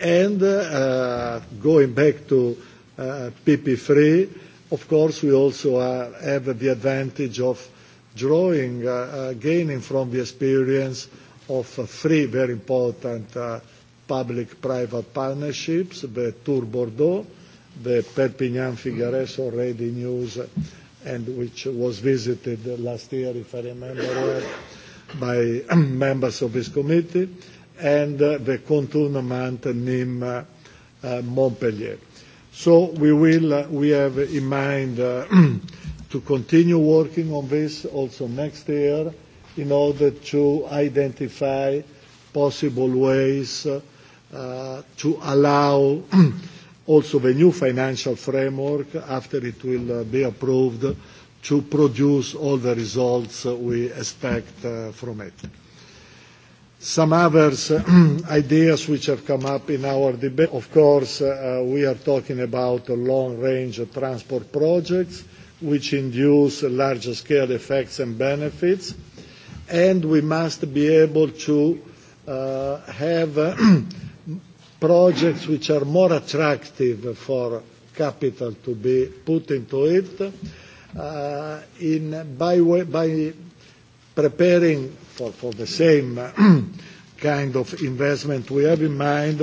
And uh, going back to uh, PP3, of course, we also uh, have the advantage of drawing, uh, uh, gaining from the experience of uh, three very important uh, public-private partnerships, the Tour Bordeaux, the Perpignan-Figueres already in use, and which was visited last year, if I remember well, by [CLEARS THROAT] members of this committee, and uh, the contournament NIM uh, uh, Montpellier. So we will, uh, we have in mind [CLEARS THROAT] to continue working on this also next year in order to identify possible ways to allow [CLEARS THROAT] also the new financial framework, after it will be approved, to produce all the results we expect from it some other [CLEARS THROAT] ideas which have come up in our debate. Of course, uh, we are talking about long-range transport projects, which induce larger scale effects and benefits, and we must be able to uh, have [CLEARS THROAT] projects which are more attractive for capital to be put into it, uh, in, by, way, by preparing for, for the same [CLEARS THROAT] kind of investment we have in mind,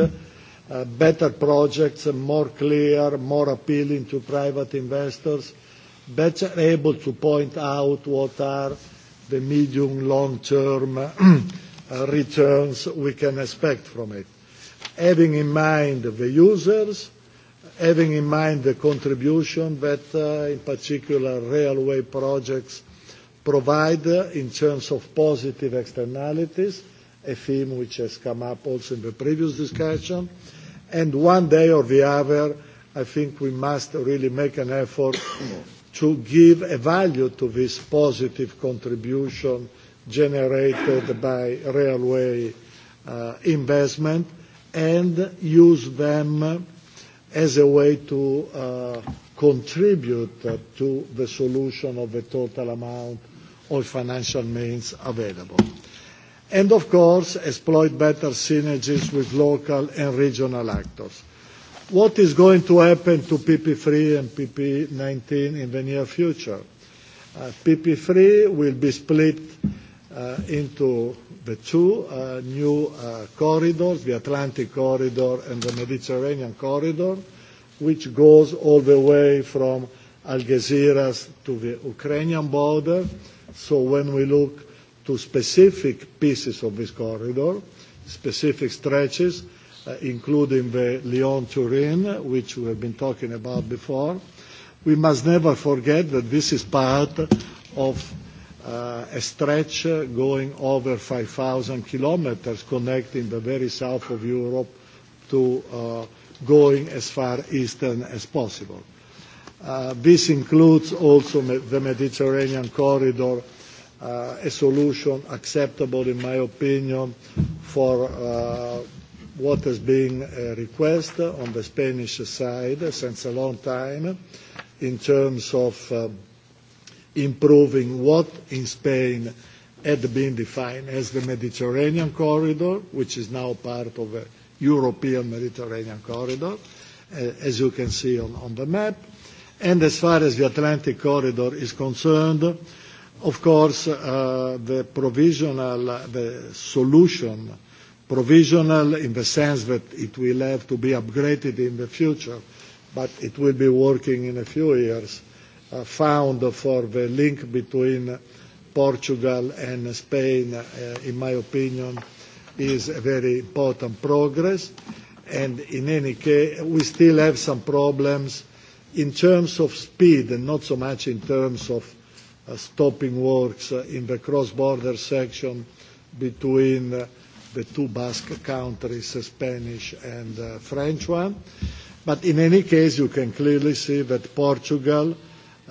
uh, better projects, more clear, more appealing to private investors, better able to point out what are the medium, long-term [CLEARS THROAT] uh, returns we can expect from it. Having in mind the users, having in mind the contribution that, uh, in particular, railway projects provide in terms of positive externalities, a theme which has come up also in the previous discussion. And one day or the other, I think we must really make an effort [COUGHS] to give a value to this positive contribution generated by railway uh, investment and use them as a way to uh, contribute to the solution of the total amount all financial means available. And of course, exploit better synergies with local and regional actors. What is going to happen to PP3 and PP19 in the near future? Uh, PP3 will be split uh, into the two uh, new uh, corridors, the Atlantic Corridor and the Mediterranean Corridor, which goes all the way from Algeciras to the Ukrainian border, So when we look to specific pieces of this corridor, specific stretches, uh, including the Lyon-Turin, which we have been talking about before, we must never forget that this is part of uh, a stretch going over 5,000 kilometers, connecting the very south of Europe to uh, going as far eastern as possible. Uh, this includes also the Mediterranean corridor, uh, a solution acceptable, in my opinion, for uh, what has been a uh, request on the Spanish side since a long time in terms of uh, improving what in Spain had been defined as the Mediterranean corridor, which is now part of the European Mediterranean corridor, uh, as you can see on, on the map. Uh, And as far as the Atlantic corridor is concerned, of course, uh, the provisional, uh, the solution provisional in the sense that it will have to be upgraded in the future, but it will be working in a few years, uh, found for the link between Portugal and Spain, uh, in my opinion, is a very important progress. And in any case, we still have some problems in terms of speed and not so much in terms of uh, stopping works uh, in the cross-border section between uh, the two Basque countries, uh, Spanish and uh, French one. But in any case, you can clearly see that Portugal,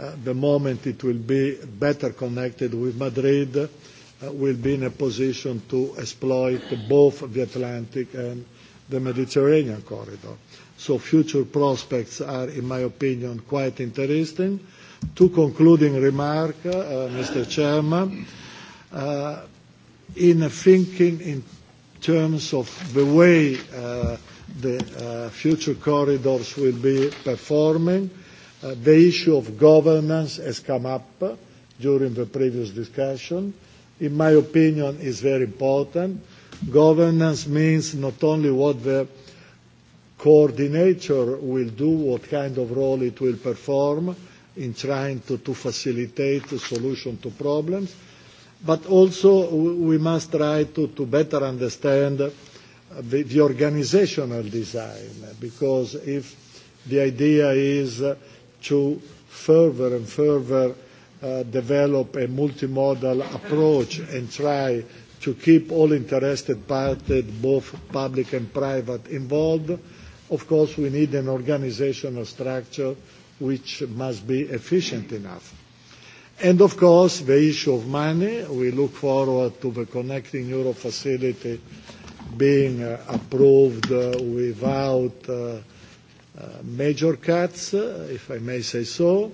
uh, the moment it will be better connected with Madrid, uh, will be in a position to exploit both the Atlantic and the Mediterranean corridor. So future prospects are, in my opinion, quite interesting. Two concluding remark, uh, Mr. Chairman. Uh, in thinking in terms of the way uh, the uh, future corridors will be performing, uh, the issue of governance has come up during the previous discussion. In my opinion, is very important. Governance means not only what the coordinator will do, what kind of role it will perform in trying to, to facilitate a solution to problems. But also we must try to, to better understand the, the organizational design, because if the idea is to further and further uh, develop a multimodal approach and try to keep all interested parties, both public and private, involved, Of course, we need an organizational structure which must be efficient enough. And of course, the issue of money, we look forward to the Connecting Europe facility being uh, approved uh, without uh, uh major cuts, uh, if I may say so.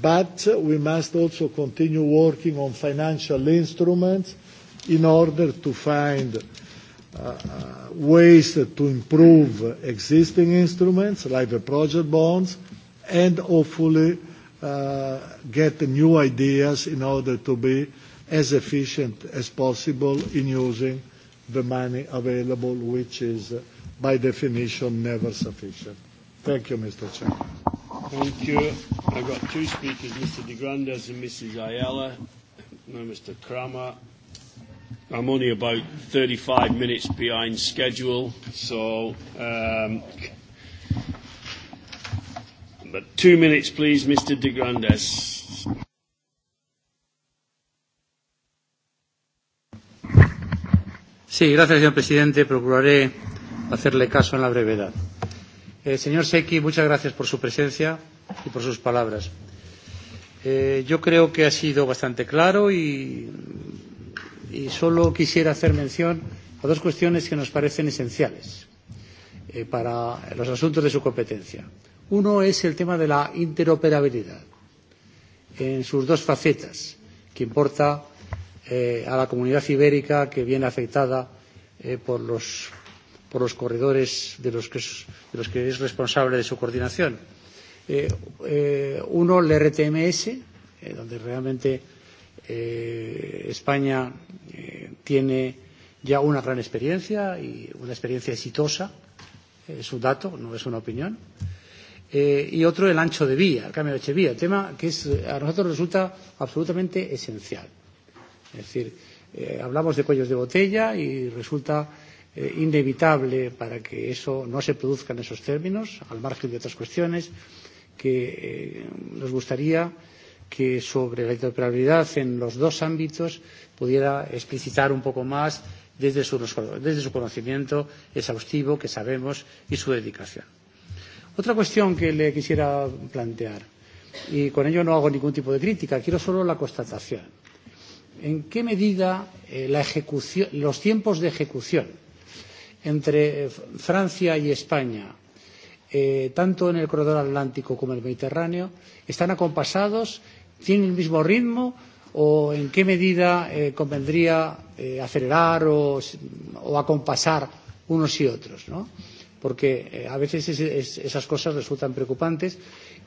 But uh, we must also continue working on financial instruments in order to find Uh, uh, ways to improve existing instruments like the project bonds and hopefully uh, get new ideas in order to be as efficient as possible in using the money available, which is uh, by definition never sufficient. Thank you, Mr. Chairman. Thank you. I've got two speakers, Mr. de Grandes and Mrs. Ayala. Now, Mr. Kramer I'm only about 35 minutes behind schedule, so. Um, but two minutes, please, Mr. De Grandes. Sí, gracias, señor presidente. Procuraré hacerle caso en la brevedad. Eh, señor Secchi, muchas gracias por su presencia y por sus palabras. Eh, yo creo que ha sido bastante claro y y solo quisiera hacer mención a dos cuestiones que nos parecen esenciales eh, para los asuntos de su competencia. Uno es el tema de la interoperabilidad en sus dos facetas, que importa eh, a la comunidad ibérica que viene afectada eh, por, los, por los corredores de los, que es, de los que es responsable de su coordinación. Eh, eh, uno, el RTMS, eh, donde realmente eh, España eh, tiene ya una gran experiencia y una experiencia exitosa, eh, es un dato, no es una opinión. Eh, y otro, el ancho de vía, el cambio de ancho de vía, tema que es, a nosotros resulta absolutamente esencial. Es decir, eh, hablamos de cuellos de botella y resulta eh, inevitable para que eso no se produzca en esos términos, al margen de otras cuestiones, que eh, nos gustaría eh, que sobre la interoperabilidad en los dos ámbitos pudiera explicitar un poco más desde su, desde su conocimiento exhaustivo que sabemos y su dedicación. Otra cuestión que le quisiera plantear, y con ello no hago ningún tipo de crítica, quiero solo la constatación. ¿En qué medida eh, la ejecución, los tiempos de ejecución entre eh, Francia y España, eh, tanto en el corredor atlántico como en el Mediterráneo, están acompasados tiene el mismo ritmo o en qué medida eh, convendría eh, acelerar o, o acompasar unos y otros, ¿no? Porque eh, a veces es, es, esas cosas resultan preocupantes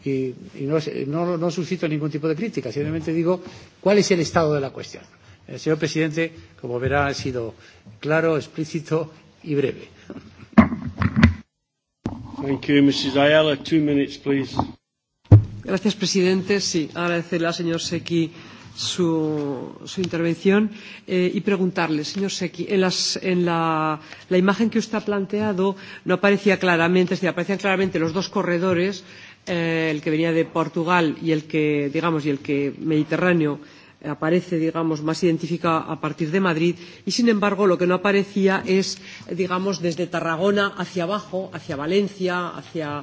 y, y no, no, no suscito ningún tipo de crítica, simplemente digo cuál es el estado de la cuestión. El señor presidente, como verá, ha sido claro, explícito y breve. Thank you, Mrs. Ayala. Two minutes, please. Gracias, presidente. Sí, agradecerle al señor Secchi su, su intervención eh, y preguntarle, señor Secchi, en, las, en la, la imagen que usted ha planteado no aparecía claramente, es decir, aparecían claramente los dos corredores, eh, el que venía de Portugal y el que, digamos, y el que mediterráneo aparece, digamos, más identificada a partir de Madrid y, sin embargo, lo que no aparecía es, digamos, desde Tarragona hacia abajo, hacia Valencia, hacia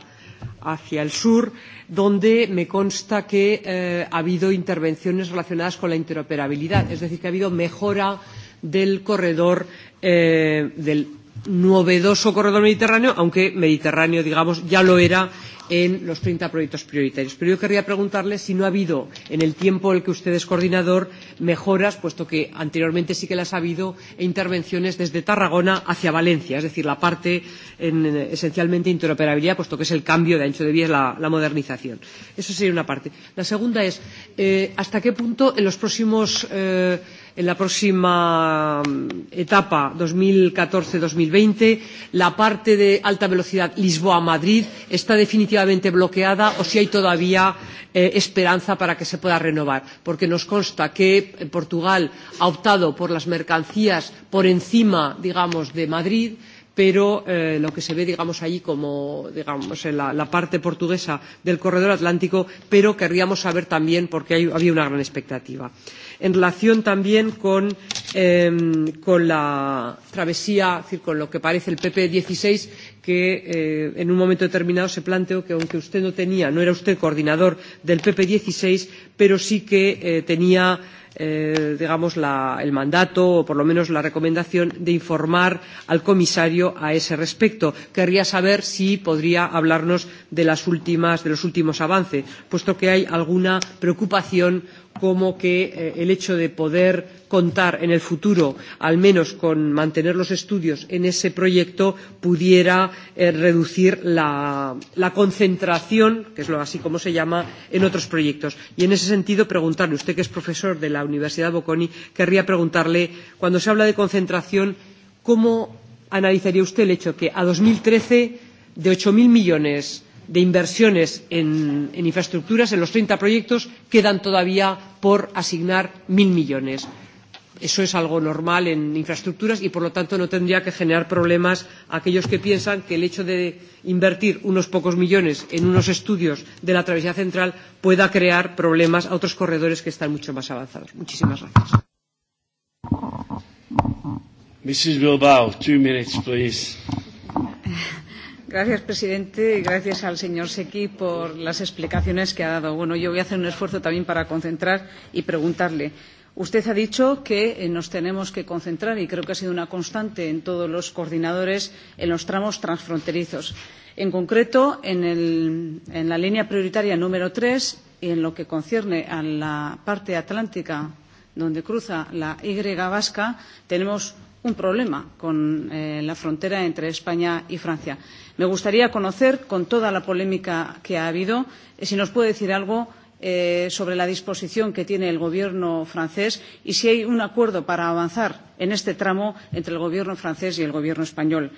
hacia el sur, donde me consta que eh, ha habido intervenciones relacionadas con la interoperabilidad, es decir, que ha habido mejora del corredor eh, del novedoso corredor mediterráneo, aunque Mediterráneo, digamos, ya lo era en los 30 proyectos prioritarios. Pero yo querría preguntarle si no ha habido en el tiempo en el que usted es coordinador mejoras, puesto que anteriormente sí que las ha habido, e intervenciones desde Tarragona hacia Valencia, es decir, la parte en, esencialmente interoperabilidad, puesto que es el cambio de ancho de vías, la, la modernización. Eso sería una parte. La segunda es, eh, ¿hasta qué punto en los próximos. Eh, en la próxima mm, etapa 2014-2020, la parte de alta velocidad Lisboa-Madrid está definitivamente bloqueada o si hay todavía eh, esperanza para que se pueda renovar, porque nos consta que eh, Portugal ha optado por las mercancías por encima, digamos, de Madrid, pero eh, lo que se ve, digamos, allí como, digamos, en la, la parte portuguesa del corredor atlántico, pero querríamos saber también, porque hay, había una gran expectativa. Eh, en relación también con, eh, con la travesía, es decir, con lo que parece el PP16, que eh, en un momento determinado se planteó que aunque usted no tenía, no era usted coordinador del PP16, pero sí que eh, tenía eh, digamos, la, el mandato o por lo menos la recomendación de informar al comisario a ese respecto. Querría saber si podría hablarnos de, las últimas, de los últimos avances, puesto que hay alguna preocupación como que eh, el hecho de poder contar en el futuro, al menos con mantener los estudios en ese proyecto, pudiera eh, reducir la, la concentración, que es lo así como se llama, en otros proyectos. Y en ese sentido, preguntarle, usted que es profesor de la Universidad Bocconi, querría preguntarle, cuando se habla de concentración, ¿cómo analizaría usted el hecho que a 2013 de 8.000 millones de inversiones en, en infraestructuras, en los 30 proyectos, quedan todavía por asignar mil millones. Eso es algo normal en infraestructuras y, por lo tanto, no tendría que generar problemas a aquellos que piensan que el hecho de invertir unos pocos millones en unos estudios de la travesía central pueda crear problemas a otros corredores que están mucho más avanzados. Muchísimas gracias. Mrs. Bilbao, two minutes, please. Gracias, presidente, y gracias al señor Sequi por las explicaciones que ha dado. Bueno, yo voy a hacer un esfuerzo también para concentrar y preguntarle. Usted ha dicho que eh, nos tenemos que concentrar, y creo que ha sido una constante en todos los coordinadores, en los tramos transfronterizos. En concreto, en, el, en la línea prioritaria número 3 y en lo que concierne a la parte atlántica donde cruza la Y vasca, tenemos un problema con eh, la frontera entre España y Francia. Me gustaría conocer, con toda la polémica que ha habido, eh, si nos puede decir algo eh, sobre la disposición que tiene el Gobierno francés y si hay un acuerdo para avanzar en este tramo entre el Gobierno francés y el Gobierno español.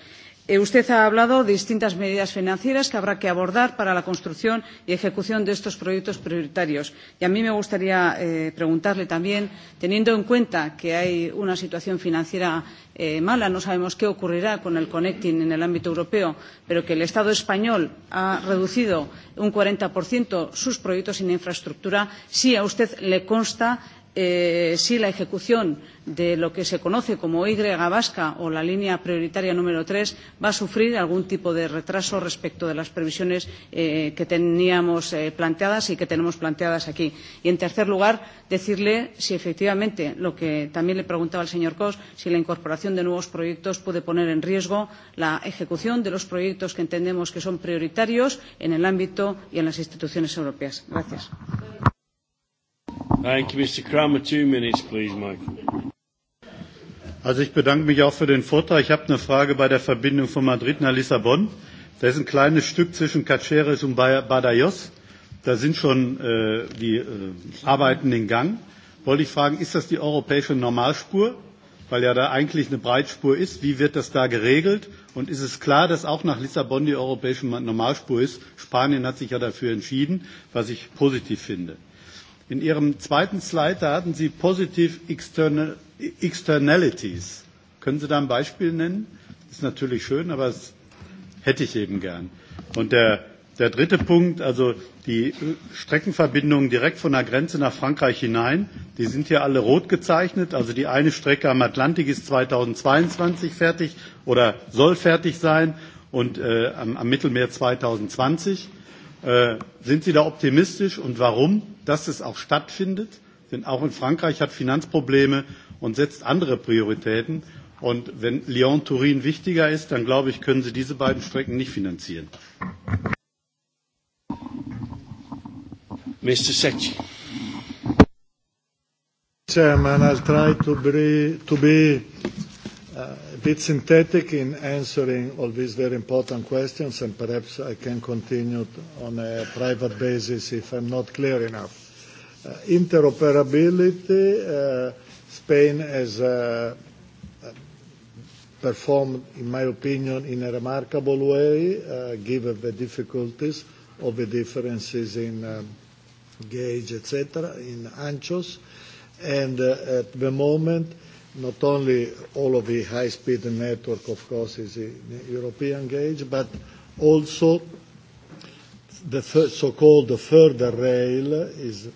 Eh, usted ha hablado de distintas medidas financieras que habrá que abordar para la construcción y ejecución de estos proyectos prioritarios. Y a mí me gustaría eh, preguntarle también, teniendo en cuenta que hay una situación financiera eh, mala, no sabemos qué ocurrirá con el Connecting en el ámbito europeo, pero que el Estado español ha reducido un 40% sus proyectos en infraestructura, si a usted le consta eh, si la ejecución de lo que se conoce como Y vasca o la línea prioritaria número 3 va a sufrir algún tipo de retraso respecto de las previsiones eh, que teníamos eh, planteadas y que tenemos planteadas aquí. Y, en tercer lugar, decirle si efectivamente, lo que también le preguntaba el señor Cos, si la incorporación de nuevos proyectos puede poner en riesgo la ejecución de los proyectos que entendemos que son prioritarios en el ámbito y en las instituciones europeas. Gracias. Gracias. Thank you, Mr. Kramer. Two minutes, please, Michael. Also ich bedanke mich auch für den Vortrag. Ich habe eine Frage bei der Verbindung von Madrid nach Lissabon. Da ist ein kleines Stück zwischen Caceres und Badajoz. Da sind schon äh, die äh, Arbeiten in Gang. Wollte ich fragen, ist das die europäische Normalspur? Weil ja da eigentlich eine Breitspur ist. Wie wird das da geregelt? Und ist es klar, dass auch nach Lissabon die europäische Normalspur ist? Spanien hat sich ja dafür entschieden, was ich positiv finde. In Ihrem zweiten Slide, da hatten Sie positive external, Externalities. Können Sie da ein Beispiel nennen? Ist natürlich schön, aber das hätte ich eben gern. Und der, der dritte Punkt, also die äh, Streckenverbindungen direkt von der Grenze nach Frankreich hinein, die sind hier alle rot gezeichnet. Also die eine Strecke am Atlantik ist 2022 fertig oder soll fertig sein und äh, am, am Mittelmeer 2020. Äh, sind Sie da optimistisch und warum, dass es auch stattfindet? Denn auch in Frankreich hat Finanzprobleme und setzt andere Prioritäten. Und wenn Lyon-Turin wichtiger ist, dann glaube ich, können Sie diese beiden Strecken nicht finanzieren. Mr. Secchi. Chairman, I'll try to be, to be uh, a bit synthetic in answering all these very important questions, and perhaps I can continue on a private basis if I'm not clear enough. Uh, interoperability, uh, Spain has uh, uh, performed, in my opinion, in a remarkable way, uh, given the difficulties of the differences in um, gauge, etc., in anchos. And uh, at the moment, uh, not only all of the high-speed network, of course, is the European gauge, but also the so-called further rail is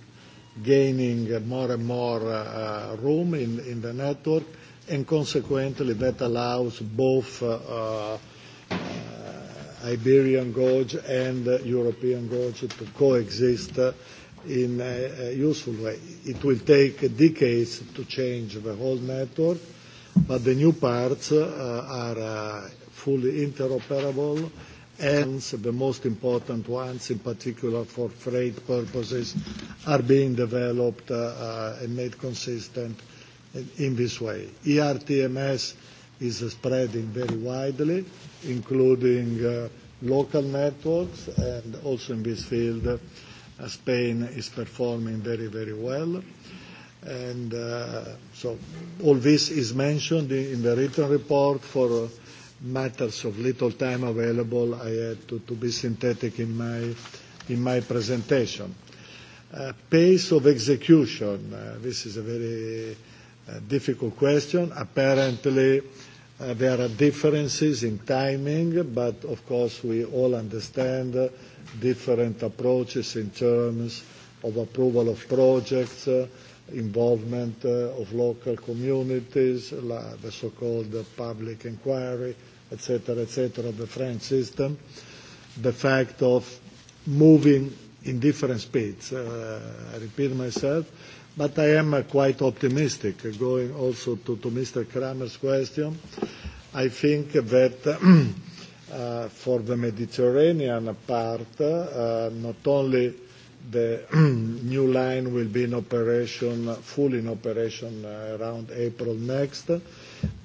gaining more and more uh, room in, in the network, and consequently, that allows both uh, uh Iberian Gorge and European Gorge to coexist uh, in a eh, eh, useful way. It will take decades to change the whole network, but the new parts uh, are uh, fully interoperable, and the most important ones, in particular for freight purposes, are being developed uh, and made consistent in this way. ERTMS is spreading very widely, including local networks and also in this field, Uh, Spain is performing very, very well. And uh, so all this is mentioned in the written report. For uh, matters of little time available, I had to, to be synthetic in my, in my presentation. Uh, pace of execution. Uh, this is a very uh, difficult question. Apparently, uh, there are differences in timing, but of course, we all understand different approaches in terms of approval of projects, uh, involvement uh, of local communities, like the so-called public inquiry, etc., etc., the French system, the fact of moving in different speeds. Uh, I repeat myself, but I am uh, quite optimistic. Uh, going also to, to Mr. Kramer's question, I think that [CLEARS THROAT] uh, for the Mediterranean part, uh, not only the [CLEARS THROAT] new line will be in operation, fully in operation uh, around April next,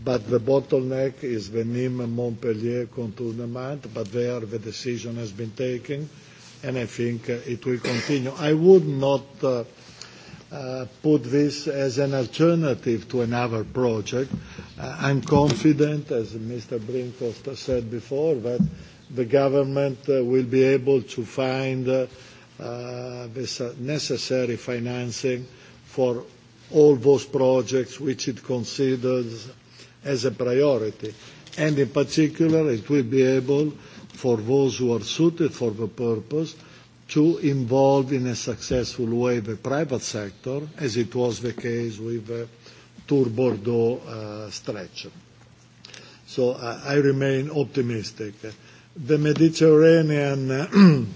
but the bottleneck is the Nîmes-Montpellier contournement, but there the decision has been taken, and I think uh, it will continue. I would not uh, uh, put this as an alternative to another project. Uh, I'm confident, as Mr. Brinkhorst said before, that the government uh, will be able to find uh, uh, this uh, necessary financing for all those projects which it considers as a priority. And in particular, it will be able, for those who are suited for the purpose, uh, to involve in a successful way the private sector, as it was the case with uh, Tour Bordeaux uh, stretch. So uh, I remain optimistic. The Mediterranean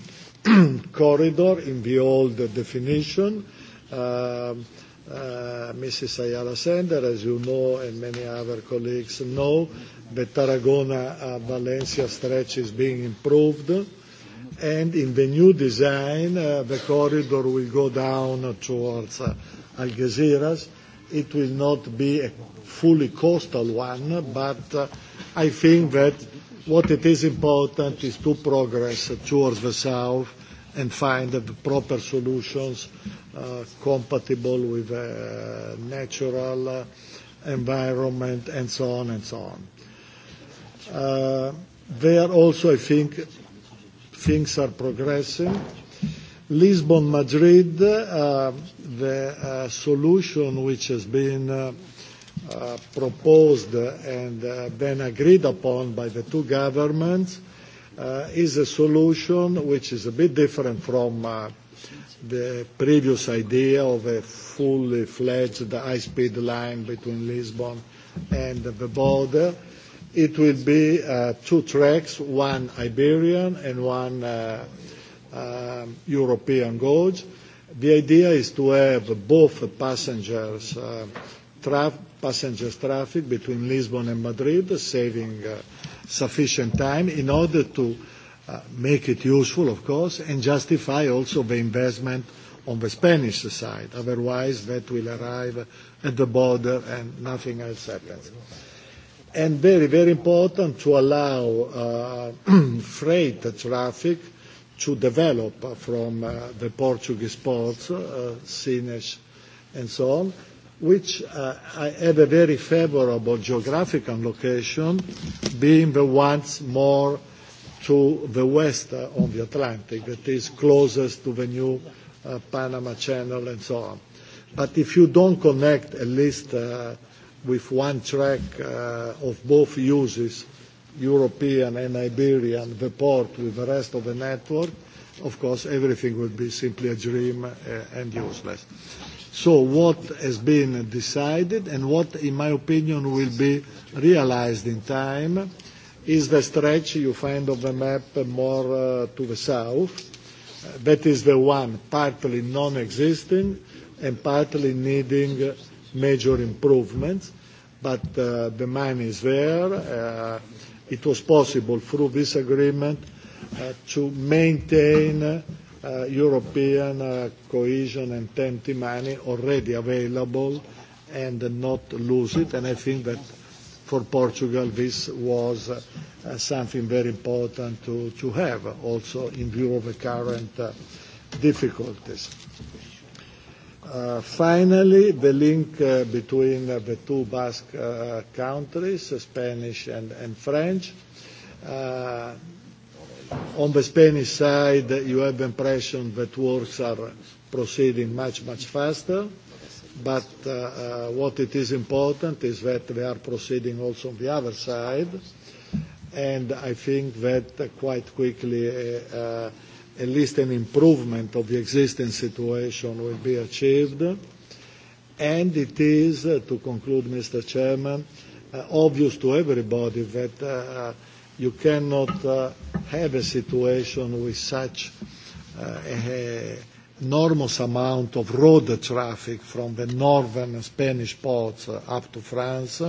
[CLEARS THROAT] corridor, in the old definition, uh, Uh, Mrs. Ayala Sender, as you know, and many other colleagues know, the Tarragona-Valencia uh, stretch is being improved and in the new design, uh, the corridor will go down towards uh, Algeciras. It will not be a fully coastal one, but uh, I think that what it is important is to progress towards the south and find the proper solutions uh, compatible with uh, natural uh, environment and so on and so on. Uh, there also, I think, things are progressing. Lisbon, Madrid, uh, the uh, solution which has been uh, uh, proposed and uh, then agreed upon by the two governments uh, is a solution which is a bit different from uh, the previous idea of a fully fledged high-speed line between Lisbon and the border. It will be uh, two tracks, one Iberian and one uh, uh, European gauge. The idea is to have both passengers, uh, traf passengers traffic between Lisbon and Madrid, saving uh, sufficient time in order to uh, make it useful, of course, and justify also the investment on the Spanish side. Otherwise, that will arrive at the border and nothing else happens. Yeah, and very, very important to allow uh, [CLEARS THROAT] freight traffic to develop from uh, the Portuguese ports, uh, Sines and so on, which uh, have a very favorable geographical location, being the ones more to the west on the Atlantic, that is closest to the new uh, Panama Channel and so on. But if you don't connect at least uh, with one track uh, of both uses, European and Iberian, the port with the rest of the network, of course, everything would be simply a dream uh, and useless. So what has been decided and what, in my opinion, will be realized in time is the stretch you find on the map more uh, to the south. Uh, that is the one partly non-existing and partly needing major improvements, but uh, the money is there. Uh, it was possible through this agreement uh, to maintain uh, European uh, cohesion and TEN-T money already available and not lose it. And I think that for Portugal, this was uh, something very important to, to have also in view of the current difficulties. Uh, finally, the link uh, between uh, the two Basque uh, countries, uh, Spanish and, and French. Uh, on the Spanish side, you have the impression that works are proceeding much, much faster. But uh, uh, what it is important is that they are proceeding also on the other side. And I think that uh, quite quickly uh, uh, at least an improvement of the existing situation will be achieved. And it is, uh, to conclude, Mr. Chairman, uh, obvious to everybody that uh, you cannot uh, have a situation with such uh, a enormous amount of road traffic from the northern Spanish ports uh, up to France,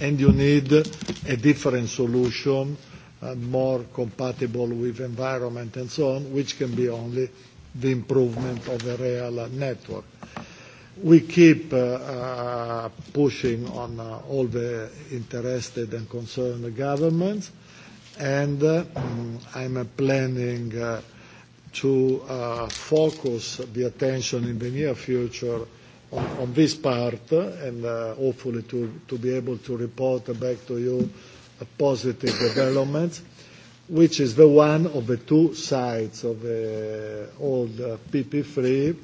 and you need a different solution uh, uh, more compatible with environment and so on, which can be only the improvement of a real network. We keep uh, uh, pushing on uh, all the interested and concerned governments, and uh, mm, I'm uh, planning uh, to uh, focus the attention in the near future on, on this part, uh, and uh, hopefully to, to be able to report back to you a positive development, which is the one of the two sides of the old PP3,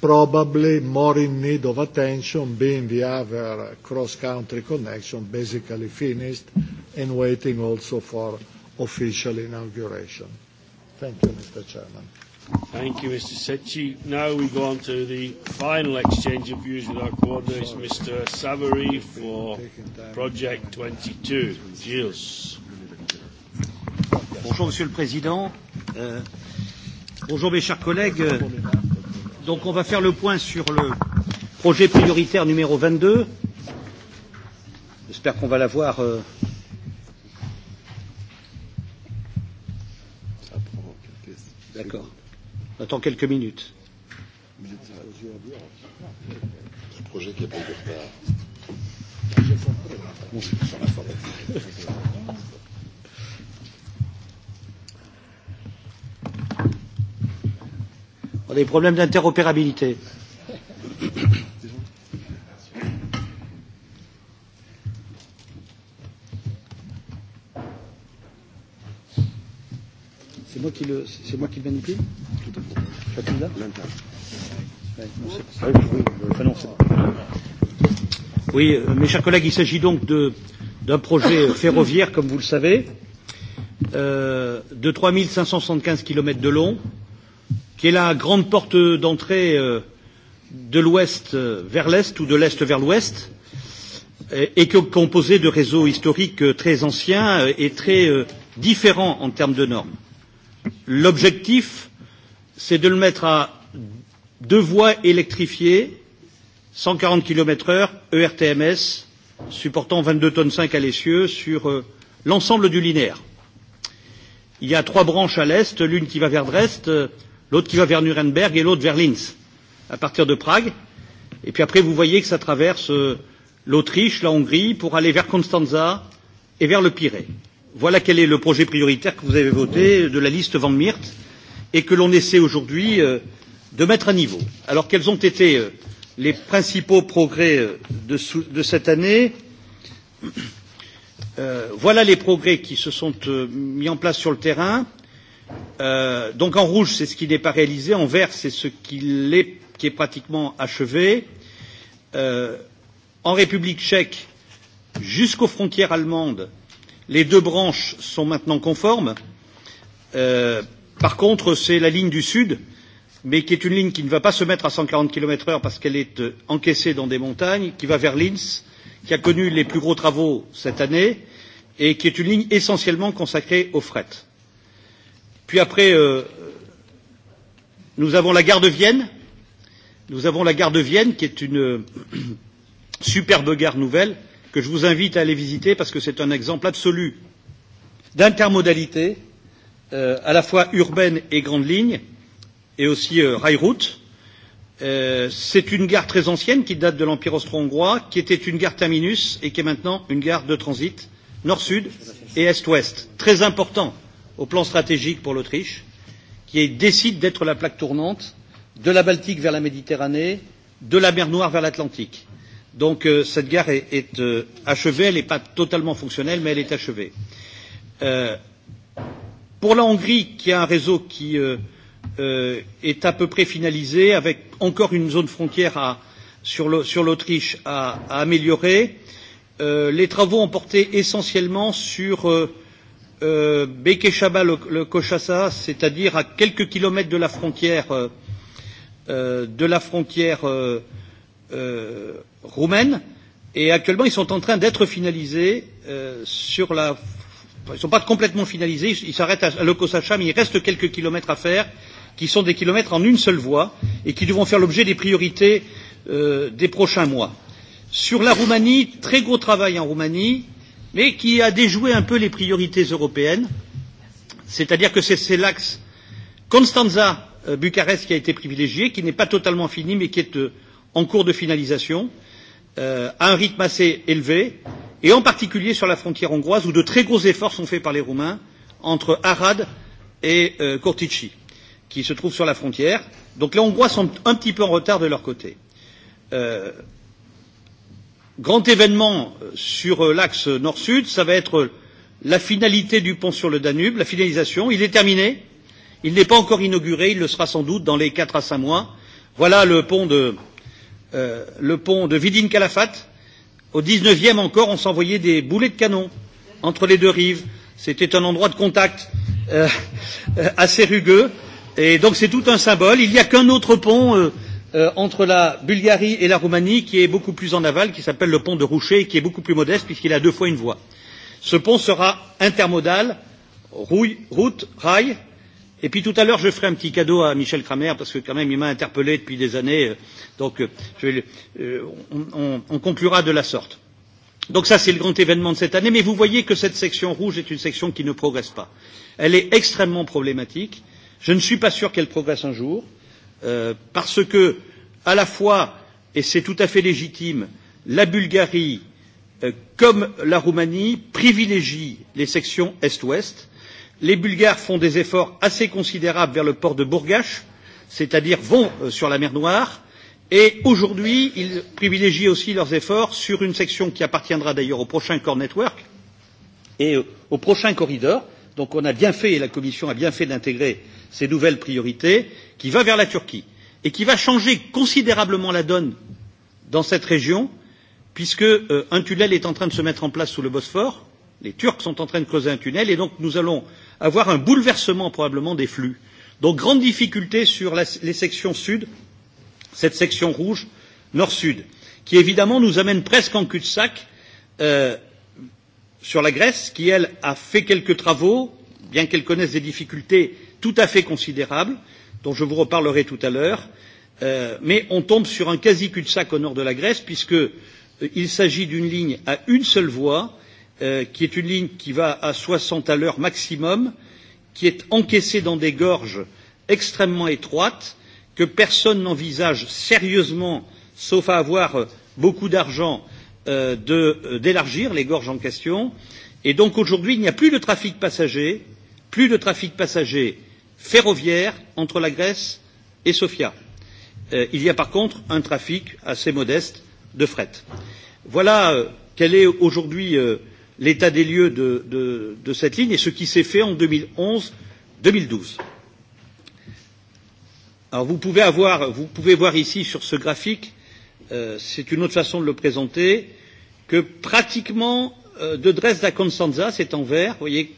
probably more in need of attention, being the other cross-country connection basically finished and waiting also for official inauguration. Thank you, Mr. Chairman. Thank you, Mr. Secchi. Now we go on to the final exchange of views with our coordinator, Sorry. Mr. Savary, for Project 22. Gilles. Bonjour, Monsieur le Président. Euh, bonjour, mes chers collègues. Donc, on va faire le point sur le projet prioritaire numéro 22. J'espère qu'on va l'avoir euh, dans quelques minutes. Un projet qui a pas eu de retard. On a des problèmes d'interopérabilité. Euh, moi qui le, c'est moi qui le manipule Tout à fait. Chacun là L'intérieur. Ouais, non, c'est pas ça. Enfin, ah ah non, c'est pas. Oui, euh, mes chers collègues, il s'agit donc de, d'un projet [COUGHS] ferroviaire, comme vous le savez, euh, de 3575 km de long, qui est la grande porte d'entrée euh, de l'ouest vers l'est ou de l'est vers l'ouest, et, et qui est composée de réseaux historiques euh, très anciens euh, et très euh, différents en termes de normes. L'objectif, c'est de le mettre à deux voies électrifiées, 140 km heure, ERTMS, supportant 22 ,5 tonnes 5 à l'essieu sur euh, l'ensemble du linéaire. Il y a trois branches à l'est, l'une qui va vers Dresde, euh, l'autre qui va vers Nuremberg et l'autre vers Linz, à partir de Prague. Et puis après, vous voyez que ça traverse euh, l'Autriche, la Hongrie, pour aller vers Constanza et vers le Pirée. Voilà quel est le projet prioritaire que vous avez voté de la liste Van Miert et que l'on essaie aujourd'hui euh, de mettre à niveau. Alors quels ont été euh, les principaux progrès euh, de, de cette année euh, Voilà les progrès qui se sont euh, mis en place sur le terrain. Euh, donc en rouge, c'est ce qui n'est pas réalisé, en vert, c'est ce qui est, qui est pratiquement achevé. Euh, en République tchèque, jusqu'aux frontières allemandes, euh, Les deux branches sont maintenant conformes. Euh, par contre, c'est la ligne du Sud, mais qui est une ligne qui ne va pas se mettre à 140 km heure parce qu'elle est euh, encaissée dans des montagnes, qui va vers Linz, qui a connu les plus gros travaux cette année, et qui est une ligne essentiellement consacrée au fret. Puis après, euh, nous avons la gare de Vienne. Nous avons la gare de Vienne, qui est une euh, [CLEARS THROAT] superbe gare nouvelle, euh, que je vous invite à aller visiter parce que c'est un exemple absolu d'intermodalité euh, à la fois urbaine et grande ligne et aussi euh, rail route. Euh, c'est une gare très ancienne qui date de l'Empire austro-hongrois, qui était une gare terminus et qui est maintenant une gare de transit nord-sud et est-ouest, très important au plan stratégique pour l'Autriche, qui décide d'être la plaque tournante de la Baltique vers la Méditerranée, de la mer Noire vers l'Atlantique. Donc euh, cette gare est, est euh, achevée, elle n'est pas totalement fonctionnelle, mais elle est achevée. Euh, pour la Hongrie, qui a un réseau qui euh, euh, est à peu près finalisé, avec encore une zone frontière à, sur l'Autriche à, à améliorer, euh, les travaux ont porté essentiellement sur euh, euh, Bekeshaba le, le Koshasa, c'est-à-dire à quelques kilomètres de la frontière, euh, euh de la frontière euh, euh, roumaine. Et actuellement, ils sont en train d'être finalisés euh, sur la. Ils ne sont pas complètement finalisés. Ils s'arrêtent à Lokosacha, mais il reste quelques kilomètres à faire, qui sont des kilomètres en une seule voie et qui devront faire l'objet des priorités euh, des prochains mois. Sur la Roumanie, très gros travail en Roumanie, mais qui a déjoué un peu les priorités européennes. C'est-à-dire que c'est l'axe Constanza-Bucarest euh, qui a été privilégié, qui n'est pas totalement fini, mais qui est euh, en cours de finalisation. Euh, euh, à un rythme assez élevé, et en particulier sur la frontière hongroise, où de très gros efforts sont faits par les Roumains entre Arad et euh, Kurtici, qui se trouvent sur la frontière. Donc les Hongrois sont un petit peu en retard de leur côté. Euh, grand événement euh, sur euh, l'axe nord-sud, ça va être euh, la finalité du pont sur le Danube, la finalisation. Il est terminé. Il n'est pas encore inauguré. Il le sera sans doute dans les quatre à cinq mois. Voilà le pont de, euh, euh, le pont de Vidin Calafat, au 19e encore, on s'envoyait des boulets de canon entre les deux rives. C'était un endroit de contact euh, [LAUGHS] assez rugueux. Et donc c'est tout un symbole. Il n'y a qu'un autre pont euh, euh, entre la Bulgarie et la Roumanie qui est beaucoup plus en aval, qui s'appelle le pont de Rouchet, et qui est beaucoup plus modeste puisqu'il a deux fois une voie. Ce pont sera intermodal, rouille, route, rail, Et puis tout à l'heure, je ferai un petit cadeau à Michel Kramer, parce que quand même, il m'a interpellé depuis des années. Euh, donc, euh, je vais, euh, on, on, on conclura de la sorte. Donc ça, c'est le grand événement de cette année. Mais vous voyez que cette section rouge est une section qui ne progresse pas. Elle est extrêmement problématique. Je ne suis pas sûr qu'elle progresse un jour, euh, parce que, à la fois, et c'est tout à fait légitime, la Bulgarie, euh, comme la Roumanie, privilégie les sections Est-Ouest, Les Bulgares font des efforts assez considérables vers le port de Bourgache, c'est-à-dire vont euh, sur la mer Noire, et aujourd'hui, ils privilégient aussi leurs efforts sur une section qui appartiendra d'ailleurs au prochain Core Network et euh, au prochain corridor. Donc on a bien fait, et la Commission a bien fait d'intégrer ces nouvelles priorités, qui va vers la Turquie et qui va changer considérablement la donne dans cette région, puisque euh, un tunnel est en train de se mettre en place sous le Bosphore, les Turcs sont en train de creuser un tunnel et donc nous allons avoir un bouleversement probablement des flux. Donc grande difficulté sur la, les sections sud, cette section rouge nord-sud, qui évidemment nous amène presque en cul-de-sac euh, sur la Grèce, qui elle a fait quelques travaux, bien qu'elle connaisse des difficultés tout à fait considérables, dont je vous reparlerai tout à l'heure, euh, mais on tombe sur un quasi cul-de-sac au nord de la Grèce, puisqu'il euh, s'agit d'une ligne à une seule voie, euh, qui est une ligne qui va à 60 à l'heure maximum, qui est encaissée dans des gorges extrêmement étroites, que personne n'envisage sérieusement, sauf à avoir euh, beaucoup d'argent, euh, euh d'élargir euh, les gorges en question. Et donc aujourd'hui, il n'y a plus de trafic passager, plus de trafic passager ferroviaire entre la Grèce et Sofia. Euh, il y a par contre un trafic assez modeste de fret. Voilà euh, quelle est aujourd'hui euh, l'état des lieux de, de, de cette ligne et ce qui s'est fait en 2011-2012. Alors vous pouvez, avoir, vous pouvez voir ici sur ce graphique, euh, c'est une autre façon de le présenter, que pratiquement euh, de Dresde à Constanza, c'est en vert, vous voyez,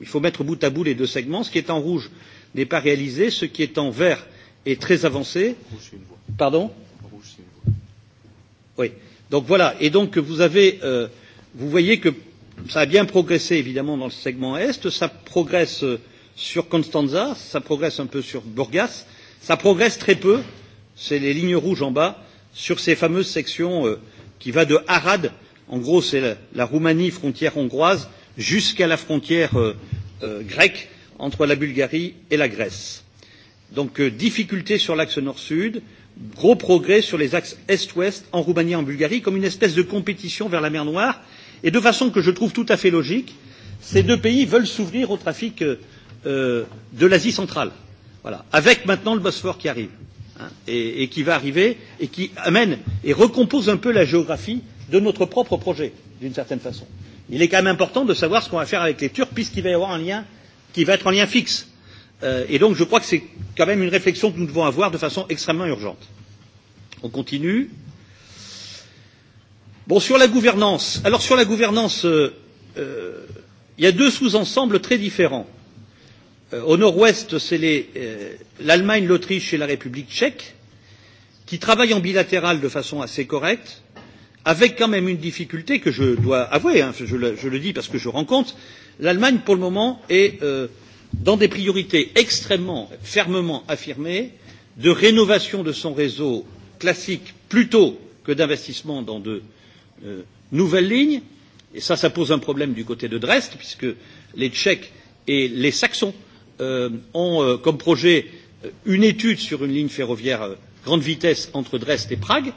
il faut mettre bout à bout les deux segments, ce qui est en rouge n'est pas réalisé, ce qui est en vert est très avancé. Rouge, une voie. Pardon Rouge, une voie. Oui. Donc voilà, et donc vous avez, euh, vous voyez que Ça a bien progressé évidemment dans le segment Est, ça progresse euh, sur Constanza, ça progresse un peu sur Burgas, ça progresse très peu, c'est les lignes rouges en bas, sur ces fameuses sections euh, qui va de Arad, en gros c'est la, la Roumanie frontière hongroise, jusqu'à la frontière euh, euh, grecque entre la Bulgarie et la Grèce. Donc euh, difficulté sur l'axe nord-sud, gros progrès sur les axes est-ouest en Roumanie et en Bulgarie, comme une espèce de compétition vers la mer Noire Et de façon que je trouve tout à fait logique, ces deux pays veulent s'ouvrir au trafic euh, euh, de l'Asie centrale. Voilà. Avec maintenant le Bosphore qui arrive. Hein, et, et qui va arriver et qui amène et recompose un peu la géographie de notre propre projet, d'une certaine façon. Il est quand même important de savoir ce qu'on va faire avec les Turcs, puisqu'il va y avoir un lien qui va être un lien fixe. Euh, et donc je crois que c'est quand même une réflexion que nous devons avoir de façon extrêmement urgente. On continue. Euh, Bon, sur la gouvernance. Alors, sur la gouvernance, euh, euh, il y a deux sous-ensembles très différents. Euh, au nord-ouest, c'est euh, l'Allemagne, euh, l'Autriche et la République tchèque, qui travaillent en bilatéral de façon assez correcte, avec quand même une difficulté que je dois avouer, hein, je, le, je le dis parce que je rencontre, l'Allemagne, pour le moment, est euh, dans des priorités extrêmement fermement affirmées de rénovation de son réseau classique plutôt que d'investissement dans de euh, euh, nouvelle ligne, et ça, ça pose un problème du côté de Dresde, puisque les Tchèques et les Saxons euh, ont euh, comme projet euh, une étude sur une ligne ferroviaire euh, grande vitesse entre Dresde et Prague,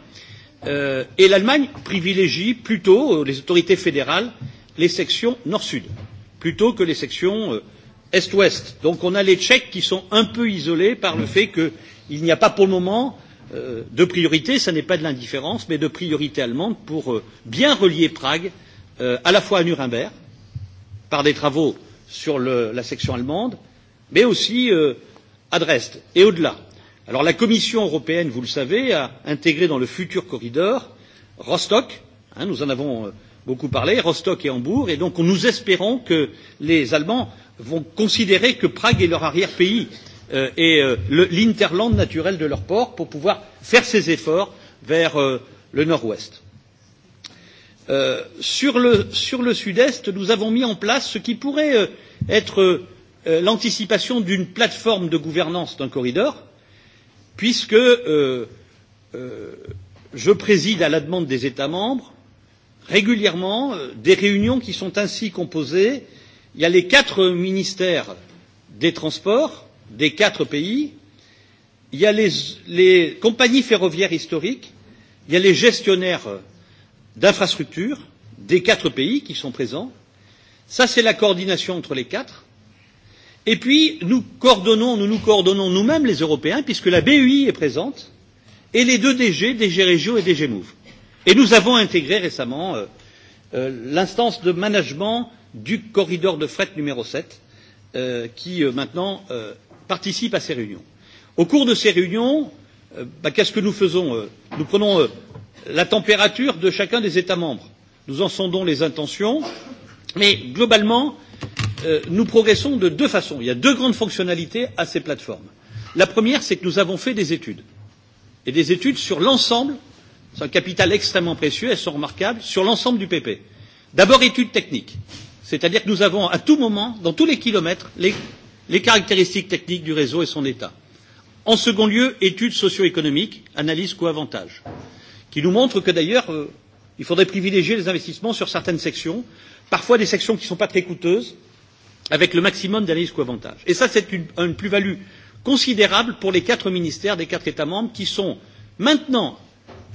euh, et l'Allemagne privilégie plutôt euh, les autorités fédérales les sections nord-sud plutôt que les sections euh, est-ouest. Donc on a les Tchèques qui sont un peu isolés par le fait qu'il n'y a pas pour le moment Euh, de priorité, ce n'est pas de l'indifférence, mais de priorité allemande pour euh, bien relier Prague euh, à la fois à Nuremberg, par des travaux sur le, la section allemande, mais aussi à Dresde et au-delà. Alors la Commission européenne, vous le savez, a intégré dans le futur corridor Rostock, hein, nous en avons beaucoup parlé, Rostock et Hambourg, et donc nous espérons que les Allemands vont considérer que Prague est leur arrière-pays. Euh, euh, et euh, l'interland naturel de leur port pour pouvoir faire ces efforts vers euh, le nord-ouest. Euh, sur le, sur le sud-est, nous avons mis en place ce qui pourrait euh, être euh, l'anticipation d'une plateforme de gouvernance d'un corridor, puisque euh, euh, je préside à la demande des États membres régulièrement euh, des réunions qui sont ainsi composées. Il y a les quatre ministères des transports, des quatre pays, il y a les, les compagnies ferroviaires historiques, il y a les gestionnaires d'infrastructures des quatre pays qui sont présents. Ça, c'est la coordination entre les quatre. Et puis, nous coordonnons, nous nous coordonnons nous-mêmes, les Européens, puisque la BUI est présente, et les deux DG, DG Régio et DG Move. Et nous avons intégré récemment euh, euh, l'instance de management du corridor de fret numéro 7, euh, qui euh, maintenant euh, participe à ces réunions. Au cours de ces réunions, euh, bah, qu'est-ce que nous faisons euh, Nous prenons euh, la température de chacun des États membres. Nous en sondons les intentions, mais globalement, euh, nous progressons de deux façons. Il y a deux grandes fonctionnalités à ces plateformes. La première, c'est que nous avons fait des études, et des études sur l'ensemble, c'est un capital extrêmement précieux, elles sont remarquables, sur l'ensemble du PP. D'abord, études techniques, c'est-à-dire que nous avons à tout moment, dans tous les kilomètres, les les caractéristiques techniques du réseau et son état. En second lieu, études socio-économiques, analyse coût-avantage, qui nous montrent que d'ailleurs, euh, il faudrait privilégier les investissements sur certaines sections, parfois des sections qui ne sont pas très coûteuses, avec le maximum d'analyse coût-avantage. Et ça, c'est une, une plus-value considérable pour les quatre ministères des quatre États membres qui sont maintenant,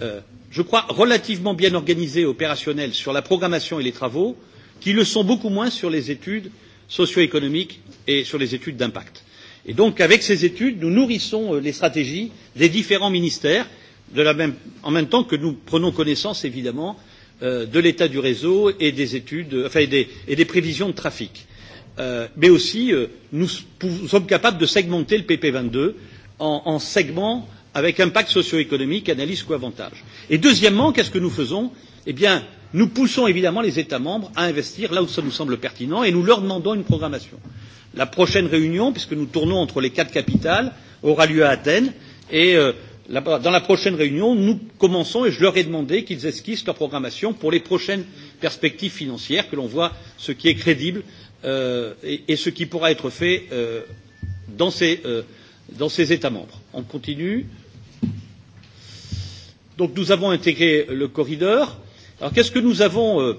euh, je crois, relativement bien organisés et opérationnels sur la programmation et les travaux, qui le sont beaucoup moins sur les études socio-économiques et sur les études d'impact. Et donc, avec ces études, nous nourrissons euh, les stratégies des différents ministères, de la même, en même temps que nous prenons connaissance, évidemment, euh, de l'état du réseau et des études, euh, enfin, et des, et des prévisions de trafic. Euh, mais aussi, euh, nous, nous sommes capables de segmenter le PP22 en, en segments avec impact socio-économique, analyse coût-avantage. Et deuxièmement, qu'est-ce que nous faisons Eh bien, Nous poussons évidemment les États membres à investir là où ça nous semble pertinent et nous leur demandons une programmation. La prochaine réunion, puisque nous tournons entre les quatre capitales, aura lieu à Athènes et euh, la, dans la prochaine réunion, nous commençons et je leur ai demandé qu'ils esquissent leur programmation pour les prochaines perspectives financières, que l'on voit ce qui est crédible euh, et, et ce qui pourra être fait euh, dans, ces, euh, dans ces États membres. On continue. Donc nous avons intégré le corridor. Euh, Alors qu'est-ce que nous avons, euh,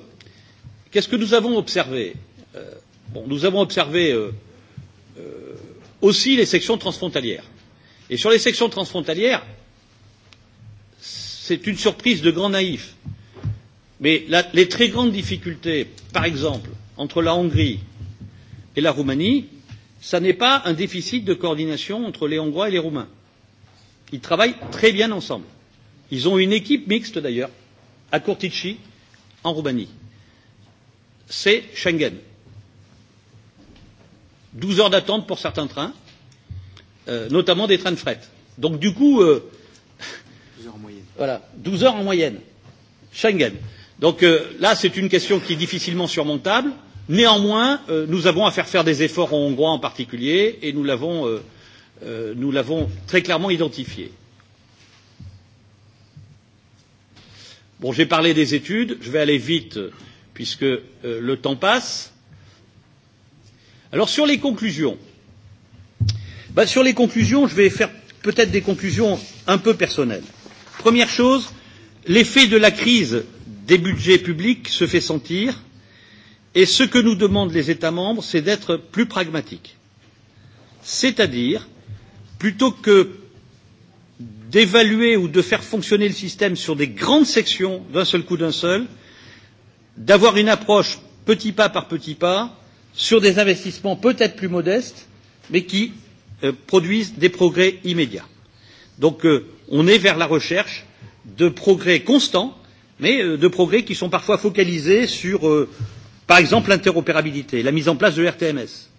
qu'est-ce que nous avons observé euh, bon, Nous avons observé euh, euh, aussi les sections transfrontalières. Et sur les sections transfrontalières, c'est une surprise de grand naïf. Mais la, les très grandes difficultés, par exemple, entre la Hongrie et la Roumanie, ça n'est pas un déficit de coordination entre les Hongrois et les Roumains. Ils travaillent très bien ensemble. Ils ont une équipe mixte d'ailleurs à Curtici, en Roumanie. C'est Schengen. 12 heures d'attente pour certains trains, euh, notamment des trains de fret. Donc du coup, euh, 12 heures en moyenne. Voilà, 12 heures en moyenne. Schengen. Donc euh, là, c'est une question qui est difficilement surmontable. Néanmoins, euh, nous avons à faire faire des efforts aux Hongrois en particulier, et nous l'avons euh, euh, nous l'avons très clairement identifié. Bon, j'ai parlé des études, je vais aller vite puisque euh, le temps passe. Alors sur les conclusions, ben, sur les conclusions, je vais faire peut-être des conclusions un peu personnelles. Première chose, l'effet de la crise des budgets publics se fait sentir et ce que nous demandent les États membres, c'est d'être plus pragmatiques. C'est-à-dire, plutôt que d'évaluer ou de faire fonctionner le système sur des grandes sections d'un seul coup d'un seul, d'avoir une approche petit pas par petit pas sur des investissements peut-être plus modestes, mais qui euh, produisent des progrès immédiats. Donc euh, on est vers la recherche de progrès constants, mais euh, de progrès qui sont parfois focalisés sur, euh, par exemple, l'interopérabilité, la mise en place de l'RTMS,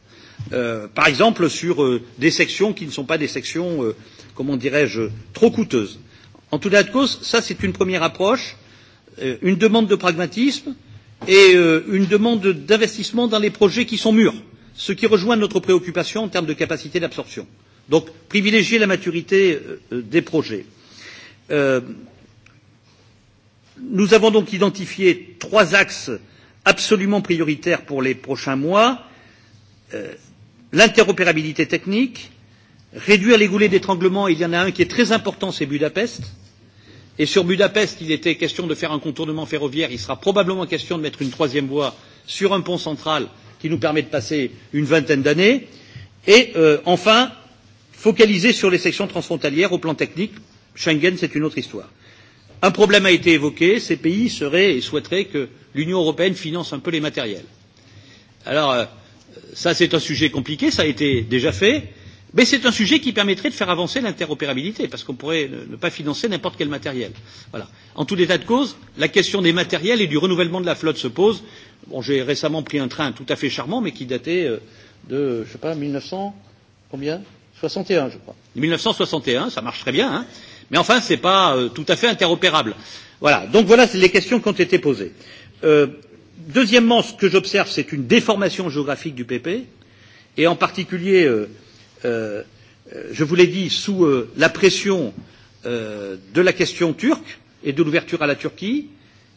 euh, par exemple sur euh, des sections qui ne sont pas des sections, euh, comment dirais-je, trop coûteuses. En tout cas de cause, ça c'est une première approche, euh, une demande de pragmatisme et euh, une demande d'investissement dans les projets qui sont mûrs, ce qui rejoint notre préoccupation en termes de capacité d'absorption. Donc privilégier la maturité euh, euh des projets. Euh, nous avons donc identifié trois axes absolument prioritaires pour les prochains mois. Euh, l'interopérabilité technique, réduire les goulets d'étranglement, il y en a un qui est très important, c'est Budapest. Et sur Budapest, il était question de faire un contournement ferroviaire, il sera probablement question de mettre une troisième voie sur un pont central qui nous permet de passer une vingtaine d'années. Et euh, enfin, focaliser sur les sections transfrontalières au plan technique. Schengen, c'est une autre histoire. Un problème a été évoqué, ces pays seraient et souhaiteraient que l'Union européenne finance un peu les matériels. Alors, euh, Ça, c'est un sujet compliqué, ça a été déjà fait, mais c'est un sujet qui permettrait de faire avancer l'interopérabilité, parce qu'on pourrait ne, ne pas financer n'importe quel matériel. Voilà. En tout état de cause, la question des matériels et du renouvellement de la flotte se pose. Bon, j'ai récemment pris un train tout à fait charmant, mais qui datait euh, de, je sais pas, 1900, combien 61, je crois. 1961, ça marche très bien, hein mais enfin, ce n'est pas euh, tout à fait interopérable. Voilà. Donc voilà les questions qui ont été posées. Euh, Deuxièmement, ce que j'observe, c'est une déformation géographique du PP, et en particulier, euh, euh, euh, je vous l'ai dit, sous euh, la pression euh, de la question turque et de l'ouverture à la Turquie,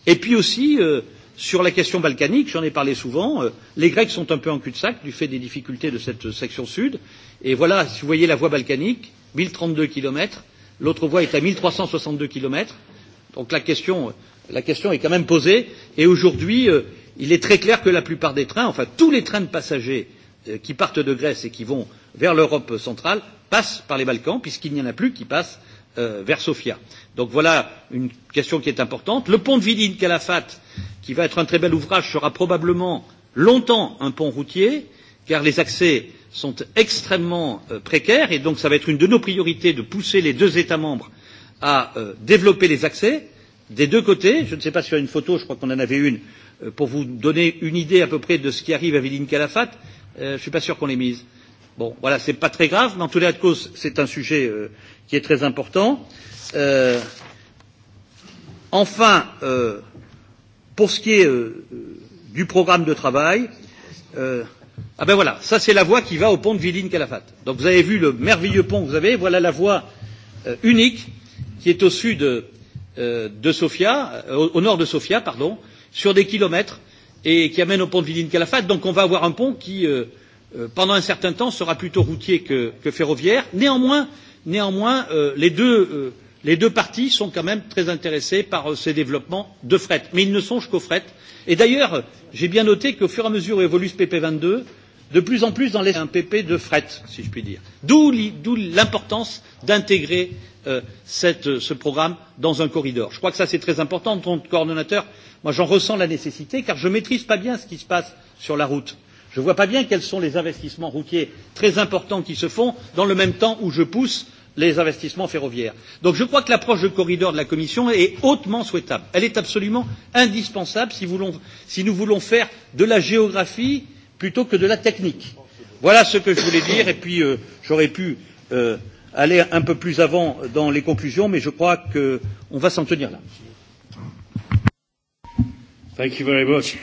et puis aussi euh, sur la question balkanique, j'en ai parlé souvent, euh, les Grecs sont un peu en cul-de-sac du fait des difficultés de cette section sud, et voilà, si vous voyez la voie balkanique, 1032 kilomètres, l'autre voie est à 1362 kilomètres, donc la question la question est quand même posée et aujourd'hui euh, il est très clair que la plupart des trains, enfin tous les trains de passagers euh, qui partent de Grèce et qui vont vers l'Europe centrale passent par les Balkans puisqu'il n'y en a plus qui passent euh, vers Sofia. Donc voilà une question qui est importante. Le pont de Vidin Calafat, qui va être un très bel ouvrage, sera probablement longtemps un pont routier, car les accès sont extrêmement euh, précaires et donc ça va être une de nos priorités de pousser les deux États membres à euh, développer les accès des deux côtés. Je ne sais pas si y a une photo, je crois qu'on en avait une, euh, pour vous donner une idée à peu près de ce qui arrive à Véline Calafat. Euh, je ne suis pas sûr qu'on l'ait mise. Bon, voilà, ce n'est pas très grave, mais en tous les cas de cause, c'est un sujet euh, qui est très important. Euh, enfin, euh, pour ce qui est euh, du programme de travail, euh, ah ben voilà, ça c'est la voie qui va au pont de Villine Calafat. Donc vous avez vu le merveilleux pont que vous avez, voilà la voie euh, unique qui est au sud euh, euh, de Sofia, euh, au, au nord de Sofia, pardon, sur des kilomètres et qui amène au pont de Vidin Calafat. Donc on va avoir un pont qui, euh, euh, pendant un certain temps, sera plutôt routier que, que ferroviaire. Néanmoins, néanmoins euh, les, deux, euh, les deux parties sont quand même très intéressées par euh, ces développements de fret. Mais ils ne songent qu'au fret. Et d'ailleurs, j'ai bien noté qu'au fur et à mesure où évolue ce PP22, de plus en plus dans les MPP de fret, si je puis dire. D'où l'importance d'intégrer euh, cette, ce programme dans un corridor. Je crois que ça c'est très important. En tant que coordonnateur, moi j'en ressens la nécessité car je ne maîtrise pas bien ce qui se passe sur la route. Je ne vois pas bien quels sont les investissements routiers très importants qui se font dans le même temps où je pousse les investissements ferroviaires. Donc je crois que l'approche de corridor de la Commission est hautement souhaitable. Elle est absolument indispensable si, voulons, si nous voulons faire de la géographie plutôt que de la technique. Voilà ce que je voulais dire et puis euh, j'aurais pu euh, aller un peu plus avant dans les conclusions, mais je crois qu'on va s'en tenir là. Thank you very much.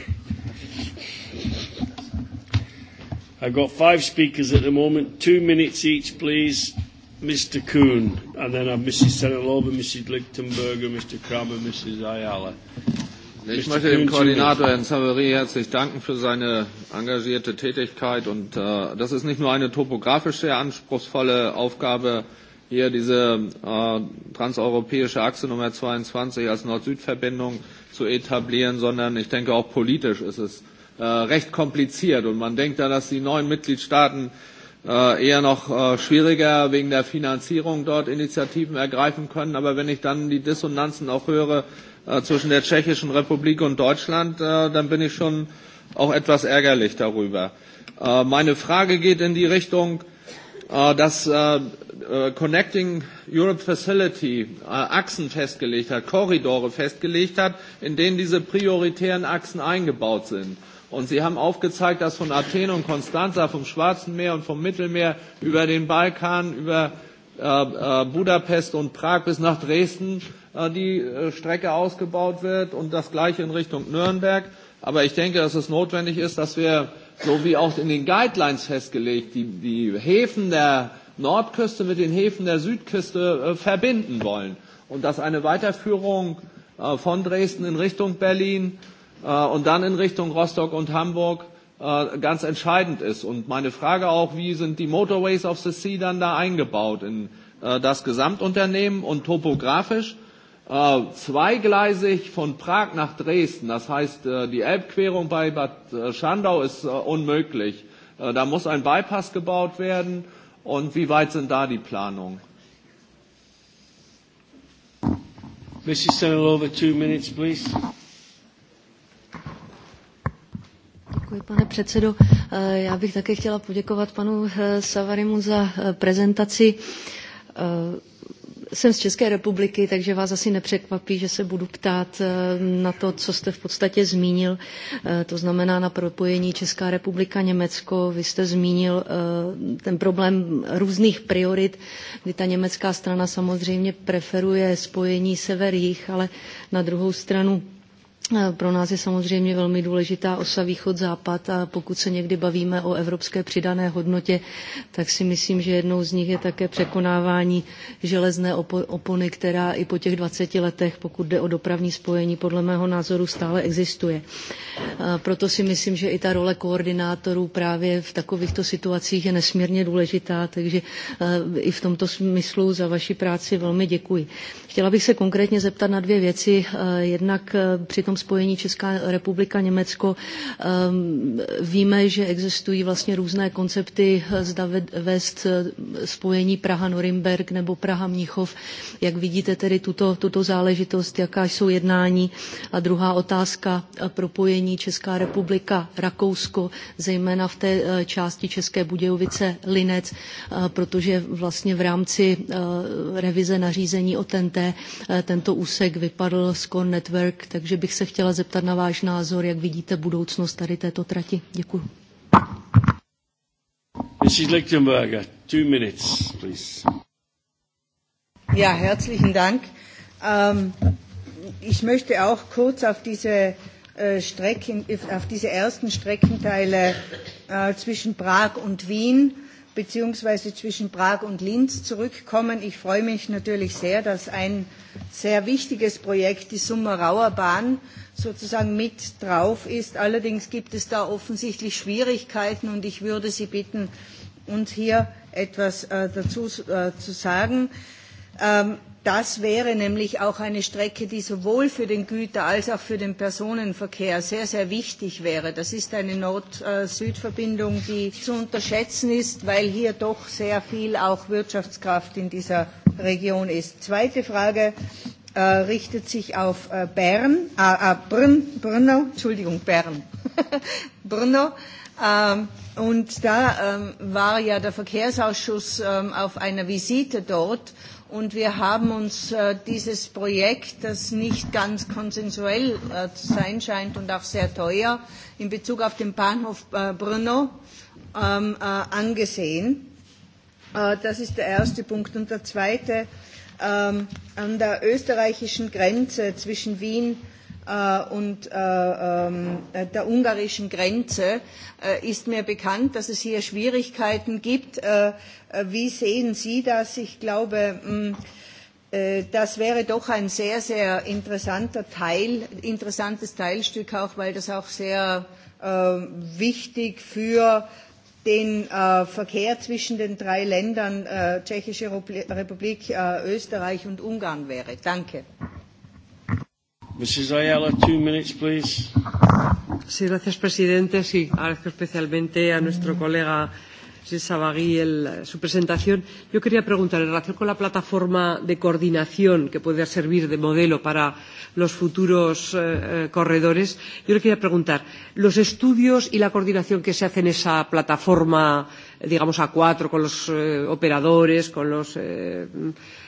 I've got five speakers at the moment, two minutes each, please. Mr. Kuhn, and then I've Mrs. Senelova, Mrs. Lichtenberger, Mr. Kramer, Mrs. Ayala. Ich möchte dem Koordinator Herrn Savary herzlich danken für seine engagierte Tätigkeit. Und äh, das ist nicht nur eine topografisch sehr anspruchsvolle Aufgabe, hier diese äh, transeuropäische Achse Nummer 22 als Nord-Süd-Verbindung zu etablieren, sondern ich denke auch politisch ist es äh, recht kompliziert. Und man denkt da, dass die neuen Mitgliedstaaten äh, eher noch äh, schwieriger wegen der Finanzierung dort Initiativen ergreifen können. Aber wenn ich dann die Dissonanzen auch höre, äh, äh, zwischen der Tschechischen Republik und Deutschland, äh, dann bin ich schon auch etwas ärgerlich darüber. Äh, meine Frage geht in die Richtung, äh, dass äh, äh, Connecting Europe Facility äh, Achsen festgelegt hat, Korridore festgelegt hat, in denen diese prioritären Achsen eingebaut sind. Und Sie haben aufgezeigt, dass von Athen und Konstanza, vom Schwarzen Meer und vom Mittelmeer über den Balkan, über äh, äh, Budapest und Prag bis nach Dresden äh, Äh, die äh, Strecke ausgebaut wird und das gleiche in Richtung Nürnberg. Aber ich denke, dass es notwendig ist, dass wir, so wie auch in den Guidelines festgelegt, die, die Häfen der Nordküste mit den Häfen der Südküste äh, verbinden wollen. Und dass eine Weiterführung äh, von Dresden in Richtung Berlin äh, und dann in Richtung Rostock und Hamburg äh, ganz entscheidend ist. Und meine Frage auch, wie sind die Motorways of the Sea dann da eingebaut in äh, das Gesamtunternehmen und topografisch? äh, zweigleisig von Prag nach Dresden. Das heißt, äh, die Elbquerung bei Bad äh, Schandau ist äh, unmöglich. Äh, da muss ein Bypass gebaut werden. Und wie weit sind da die Planungen? Mrs. Senilova, two minutes, please. Děkuji, pane předsedo. Äh, já bych také chtěla poděkovat panu äh, Savarimu za äh, prezentaci. Jsem z České republiky, takže vás asi nepřekvapí, že se budu ptát eh, na to, co jste v podstatě zmínil, eh, to znamená na propojení Česká republika Německo. Vy jste zmínil eh, ten problém různých priorit, kdy ta německá strana samozřejmě preferuje spojení sever-jih, ale na druhou stranu Eh, pro nás je samozřejmě velmi důležitá osa východ-západ a pokud se někdy bavíme o evropské přidané hodnotě, tak si myslím, že jednou z nich je také překonávání železné opony, která i po těch 20 letech, pokud jde o dopravní spojení, podle mého názoru stále existuje. Eh, proto si myslím, že i ta role koordinátorů právě v takovýchto situacích je nesmírně důležitá, takže eh, i v tomto smyslu za vaši práci velmi děkuji. Chtěla bych se konkrétně zeptat na dvě věci. Jednak při tom tom spojení Česká republika, Německo. Ehm, víme, že existují vlastně různé koncepty, zda vést eh, spojení Praha-Norimberg nebo Praha-Mnichov. Jak vidíte tedy tuto, tuto záležitost, jaká jsou jednání? A druhá otázka, eh, propojení Česká republika, Rakousko, zejména v té eh, části České Budějovice, Linec, protože vlastně v rámci revize nařízení o TNT tento úsek vypadl z Core Network, takže bych se se chtěla zeptat na váš názor, jak vidíte budoucnost tady této trati. Děkuji. Mrs. Lichtenberger, two minutes, please. Ja, herzlichen Dank. Ähm, ich möchte auch kurz auf diese äh, Strecken, auf diese ersten Streckenteile äh, zwischen Prag und Wien äh, beziehungsweise zwischen Prag und Linz zurückkommen. Ich freue mich natürlich sehr, dass ein sehr wichtiges Projekt, die Summerauer Bahn, sozusagen mit drauf ist. Allerdings gibt es da offensichtlich Schwierigkeiten und ich würde Sie bitten, uns hier etwas äh, dazu äh, zu sagen. Ähm, Das wäre nämlich auch eine Strecke, die sowohl für den Güter- als auch für den Personenverkehr sehr, sehr wichtig wäre. Das ist eine Nord-Süd-Verbindung, die zu unterschätzen ist, weil hier doch sehr viel auch Wirtschaftskraft in dieser Region ist. Zweite Frage äh, richtet sich auf äh, Bern, äh, äh, Brn, Brno, Entschuldigung, Bern, [LAUGHS] Brno. Ähm, und da ähm, war ja der Verkehrsausschuss ähm, auf einer Visite dort Und wir haben uns äh, dieses Projekt, das nicht ganz konsensuell äh, zu sein scheint und auch sehr teuer, in Bezug auf den Bahnhof äh, Brno ähm, äh, angesehen. Äh, das ist der erste Punkt. Und der zweite, ähm, an der österreichischen Grenze zwischen Wien und äh, und äh, äh, der ungarischen Grenze äh, ist mir bekannt, dass es hier Schwierigkeiten gibt. Äh, äh, wie sehen Sie das? Ich glaube, mh, hm, äh, das wäre doch ein sehr, sehr interessanter Teil, interessantes Teilstück auch, weil das auch sehr äh, wichtig für den äh, Verkehr zwischen den drei Ländern äh, Tschechische Republik, äh, Österreich und Ungarn wäre. Danke. Äh, Mrs. Ayala, two minutes, please. Sí, gracias, presidente. Sí, agradezco especialmente a nuestro colega Sabagui el, su presentación. Yo quería preguntar, en relación con la plataforma de coordinación que puede servir de modelo para los futuros eh, eh corredores, yo le quería preguntar, los estudios y la coordinación que se hace en esa plataforma, digamos, a cuatro, con los eh, operadores, con los eh,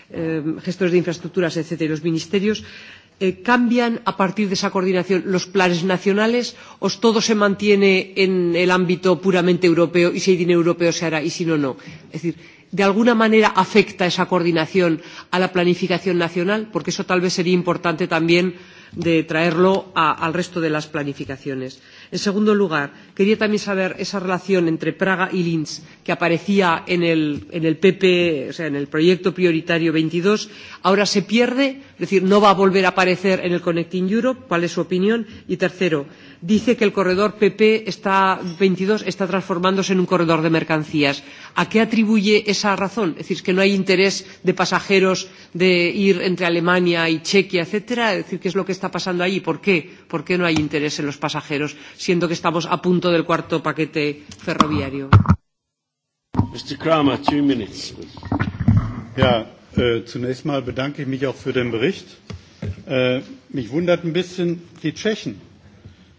eh, gestores de infraestructuras, etcétera, y los ministerios, eh, eh, cambian a partir de esa coordinación los planes nacionales o todo se mantiene en el ámbito puramente europeo y si hay dinero europeo se hará y si no, no? Es decir, ¿de alguna manera afecta esa coordinación a la planificación nacional? Porque eso tal vez sería importante también de traerlo a, al resto de las planificaciones. Eh, En segundo lugar, quería también saber esa relación entre Praga y Linz que aparecía en el, en el PP, o sea, en el proyecto prioritario 22, ahora se pierde, es decir, no va a volver a aparecer en el Connecting Europe. ¿Cuál es su opinión? Y tercero, dice que el corredor PP está, 22 está transformándose en un corredor de mercancías. ¿A qué atribuye esa razón? Es decir, que no hay interés de pasajeros de ir entre Alemania y Chequia, etcétera. Es decir, ¿qué es lo que está pasando allí? ¿Por qué? ¿Por qué no hay interés en los pasajeros, siendo que estamos a punto del cuarto paquete ferroviario? Mr. Kramer, two minutes. Ja, äh, zunächst mal bedanke ich mich auch für den Bericht. Äh, mich wundert ein bisschen die Tschechen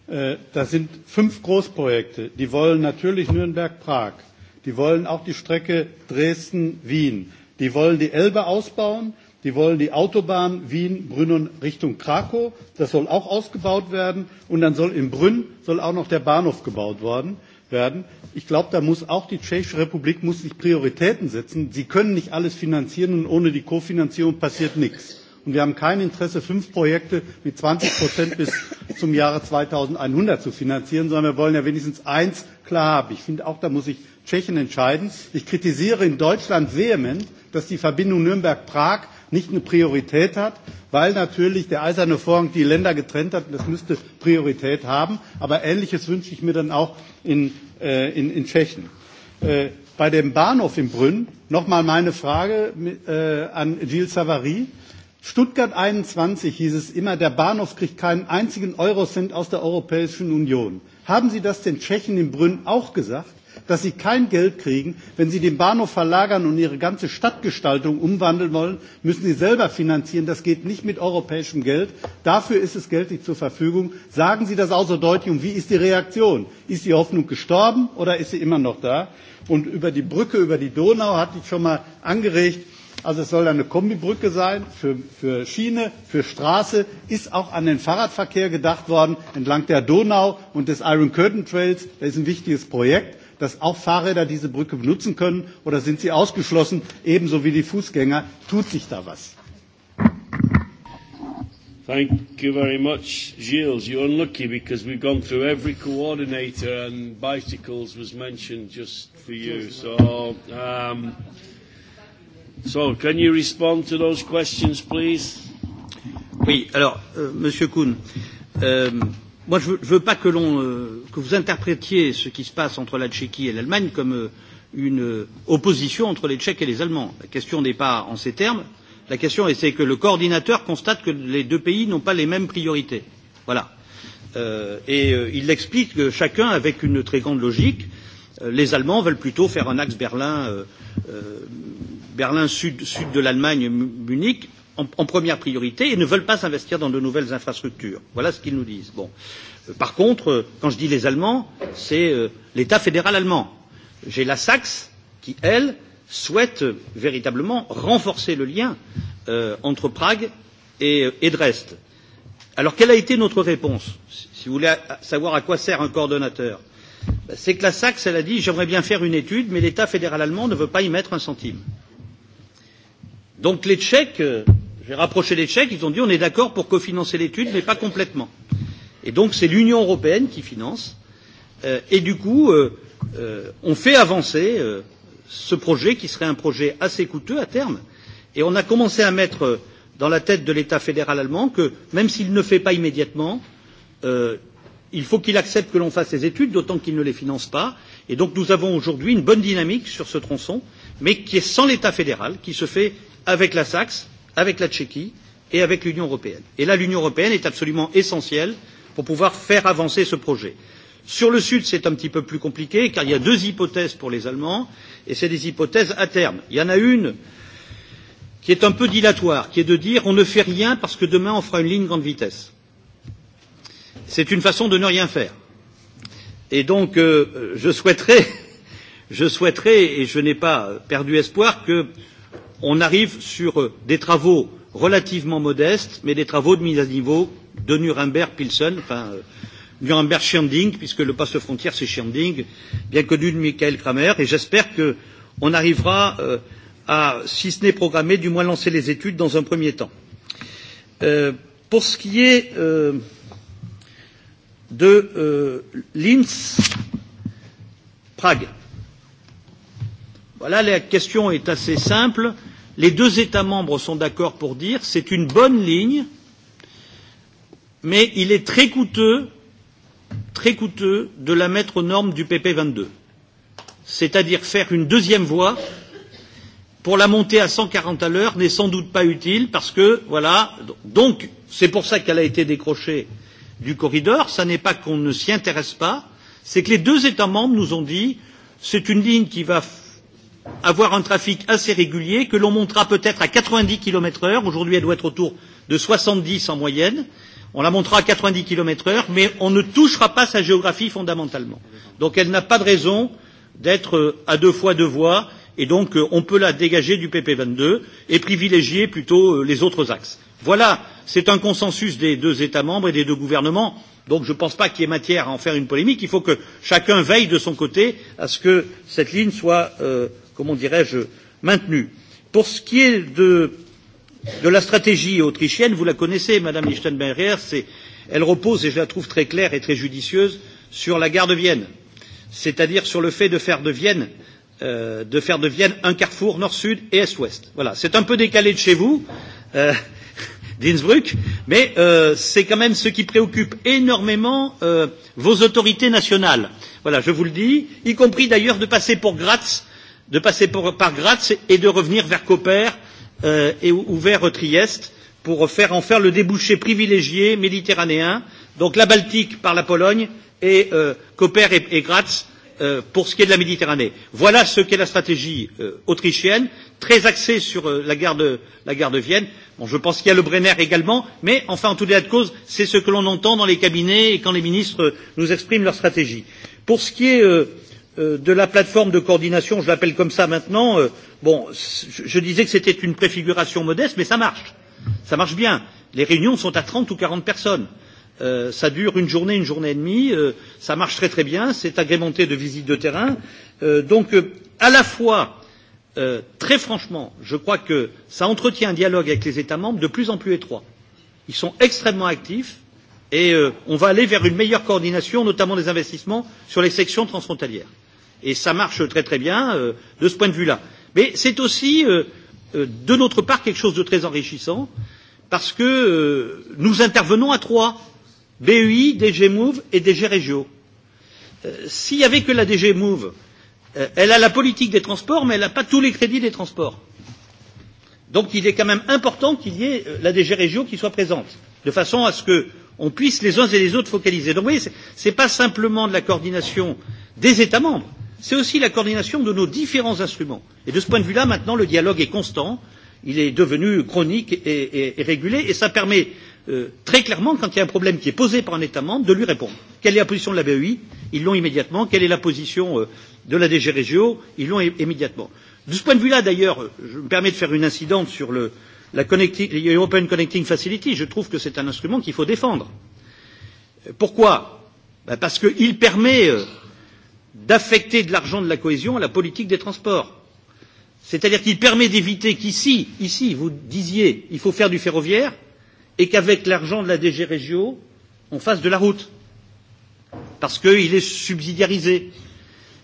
Äh, das sind fünf Großprojekte. Die wollen natürlich Nürnberg-Prag. Die wollen auch die Strecke Dresden-Wien. Die wollen die Elbe ausbauen. Die wollen die Autobahn Wien-Brünn Richtung Krakow. Das soll auch ausgebaut werden. Und dann soll in Brünn soll auch noch der Bahnhof gebaut worden werden. Ich glaube, da muss auch die Tschechische Republik muss sich Prioritäten setzen. Sie können nicht alles finanzieren und ohne die Kofinanzierung passiert nichts. Und wir haben kein Interesse, fünf Projekte mit 20 Prozent bis zum Jahre 2100 zu finanzieren, sondern wir wollen ja wenigstens eins klar haben. Ich finde auch, da muss sich Tschechien entscheiden. Ich kritisiere in Deutschland vehement, dass die Verbindung Nürnberg-Prag nicht eine Priorität hat, weil natürlich der eiserne Vorhang die Länder getrennt hat. Das müsste Priorität haben. Aber Ähnliches wünsche ich mir dann auch in, äh, in, in Tschechien. Äh, bei dem Bahnhof in Brünn nochmal meine Frage äh, an Gilles Savary. Äh, Stuttgart 21 hieß es immer, der Bahnhof kriegt keinen einzigen Eurocent aus der Europäischen Union. Haben Sie das den Tschechen in Brünn auch gesagt, dass sie kein Geld kriegen? Wenn sie den Bahnhof verlagern und ihre ganze Stadtgestaltung umwandeln wollen, müssen sie selber finanzieren. Das geht nicht mit europäischem Geld. Dafür ist es Geld nicht zur Verfügung. Sagen Sie das auch so deutlich. Und wie ist die Reaktion? Ist die Hoffnung gestorben oder ist sie immer noch da? Und über die Brücke, über die Donau hatte ich schon mal angeregt Also es soll eine Kombibrücke sein für, für Schiene, für Straße, ist auch an den Fahrradverkehr gedacht worden, entlang der Donau und des Iron Curtain Trails. Das ist ein wichtiges Projekt, dass auch Fahrräder diese Brücke benutzen können oder sind sie ausgeschlossen, ebenso wie die Fußgänger. Tut sich da was? Thank you very much, Gilles. You're unlucky because we've gone through every coordinator and bicycles was mentioned just for you. So, um, So, can you respond to those questions, please? Oui, alors, euh, Monsieur Kuhn, euh, moi je ne veux, je veux pas que, l'on, euh, que vous interprétiez ce qui se passe entre la Tchéquie et l'Allemagne comme euh, une euh, opposition entre les Tchèques et les Allemands. La question n'est pas en ces termes. La question c'est que le coordinateur constate que les deux pays n'ont pas les mêmes priorités. Voilà. Euh, et euh, il l'explique euh, chacun avec une très grande logique. Euh, les Allemands veulent plutôt faire un axe Berlin. Euh, euh, Berlin sud, sud de l'Allemagne, Munich, en, en première priorité et ne veulent pas s'investir dans de nouvelles infrastructures. Voilà ce qu'ils nous disent. Bon. Euh, par contre, euh, quand je dis les Allemands, c'est euh, l'État fédéral allemand. J'ai la Saxe qui, elle, souhaite euh, véritablement renforcer le lien euh, entre Prague et, euh, et Dresde. Alors, quelle a été notre réponse Si vous voulez savoir à quoi sert un coordonnateur, euh, C'est que la Saxe, elle a dit j'aimerais bien faire une étude, mais l'État fédéral allemand ne veut pas y mettre un centime. Donc les Tchèques, euh, j'ai rapproché les Tchèques, ils ont dit on est d'accord pour cofinancer l'étude, mais pas complètement. Et donc c'est l'Union européenne qui finance. Euh, et du coup, euh, euh, on fait avancer euh, ce projet qui serait un projet assez coûteux à terme. Et on a commencé à mettre euh, dans la tête de l'État fédéral allemand que même s'il ne fait pas immédiatement, euh, il faut qu'il accepte que l'on fasse ces études, d'autant qu'il ne les finance pas. Et donc nous avons aujourd'hui une bonne dynamique sur ce tronçon, mais qui est sans l'État fédéral, qui se fait avec la Saxe, avec la Tchéquie et avec l'Union européenne. Et là, l'Union européenne est absolument essentielle pour pouvoir faire avancer ce projet. Sur le Sud, c'est un petit peu plus compliqué, car il y a deux hypothèses pour les Allemands, et c'est des hypothèses à terme. Il y en a une qui est un peu dilatoire, qui est de dire on ne fait rien parce que demain on fera une ligne grande vitesse c'est une façon de ne rien faire. Et donc, euh, je souhaiterais, [LAUGHS] je souhaiterais, et je n'ai pas perdu espoir, qu'on arrive sur euh, des travaux relativement modestes, mais des travaux de mise à niveau de Nuremberg-Pilsen, enfin, euh, Nuremberg-Schending, puisque le passe frontière, c'est Schending, bien connu de Michael Kramer, et j'espère qu'on arrivera euh, à, si ce n'est programmé, du moins lancer les études dans un premier temps. Euh, pour ce qui est euh, de euh, l'INS Prague. Voilà, la question est assez simple. Les deux États membres sont d'accord pour dire c'est une bonne ligne, mais il est très coûteux, très coûteux de la mettre aux normes du PP22, c'est-à-dire faire une deuxième voie pour la monter à 140 à l'heure n'est sans doute pas utile parce que voilà donc c'est pour ça qu'elle a été décrochée euh, du corridor, ce n'est pas qu'on ne s'y intéresse pas, c'est que les deux États membres nous ont dit c'est une ligne qui va avoir un trafic assez régulier, que l'on montera peut-être à 90 km heure. Aujourd'hui, elle doit être autour de 70 en moyenne. On la montera à 90 km heure, mais on ne touchera pas sa géographie fondamentalement. Donc elle n'a pas de raison d'être euh, à deux fois deux voies, et donc euh, on peut la dégager du PP22 et privilégier plutôt euh, les autres axes. Voilà, c'est un consensus des deux États membres et des deux gouvernements. Donc je ne pense pas qu'il y ait matière à en faire une polémique. Il faut que chacun veille de son côté à ce que cette ligne soit, euh, comment dirais-je, maintenue. Pour ce qui est de, de la stratégie autrichienne, vous la connaissez, Madame Lichtenberger, elle repose, et je la trouve très claire et très judicieuse, sur la gare de Vienne, c'est-à-dire sur le fait de faire de Vienne euh, de faire de Vienne un carrefour nord-sud et est-ouest. Voilà, c'est un peu décalé de chez vous, euh, d'Innsbruck, mais euh, c'est quand même ce qui préoccupe énormément euh, vos autorités nationales. Voilà, je vous le dis, y compris d'ailleurs de passer pour Graz, de passer pour, par Graz et de revenir vers Copper euh, et, ou vers Trieste pour faire en faire le débouché privilégié méditerranéen, donc la Baltique par la Pologne et euh, Copper et, et Graz euh, pour ce qui est de la Méditerranée. Voilà ce qu'est la stratégie euh, autrichienne, très axée sur euh, la, gare de, la gare de Vienne. Bon, je pense qu'il y a le Brenner également, mais enfin, en tout état de cause, c'est ce que l'on entend dans les cabinets et quand les ministres euh, nous expriment leur stratégie. Pour ce qui est euh, euh, de la plateforme de coordination, je l'appelle comme ça maintenant, euh, bon, je, je disais que c'était une préfiguration modeste, mais ça marche. Ça marche bien. Les réunions sont à 30 ou 40 personnes. Euh, Euh, ça dure une journée, une journée et demie, euh, ça marche très très bien, c'est agrémenté de visites de terrain. Euh, donc, euh, à la fois, euh, très franchement, je crois que ça entretient un dialogue avec les États membres de plus en plus étroit. Ils sont extrêmement actifs et euh, on va aller vers une meilleure coordination, notamment des investissements sur les sections transfrontalières. Et ça marche très très bien euh, de ce point de vue-là. Mais c'est aussi, euh, euh, de notre part, quelque chose de très enrichissant parce que euh, nous intervenons à trois BEI, DG Move et DG Régio. Euh, S'il n'y avait que la DG Move, euh, elle a la politique des transports, mais elle n'a pas tous les crédits des transports. Donc il est quand même important qu'il y ait euh, la DG Régio qui soit présente, de façon à ce qu'on puisse les uns et les autres focaliser. Donc vous voyez, ce n'est pas simplement de la coordination des États membres, c'est aussi la coordination de nos différents instruments. Et de ce point de vue-là, maintenant, le dialogue est constant, il est devenu chronique et, et, et régulé, et ça permet euh, très clairement, quand il y a un problème qui est posé par un État membre, de lui répondre. Quelle est la position de la BEI Ils l'ont immédiatement. Quelle est la position euh, de la DG Régio Ils l'ont immédiatement. De ce point de vue-là, d'ailleurs, euh, je me permets de faire une incidente sur le, la connecti European Connecting Facility. Je trouve que c'est un instrument qu'il faut défendre. Euh, pourquoi ben Parce qu'il permet euh, d'affecter de l'argent de la cohésion à la politique des transports. C'est-à-dire qu'il permet d'éviter qu'ici, ici, vous disiez, il faut faire du ferroviaire, et qu'avec l'argent de la DG Régio, on fasse de la route, parce qu'il est subsidiarisé.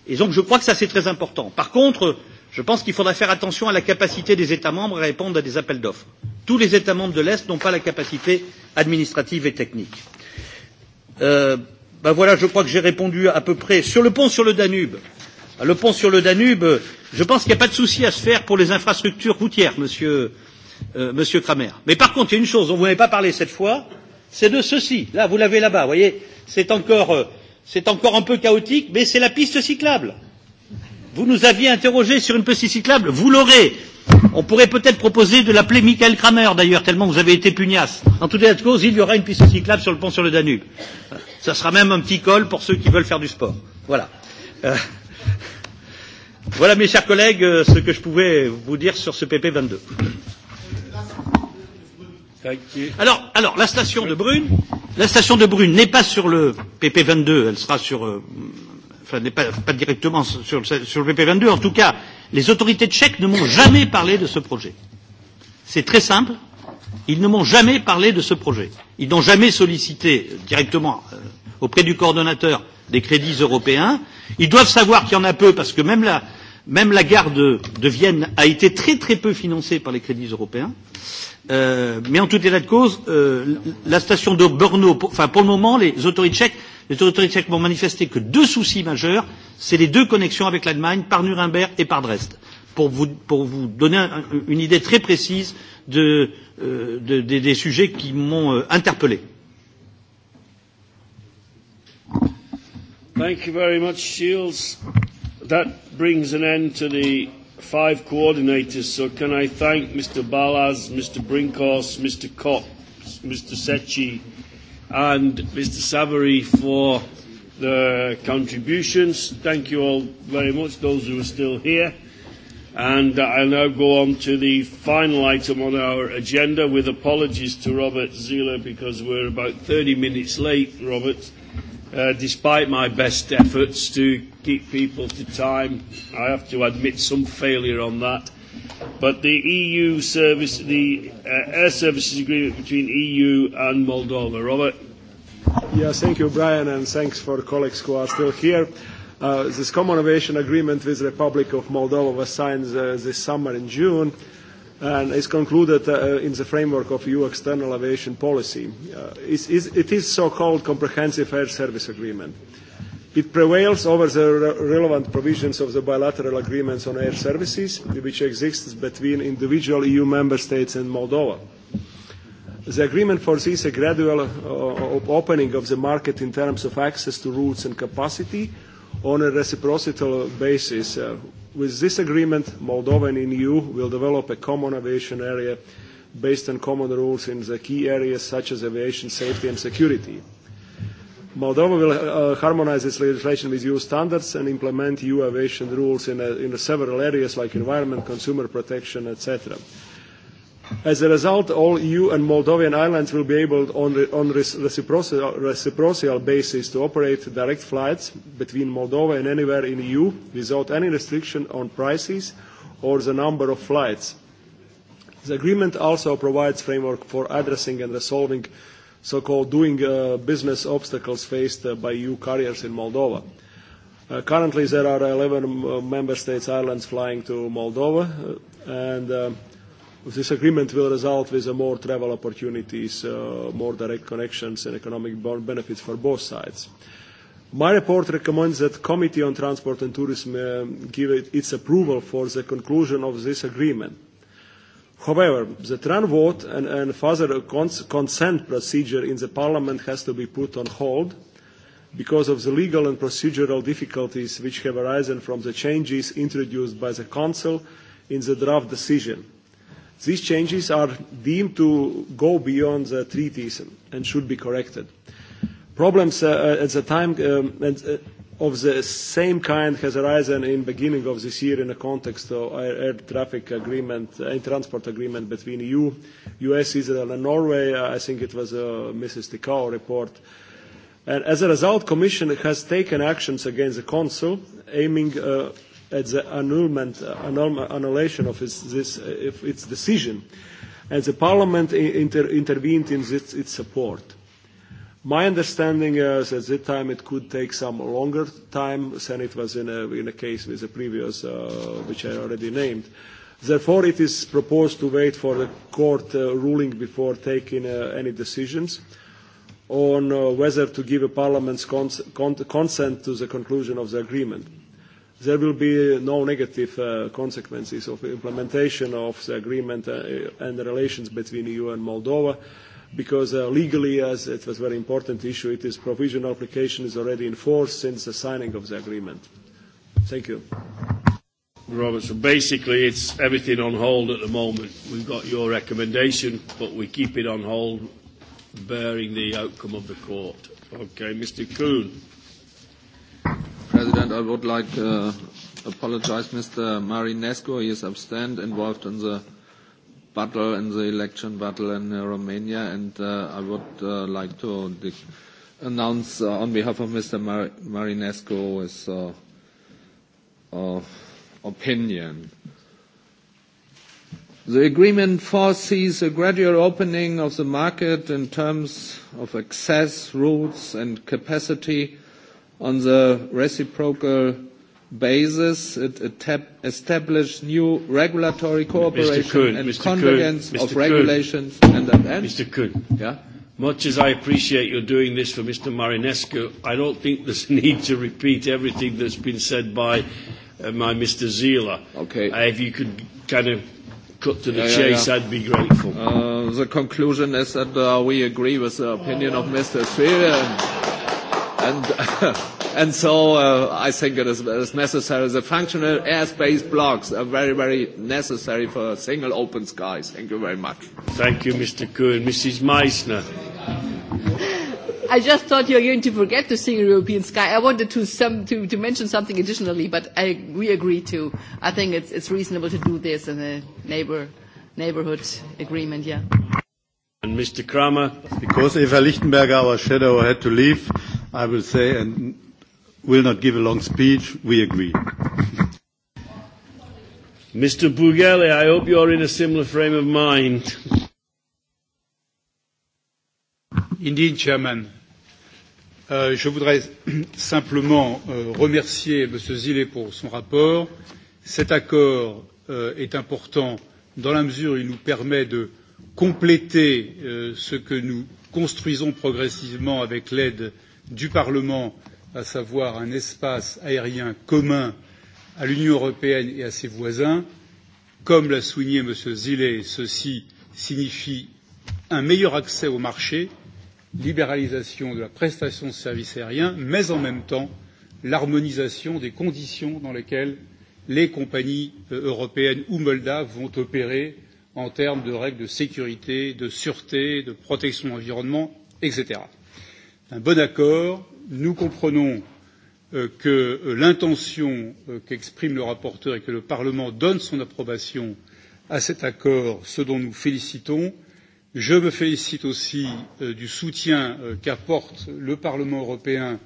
Et donc je crois que ça c'est très important. Par contre, je pense qu'il faudra faire attention à la capacité des États membres à répondre à des appels d'offres. Tous les États membres de l'Est n'ont pas la capacité administrative et technique. Euh, ben voilà, je crois que j'ai répondu à peu près. Sur le pont sur le Danube, le pont sur le Danube, je pense qu'il n'y a pas de souci à se faire pour les infrastructures routières, monsieur euh, euh, Monsieur Kramer. Mais par contre, il y a une chose dont vous n'avez pas parlé cette fois, c'est de ceci. Là, vous l'avez là-bas, vous voyez, c'est encore, euh, c'est encore un peu chaotique, mais c'est la piste cyclable. Vous nous aviez interrogé sur une piste cyclable, vous l'aurez. On pourrait peut-être proposer de l'appeler Michael Kramer, d'ailleurs, tellement vous avez été pugnace. En tout état de cause, il y aura une piste cyclable sur le pont sur le Danube. Euh, ça sera même un petit col pour ceux qui veulent faire du sport. Voilà. Euh, voilà, mes chers collègues, euh, ce que je pouvais vous dire sur ce PP 22. Alors, alors, la station de Brune, la station de Brune n'est pas sur le PP22, elle sera sur, euh, enfin, n'est pas, pas directement sur, sur le PP22. En tout cas, les autorités tchèques ne m'ont jamais parlé de ce projet. C'est très simple. Ils ne m'ont jamais parlé de ce projet. Ils n'ont jamais sollicité directement euh, auprès du coordonnateur des crédits européens. Ils doivent savoir qu'il y en a peu parce que même la, euh, Même la gare de, de Vienne a été très très peu financée par les crédits européens. Euh, mais en tout état de cause, euh, la station de Brno, pour, enfin pour le moment, les autorités tchèques, les autorités tchèques m'ont manifesté que deux soucis majeurs, c'est les deux connexions avec l'Allemagne par Nuremberg et par Dresde. Pour vous, pour vous donner un, une idée très précise de, euh, de, de, des sujets qui m'ont euh, interpellé. Thank you very much, Shields. That brings an end to the five coordinators, so can I thank Mr Balas, Mr Brinkhorst, Mr Cox, Mr Sechi and Mr Savary for the contributions. Thank you all very much, those who are still here. And I'll now go on to the final item on our agenda with apologies to Robert Zieler because we're about 30 minutes late, Robert. Uh, despite my best efforts to keep people to time, I have to admit some failure on that. But the EU service, the uh, air services agreement between EU and Moldova, Robert. Yeah, thank you, Brian, and thanks for colleagues who are still here. Uh, this common aviation agreement with Republic of Moldova was signed uh, this summer in June. Uh, and is concluded uh, in the framework of EU external aviation policy. Uh, is, is, it is so-called comprehensive air service agreement. It prevails over the re relevant provisions of the bilateral agreements on air services, which exists between individual EU member states and Moldova. The agreement foresees a gradual uh, opening of the market in terms of access to routes and capacity, uh, on a reciprocal basis. Uh, with this agreement, Moldova and EU will develop a common aviation area based on common rules in the key areas such as aviation safety and security. Moldova will uh, harmonize its legislation with EU standards and implement EU aviation rules in, a, uh, in a several areas like environment, consumer protection, etc. As a result, all EU and Moldovan islands will be able, on, re, on reciprocal, reciprocal basis, to operate direct flights between Moldova and anywhere in EU without any restriction on prices or the number of flights. The agreement also provides framework for addressing and resolving so-called doing uh, business obstacles faced uh, by EU carriers in Moldova. Uh, currently, there are 11 uh, member states islands flying to Moldova, uh, and uh, this agreement will result with uh, more travel opportunities, uh, more direct connections and economic benefits for both sides. My report recommends that Committee on Transport and Tourism uh, give it its approval for the conclusion of this agreement. However, the TRAN vote and, and further cons consent procedure in the Parliament has to be put on hold because of the legal and procedural difficulties which have arisen from the changes introduced by the Council in the draft decision. These changes are deemed to go beyond the treaties and should be corrected. Problems uh, uh, at the time um, and, uh, of the same kind has arisen in beginning of this year in the context of air traffic agreement, air transport agreement between EU, e US, Israel and Norway. Uh, I think it was a Mrs. Ticao report. And as a result, Commission has taken actions against the Council aiming uh, at the annulment, annul, annulation of its, this, uh, of its decision, and the Parliament inter, intervened in this, its support. My understanding is at that time it could take some longer time, than it was in a, in a case with the previous, uh, which I already named. Therefore, it is proposed to wait for the court uh, ruling before taking uh, any decisions on uh, whether to give a parliament's cons- con- consent to the conclusion of the agreement there will be no negative uh, consequences of implementation of the agreement uh, and the relations between EU and Moldova because uh, legally, as it was a very important issue, it is provisional application is already in force since the signing of the agreement. Thank you. Robert, so basically it's everything on hold at the moment. We've got your recommendation, but we keep it on hold, bearing the outcome of the court. Okay, Mr. Kuhn. President, I would like to uh, apologize Mr. Marinescu. He is absent, involved in the battle, in the election battle in uh, Romania, and uh, I would uh, like to de- announce uh, on behalf of Mr. Mar- Marinescu his uh, uh, opinion. The agreement foresees a gradual opening of the market in terms of access, routes, and capacity on the reciprocal basis. It, it established new regulatory cooperation Kuhn, and Mr. convergence Kuhn, Mr. of Kuhn. regulations and, and, and. Mr. Kuhn. Yeah? Much as I appreciate you doing this for Mr. Marinescu, I don't think there's a need to repeat everything that's been said by uh, my Mr. Zieler. Okay. Uh, if you could kind of cut to the yeah, chase, yeah, yeah. I'd be grateful. Uh, the conclusion is that uh, we agree with the opinion oh. of Mr. Zieler. And, [LAUGHS] and so uh, I think it is, it is necessary. The functional airspace blocks are very, very necessary for single open skies. Thank you very much. Thank you, Mr. Kuhn. Mrs. Meissner. I just thought you were going to forget the single European sky. I wanted to, some, to, to mention something additionally, but I, we agree too. I think it's, it's reasonable to do this in a neighbor, neighborhood agreement, yeah. And Mr. Kramer? Because Eva Lichtenberger, our shadow, had to leave, I will say and will not give a long speech. We agree. Mr. Bugele, I hope you're in a similar frame of mind. Indeed, Chairman. Euh, je voudrais simplement euh, remercier M. Zillet pour son rapport. Cet accord euh, est important dans la mesure où il nous permet de compléter euh, ce que nous construisons progressivement avec l'aide euh, du Parlement, à savoir un espace aérien commun à l'Union européenne et à ses voisins. Comme l'a souligné M. Zillet, ceci signifie un meilleur accès au marché, libéralisation de la prestation de services aériens, mais en même temps l'harmonisation des conditions dans lesquelles les compagnies euh, européennes ou moldaves vont opérer en termes de règles de sécurité, de sûreté, de protection de l'environnement, etc un bon accord. Nous comprenons euh, que euh, l'intention euh, qu'exprime le rapporteur et que le Parlement donne son approbation à cet accord, ce dont nous félicitons. Je me félicite aussi euh, du soutien euh, qu'apporte le Parlement européen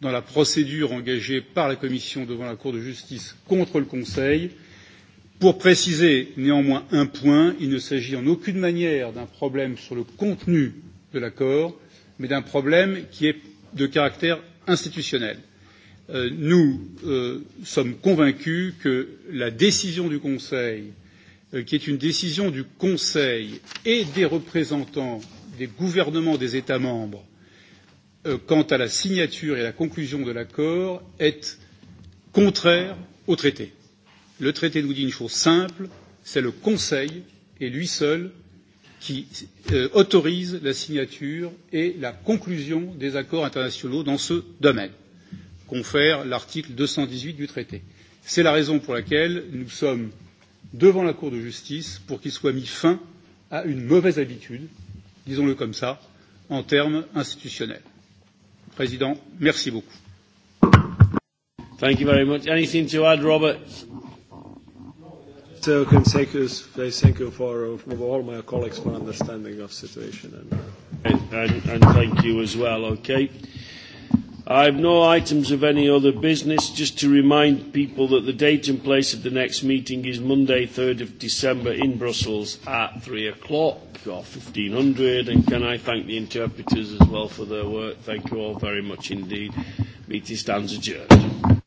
dans la procédure engagée par la Commission devant la Cour de justice contre le Conseil. Pour préciser néanmoins un point, il ne s'agit en aucune manière d'un problème sur le contenu de l'accord, mais d'un problème qui est de caractère institutionnel. Euh, nous euh, sommes convaincus que la décision du Conseil, euh, qui est une décision du Conseil et des représentants des gouvernements des États membres euh, quant à la signature et la conclusion de l'accord, est contraire au traité. Le traité nous dit une chose simple, c'est le Conseil et lui seul qui euh, autorise la signature et la conclusion des accords internationaux dans ce domaine, confère l'article 218 du traité. C'est la raison pour laquelle nous sommes devant la Cour de justice pour qu'il soit mis fin à une mauvaise habitude, disons-le comme ça, en termes institutionnels. Président, merci beaucoup. Thank you very much. Anything to add, Robert? So uh, can thank you, thank you for, for uh, all my colleagues for understanding of situation. Uh, and, and, and thank you as well, okay? I have no items of any other business. Just to remind people that the date and place of the next meeting is Monday, 3rd of December in Brussels at 3 o'clock or 1500. And can I thank the interpreters as well for their work? Thank you all very much indeed. Meeting stands adjourned.